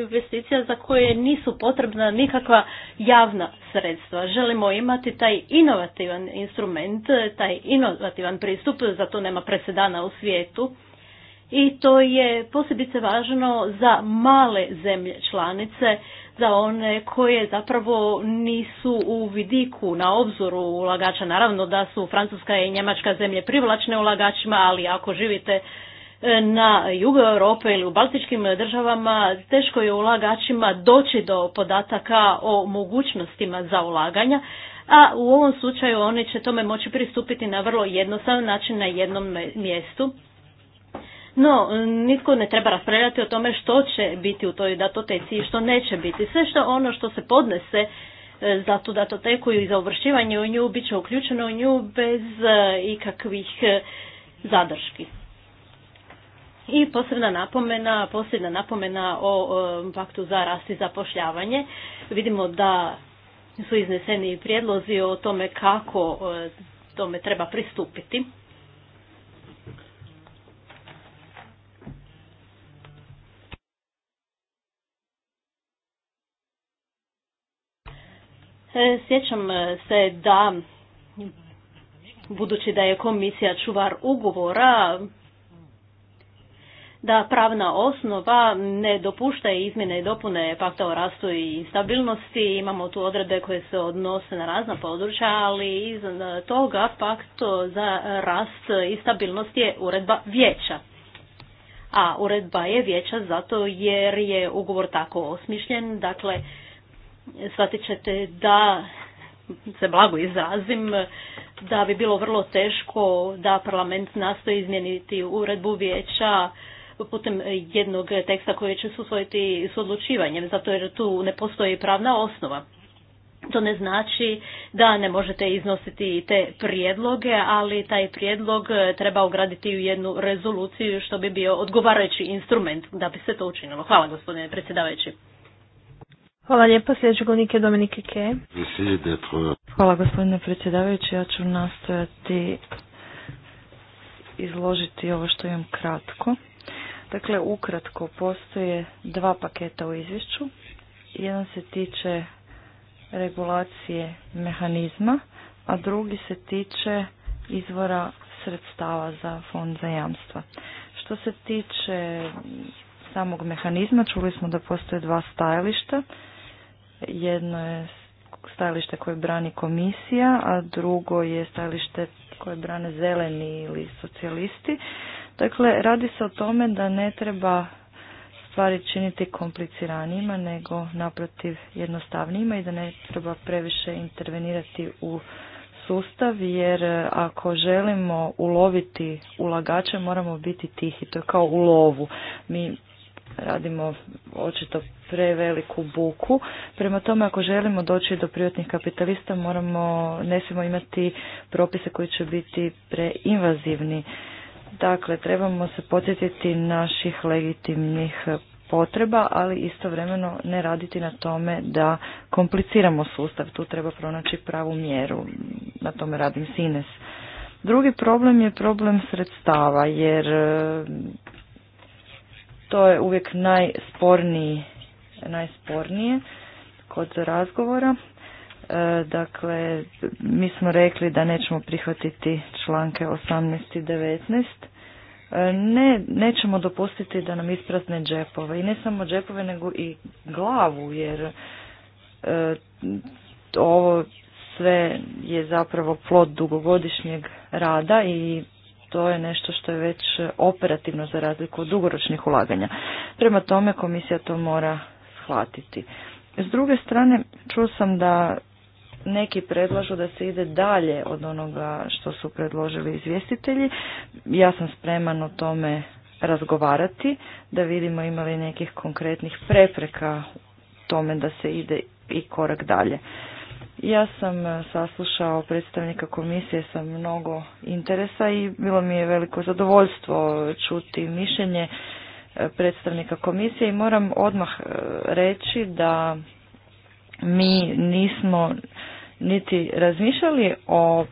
investicija za koje nisu potrebna nikakva javna sredstva. Želimo imati taj inovativan instrument, e, taj inovativan pristup, za to nema presedana u svijetu. I to je posebice važno za male zemlje članice za one koje zapravo nisu u vidiku, na obzoru ulagača. Naravno da su Francuska i Njemačka zemlje privlačne ulagačima, ali ako živite e, na jugu Europe ili u baltičkim državama, teško je ulagačima doći do podataka o mogućnostima za ulaganja, a u ovom slučaju oni će tome moći pristupiti na vrlo jednostavan način na jednom mjestu no, nitko ne treba raspravljati o tome što će biti u toj datoteci i što neće biti. Sve što ono što se podnese e, za tu datoteku i za uvršivanje u nju bit će uključeno u nju bez e, ikakvih e, zadrški. I posebna napomena, posljedna napomena o paktu za rast i zapošljavanje. Vidimo da su izneseni prijedlozi o tome kako tome treba pristupiti. E, sjećam e, se da, budući da je komisija čuvar ugovora, da pravna osnova ne dopušta izmjene i dopune pakta o rastu i stabilnosti. Imamo tu odredbe koje se odnose na razna područja, ali iznad toga pakt za rast i stabilnost je uredba vijeća. A uredba je vijeća zato jer je ugovor tako osmišljen, dakle shvatit ćete da se blago izrazim, da bi bilo vrlo teško da parlament nastoji izmijeniti uredbu vijeća putem jednog teksta koji će se usvojiti s odlučivanjem, zato jer tu ne postoji pravna osnova. To ne znači da ne možete iznositi te prijedloge, ali taj prijedlog treba ugraditi u jednu rezoluciju što bi bio odgovarajući instrument da bi se to učinilo. Hvala gospodine predsjedavajući. Hvala lijepo, sljedeći govornik je Dominik Ike. Hvala gospodine predsjedavajući, ja ću nastojati izložiti ovo što imam kratko. Dakle, ukratko postoje dva paketa u izvješću. Jedan se tiče regulacije mehanizma, a drugi se tiče izvora sredstava za fond za jamstva. Što se tiče samog mehanizma, čuli smo da postoje dva stajališta. Jedno je stajalište koje brani komisija, a drugo je stajalište koje brane zeleni ili socijalisti. Dakle, radi se o tome da ne treba stvari činiti kompliciranijima, nego naprotiv jednostavnijima i da ne treba previše intervenirati u sustav, jer ako želimo uloviti ulagače, moramo biti tihi. To je kao u lovu. Mi radimo očito preveliku buku. Prema tome, ako želimo doći do privatnih kapitalista, moramo, ne smijemo imati propise koji će biti preinvazivni. Dakle, trebamo se podsjetiti naših legitimnih potreba, ali istovremeno ne raditi na tome da kompliciramo sustav. Tu treba pronaći pravu mjeru. Na tome radim sines. Drugi problem je problem sredstava, jer to je uvijek najsporniji, najspornije kod razgovora. E, dakle, mi smo rekli da nećemo prihvatiti članke 18 i 19 e, ne, nećemo dopustiti da nam isprazne džepove i ne samo džepove nego i glavu jer e, ovo sve je zapravo plod dugogodišnjeg rada i to je nešto što je već operativno za razliku od dugoročnih ulaganja. Prema tome komisija to mora shvatiti. S druge strane, čuo sam da neki predlažu da se ide dalje od onoga što su predložili izvjestitelji. Ja sam spreman o tome razgovarati, da vidimo ima li nekih konkretnih prepreka tome da se ide i korak dalje. Ja sam e, saslušao predstavnika komisije sa mnogo interesa i bilo mi je veliko zadovoljstvo čuti mišljenje e, predstavnika komisije i moram odmah e, reći da mi nismo niti razmišljali o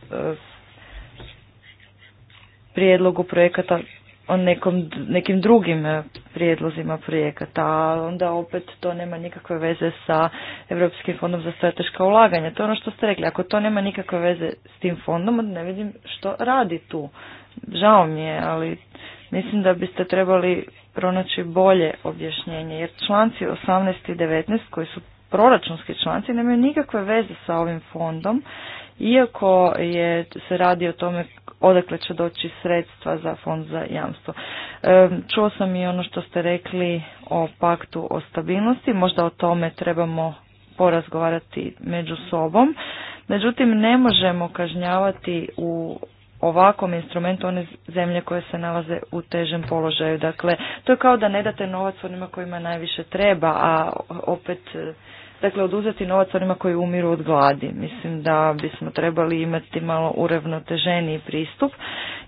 prijedlogu projekata o nekom, nekim drugim e, prijedlozima projekata, a onda opet to nema nikakve veze sa Europskim fondom za strateška ulaganja. To je ono što ste rekli, ako to nema nikakve veze s tim fondom, ne vidim što radi tu. Žao mi je, ali mislim da biste trebali pronaći bolje objašnjenje, jer članci 18 i 19 koji su proračunski članci nemaju nikakve veze sa ovim fondom iako je se radi o tome odakle će doći sredstva za fond za jamstvo. Čuo sam i ono što ste rekli o paktu o stabilnosti, možda o tome trebamo porazgovarati među sobom. Međutim, ne možemo kažnjavati u ovakvom instrumentu one zemlje koje se nalaze u težem položaju. Dakle, to je kao da ne date novac onima kojima najviše treba, a opet dakle oduzeti novac onima koji umiru od gladi. Mislim da bismo trebali imati malo uravnoteženiji pristup.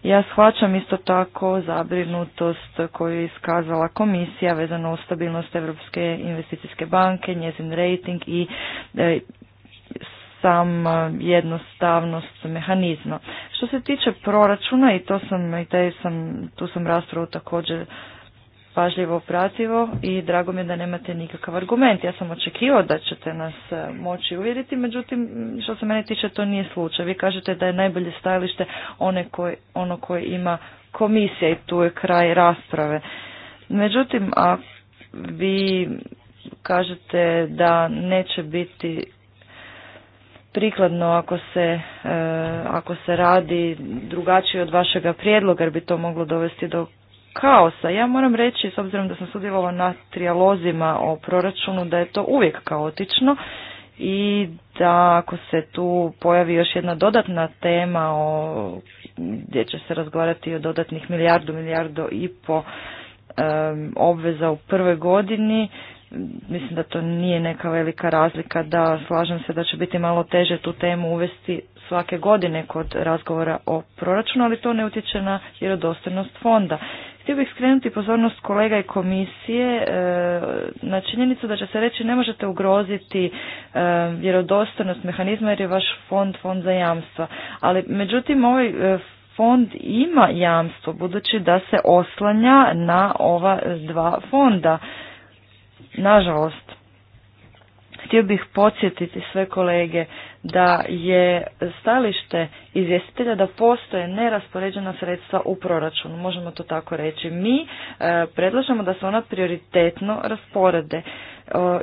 Ja shvaćam isto tako zabrinutost koju je iskazala komisija vezano uz stabilnost Europske investicijske banke, njezin rating i e, sam e, jednostavnost mehanizma. Što se tiče proračuna i to sam i taj sam tu sam raspravu također pažljivo prativo i drago mi je da nemate nikakav argument. Ja sam očekivao da ćete nas e, moći uvjeriti, međutim što se mene tiče to nije slučaj. Vi kažete da je najbolje stajalište one ono koje ima komisija i tu je kraj rasprave. Međutim, a vi kažete da neće biti prikladno ako se, e, ako se radi drugačije od vašega prijedloga jer bi to moglo dovesti do kaosa. Ja moram reći, s obzirom da sam sudjelovala na trijalozima o proračunu, da je to uvijek kaotično i da ako se tu pojavi još jedna dodatna tema o, gdje će se razgovarati o dodatnih milijardu, milijardu i po obveza u prvoj godini, mislim da to nije neka velika razlika da slažem se da će biti malo teže tu temu uvesti svake godine kod razgovora o proračunu, ali to ne utječe na vjerodostojnost fonda. Htio bih skrenuti pozornost kolega i komisije e, na činjenicu da će se reći ne možete ugroziti e, vjerodostojnost mehanizma jer je vaš fond fond za jamstva. Ali međutim ovaj e, fond ima jamstvo budući da se oslanja na ova dva fonda. Nažalost. Htio bih podsjetiti sve kolege da je stalište izvjestitelja da postoje neraspoređena sredstva u proračunu, možemo to tako reći. Mi e, predlažemo da se ona prioritetno rasporede. E,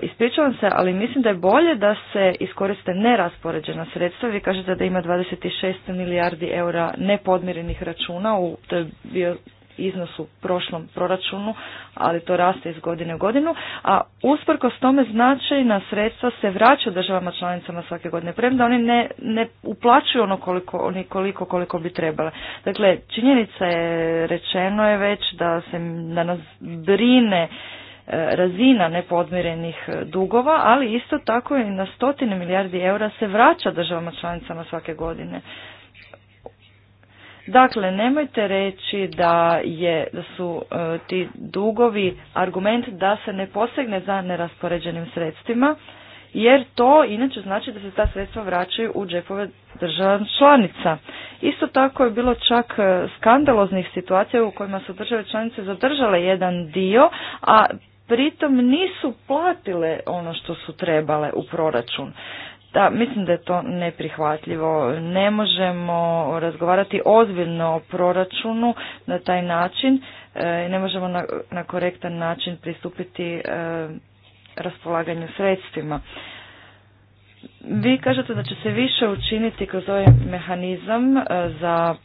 ispričavam se, ali mislim da je bolje da se iskoriste neraspoređena sredstva. Vi kažete da ima 26 milijardi eura nepodmirenih računa, u, to je bio iznosu u prošlom proračunu, ali to raste iz godine u godinu, a usprkos tome značajna sredstva se vraća državama članicama svake godine, premda oni ne, ne uplaćuju ono koliko, oni koliko, koliko bi trebala. Dakle, činjenica je, rečeno je već da se da nas brine e, razina nepodmirenih dugova, ali isto tako i na stotine milijardi eura se vraća državama članicama svake godine. Dakle, nemojte reći da, je, da su e, ti dugovi argument da se ne posegne za neraspoređenim sredstvima, jer to inače znači da se ta sredstva vraćaju u džepove država članica. Isto tako je bilo čak e, skandaloznih situacija u kojima su države članice zadržale jedan dio, a pritom nisu platile ono što su trebale u proračun. Da, mislim da je to neprihvatljivo. Ne možemo razgovarati ozbiljno o proračunu na taj način. E, ne možemo na, na korektan način pristupiti e, raspolaganju sredstvima. Vi kažete da će se više učiniti kroz ovaj mehanizam e, za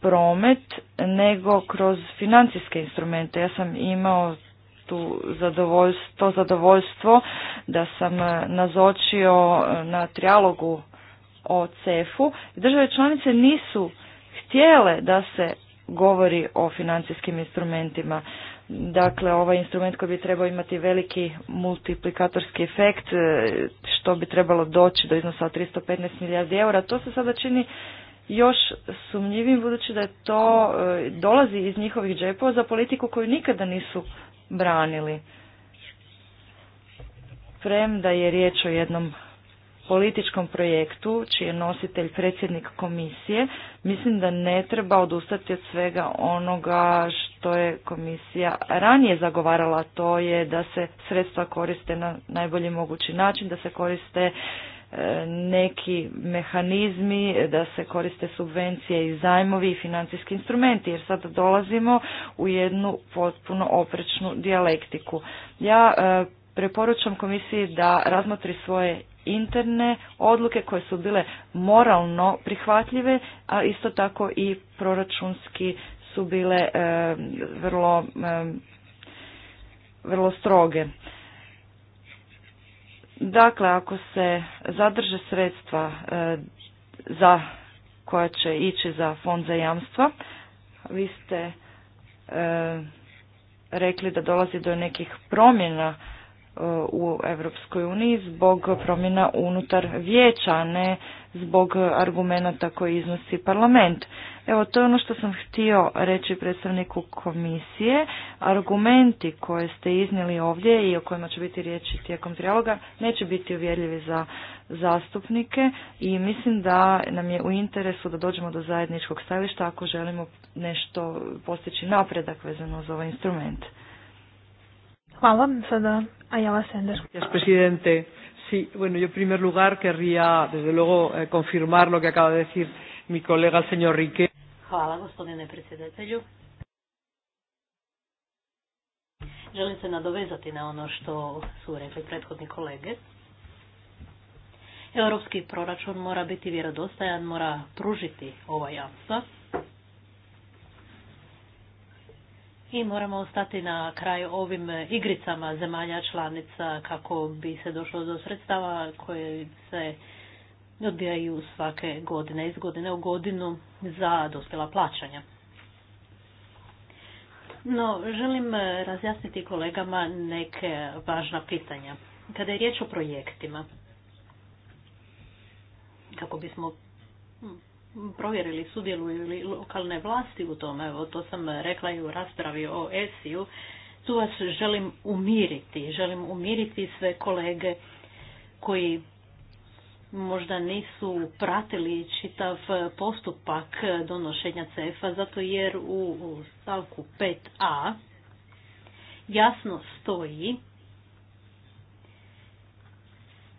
promet nego kroz financijske instrumente. Ja sam imao tu zadovoljstvo, to zadovoljstvo da sam e, nazočio e, na trialogu o CEF-u. Države članice nisu htjele da se govori o financijskim instrumentima. Dakle, ovaj instrument koji bi trebao imati veliki multiplikatorski efekt, e, što bi trebalo doći do iznosa od 315 milijardi eura, to se sada čini još sumnjivim budući da je to dolazi iz njihovih džepova za politiku koju nikada nisu branili. da je riječ o jednom političkom projektu čiji je nositelj predsjednik komisije, mislim da ne treba odustati od svega onoga što je komisija ranije zagovarala, to je da se sredstva koriste na najbolji mogući način, da se koriste neki mehanizmi da se koriste subvencije i zajmovi i financijski instrumenti jer sad dolazimo u jednu potpuno oprečnu dijalektiku. Ja e, preporučam komisiji da razmotri svoje interne odluke koje su bile moralno prihvatljive, a isto tako i proračunski su bile e, vrlo e, vrlo stroge. Dakle, ako se zadrže sredstva e, za koja će ići za fond za jamstva, vi ste e, rekli da dolazi do nekih promjena Uh, u Europskoj uniji zbog promjena unutar vijeća, a ne zbog argumenata koje iznosi parlament. Evo, to je ono što sam htio reći predstavniku komisije. Argumenti koje ste iznijeli ovdje i o kojima će biti riječi tijekom trijaloga neće biti uvjerljivi za zastupnike i mislim da nam je u interesu da dođemo do zajedničkog stajališta ako želimo nešto postići napredak vezano za ovaj instrument. Hvala. Sada Ayala Sender. Gracias, presidente. Sí, bueno, yo en primer lugar querría, desde luego, eh, confirmar lo que acaba de decir mi colega, el señor Rique. Hvala, gospodine predsjedatelju. Želim se nadovezati na ono što su rekli prethodni kolege. Europski proračun mora biti vjerodostajan, mora pružiti ova jamstva. i moramo ostati na kraju ovim igricama zemalja članica kako bi se došlo do sredstava koje se odbijaju svake godine, iz godine u godinu za dospjela plaćanja. No, želim razjasniti kolegama neke važna pitanja. Kada je riječ o projektima, kako bismo provjerili sudjeluju li lokalne vlasti u tome. Evo, to sam rekla i u raspravi o ESI-u. Tu vas želim umiriti. Želim umiriti sve kolege koji možda nisu pratili čitav postupak donošenja CEFA, zato jer u stavku 5a jasno stoji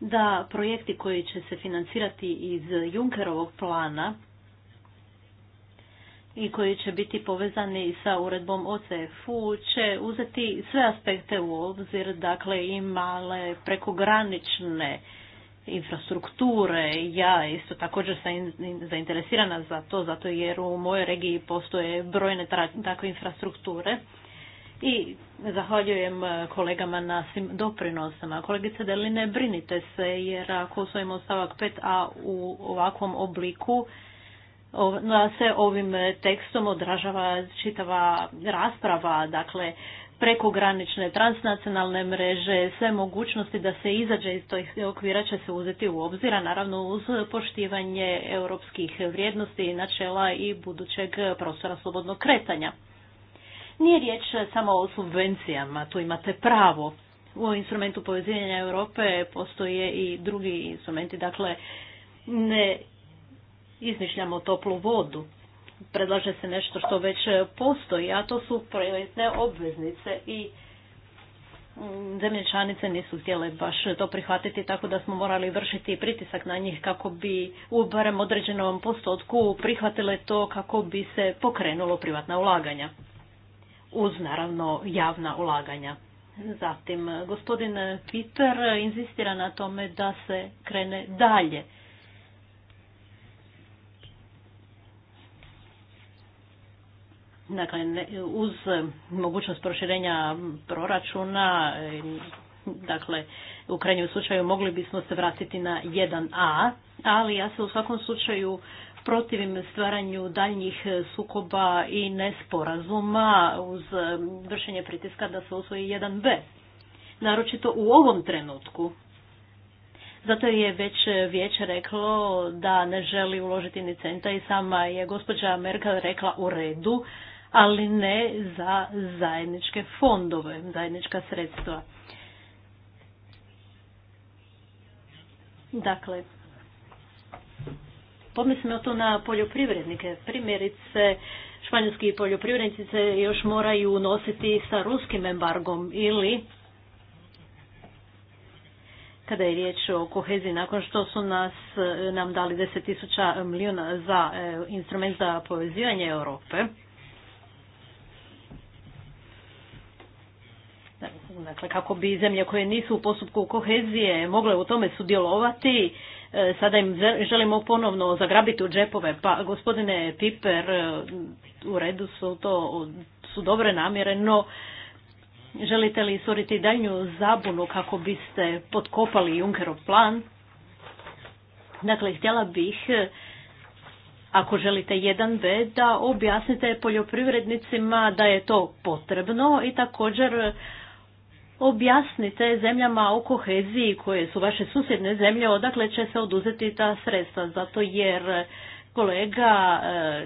da projekti koji će se financirati iz Junckerovog plana i koji će biti povezani sa uredbom OCF-u će uzeti sve aspekte u obzir, dakle i male prekogranične infrastrukture. Ja isto također sam zainteresirana za to, zato jer u mojoj regiji postoje brojne takve infrastrukture i zahvaljujem e, kolegama na svim doprinosama. Kolegice Deline, brinite se jer ako usvojimo stavak 5a u ovakvom obliku, se ovim tekstom odražava čitava rasprava, dakle prekogranične transnacionalne mreže, sve mogućnosti da se izađe iz tog okvira će se uzeti u obzira, naravno uz poštivanje europskih vrijednosti i načela i budućeg prostora slobodnog kretanja. Nije riječ samo o subvencijama, tu imate pravo. U instrumentu povezivanja Europe postoje i drugi instrumenti, dakle ne izmišljamo toplu vodu. Predlaže se nešto što već postoji, a to su projektne obveznice i mm, zemlje članice nisu htjele baš to prihvatiti, tako da smo morali vršiti pritisak na njih kako bi u barem određenom postotku prihvatile to kako bi se pokrenulo privatna ulaganja uz naravno javna ulaganja. Zatim, gospodin Peter inzistira na tome da se krene dalje. Dakle, uz mogućnost proširenja proračuna, dakle, u krajnjem slučaju mogli bismo se vratiti na 1A, ali ja se u svakom slučaju protivim stvaranju daljnjih sukoba i nesporazuma uz um, vršenje pritiska da se usvoji 1B. Naročito u ovom trenutku. Zato je već vijeće reklo da ne želi uložiti ni centa i sama je gospođa Merkel rekla u redu, ali ne za zajedničke fondove, zajednička sredstva. Dakle, pomislimo to na poljoprivrednike. Primjerice, španjolski poljoprivrednici se još moraju nositi sa ruskim embargom ili kada je riječ o koheziji, nakon što su nas, nam dali 10.000 milijuna za e, instrument za povezivanje Europe. Dakle, kako bi zemlje koje nisu u postupku kohezije mogle u tome sudjelovati, E, sada im želimo ponovno zagrabiti u džepove. Pa gospodine Piper, e, u redu su to su dobre namjere, no želite li stvoriti daljnju zabunu kako biste potkopali Junkerov plan? Dakle, htjela bih e, ako želite jedan b da objasnite poljoprivrednicima da je to potrebno i također objasnite zemljama u koheziji koje su vaše susjedne zemlje odakle će se oduzeti ta sredstva zato jer kolega e,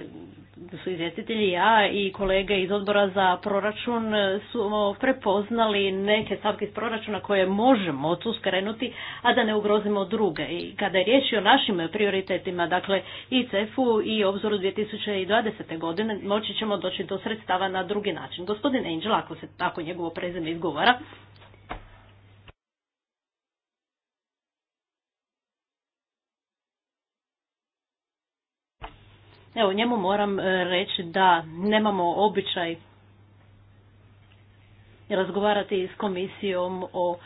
su izvjestitelji ja i kolege iz odbora za proračun e, su prepoznali neke stavke iz proračuna koje možemo tu skrenuti, a da ne ugrozimo druge. I kada je riječ o našim prioritetima, dakle i CEF-u i obzoru 2020. godine, moći ćemo doći do sredstava na drugi način. Gospodin Angel, ako se tako njegovo prezime izgovara, Evo, njemu moram e, reći da nemamo običaj razgovarati s komisijom o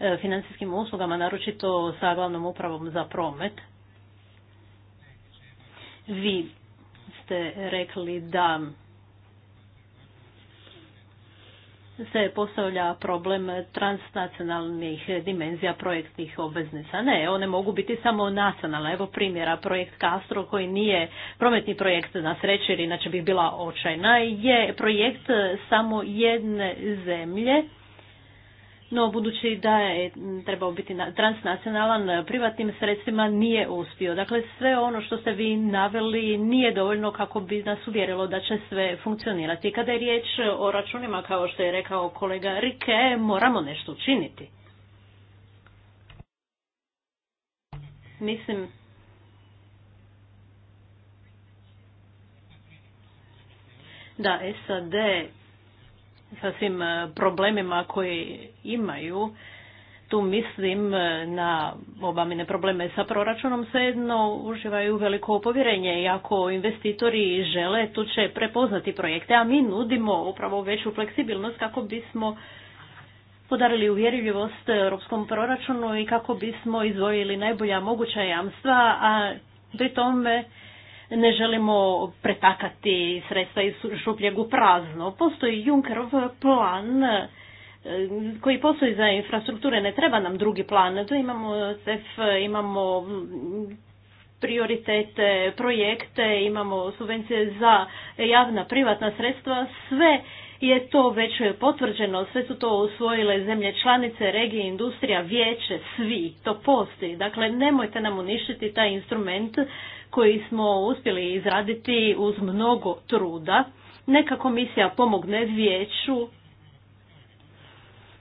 e, financijskim uslugama, naročito sa glavnom upravom za promet. Vi ste rekli da se postavlja problem transnacionalnih dimenzija projektnih obveznica. Ne, one mogu biti samo nacionalne. Evo primjera, projekt Castro koji nije prometni projekt na sreći jer inače bi bila očajna je projekt samo jedne zemlje no, budući da je trebao biti transnacionalan, e, privatnim sredstvima nije uspio. Dakle, sve ono što ste vi naveli nije dovoljno kako bi nas uvjerilo da će sve funkcionirati. Kada je riječ o računima, kao što je rekao kolega Rike, moramo nešto učiniti. Mislim da SAD sa svim e, problemima koji imaju, tu mislim e, na obamine probleme sa proračunom, svejedno uživaju veliko povjerenje i ako investitori žele, tu će prepoznati projekte, a mi nudimo upravo veću fleksibilnost kako bismo podarili uvjerljivost europskom proračunu i kako bismo izvojili najbolja moguća jamstva, a pri tome ne želimo pretakati sredstva iz šupljeg u prazno. Postoji Junkerov plan e, koji postoji za infrastrukture, ne treba nam drugi plan. Tu imamo sef, imamo mm, prioritete, projekte, imamo subvencije za javna, privatna sredstva, sve je to već potvrđeno, sve su to usvojile zemlje članice, regije, industrija, vijeće, svi, to postoji. Dakle, nemojte nam uništiti taj instrument koji smo uspjeli izraditi uz mnogo truda. Neka komisija pomogne vijeću,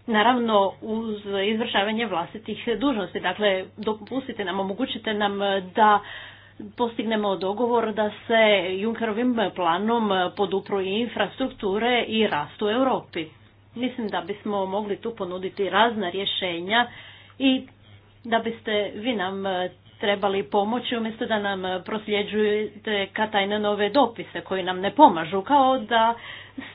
naravno uz izvršavanje vlastitih dužnosti. Dakle, dopustite nam, omogućite nam da postignemo dogovor da se Junkerovim planom podupru infrastrukture i rast u Europi. Mislim da bismo mogli tu ponuditi razna rješenja i da biste vi nam trebali pomoći umjesto da nam e, prosljeđujete nove dopise koji nam ne pomažu, kao da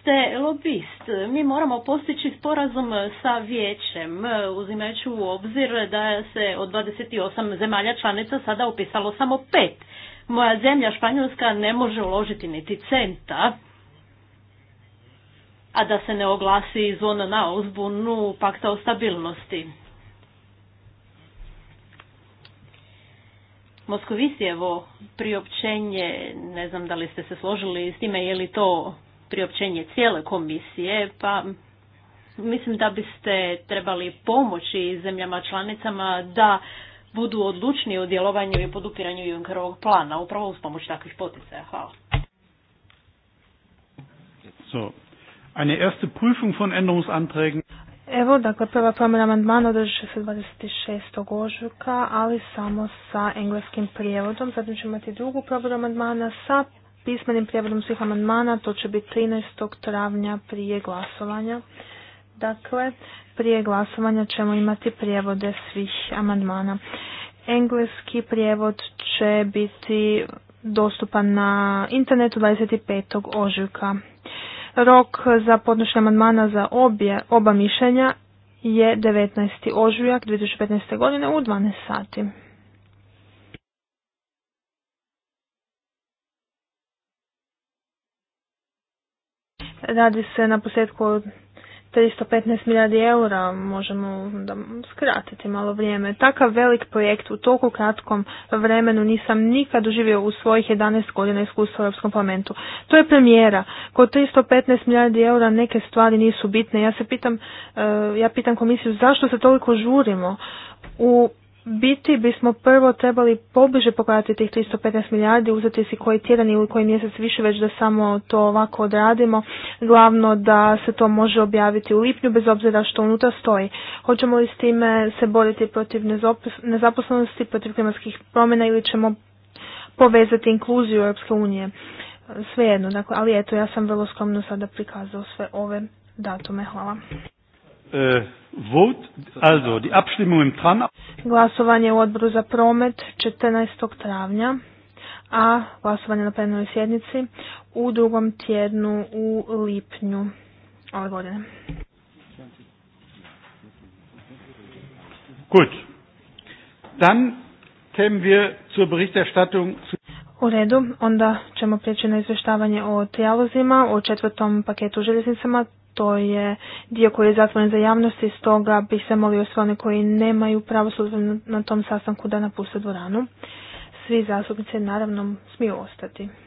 ste lobist. Mi moramo postići sporazum sa vijećem, e, uzimajući u obzir da se od 28 zemalja članica sada upisalo samo pet. Moja zemlja Španjolska ne može uložiti niti centa, a da se ne oglasi zvona na uzbunu pakta o stabilnosti. Moskovisijevo priopćenje, ne znam da li ste se složili s time, je li to priopćenje cijele komisije, pa mislim da biste trebali pomoći zemljama članicama da budu odlučni u djelovanju i podupiranju Junckerovog plana, upravo uz pomoć takvih poticaja. Hvala. So, eine erste Prüfung von Änderungsanträgen Evo, dakle, prva promjena amandmana održi se 26. ožujka, ali samo sa engleskim prijevodom. Zatim ćemo imati drugu promjenu amandmana sa pismenim prijevodom svih amandmana. To će biti 13. travnja prije glasovanja. Dakle, prije glasovanja ćemo imati prijevode svih amandmana. Engleski prijevod će biti dostupan na internetu 25. ožujka. Rok za podnošenje amandmana za obje, oba mišljenja je 19. ožujak 2015. godine u 12 sati. Radi se na posljedku 315 milijardi eura možemo da skratiti malo vrijeme. Takav velik projekt u toliko kratkom vremenu nisam nikad doživio u svojih 11 godina iskustva u Europskom parlamentu. To je premijera. Kod 315 milijardi eura neke stvari nisu bitne. Ja se pitam, e, ja pitam komisiju zašto se toliko žurimo u biti bismo prvo trebali pobliže pogledati tih 315 milijardi, uzeti si koji tjedan ili koji mjesec više već da samo to ovako odradimo. Glavno da se to može objaviti u lipnju bez obzira što unutra stoji. Hoćemo li s time se boriti protiv nezaposlenosti, protiv klimatskih promjena ili ćemo povezati inkluziju Europske unije? Svejedno, dakle, ali eto, ja sam vrlo skromno sada prikazao sve ove datume. Hvala. E Glasovanje u odboru za promet 14. travnja, a glasovanje na plenarnoj sjednici u drugom tjednu u lipnju ove godine. Gut. Dann kämen wir zur Berichterstattung zu u redu, onda ćemo prijeći na izvještavanje o trijalozima, o četvrtom paketu željeznicama, to je dio koji je zatvoren za javnost i stoga bih se molio sve one koji nemaju pravo službe na tom sastanku da napuste dvoranu. Svi zastupnici naravno smiju ostati.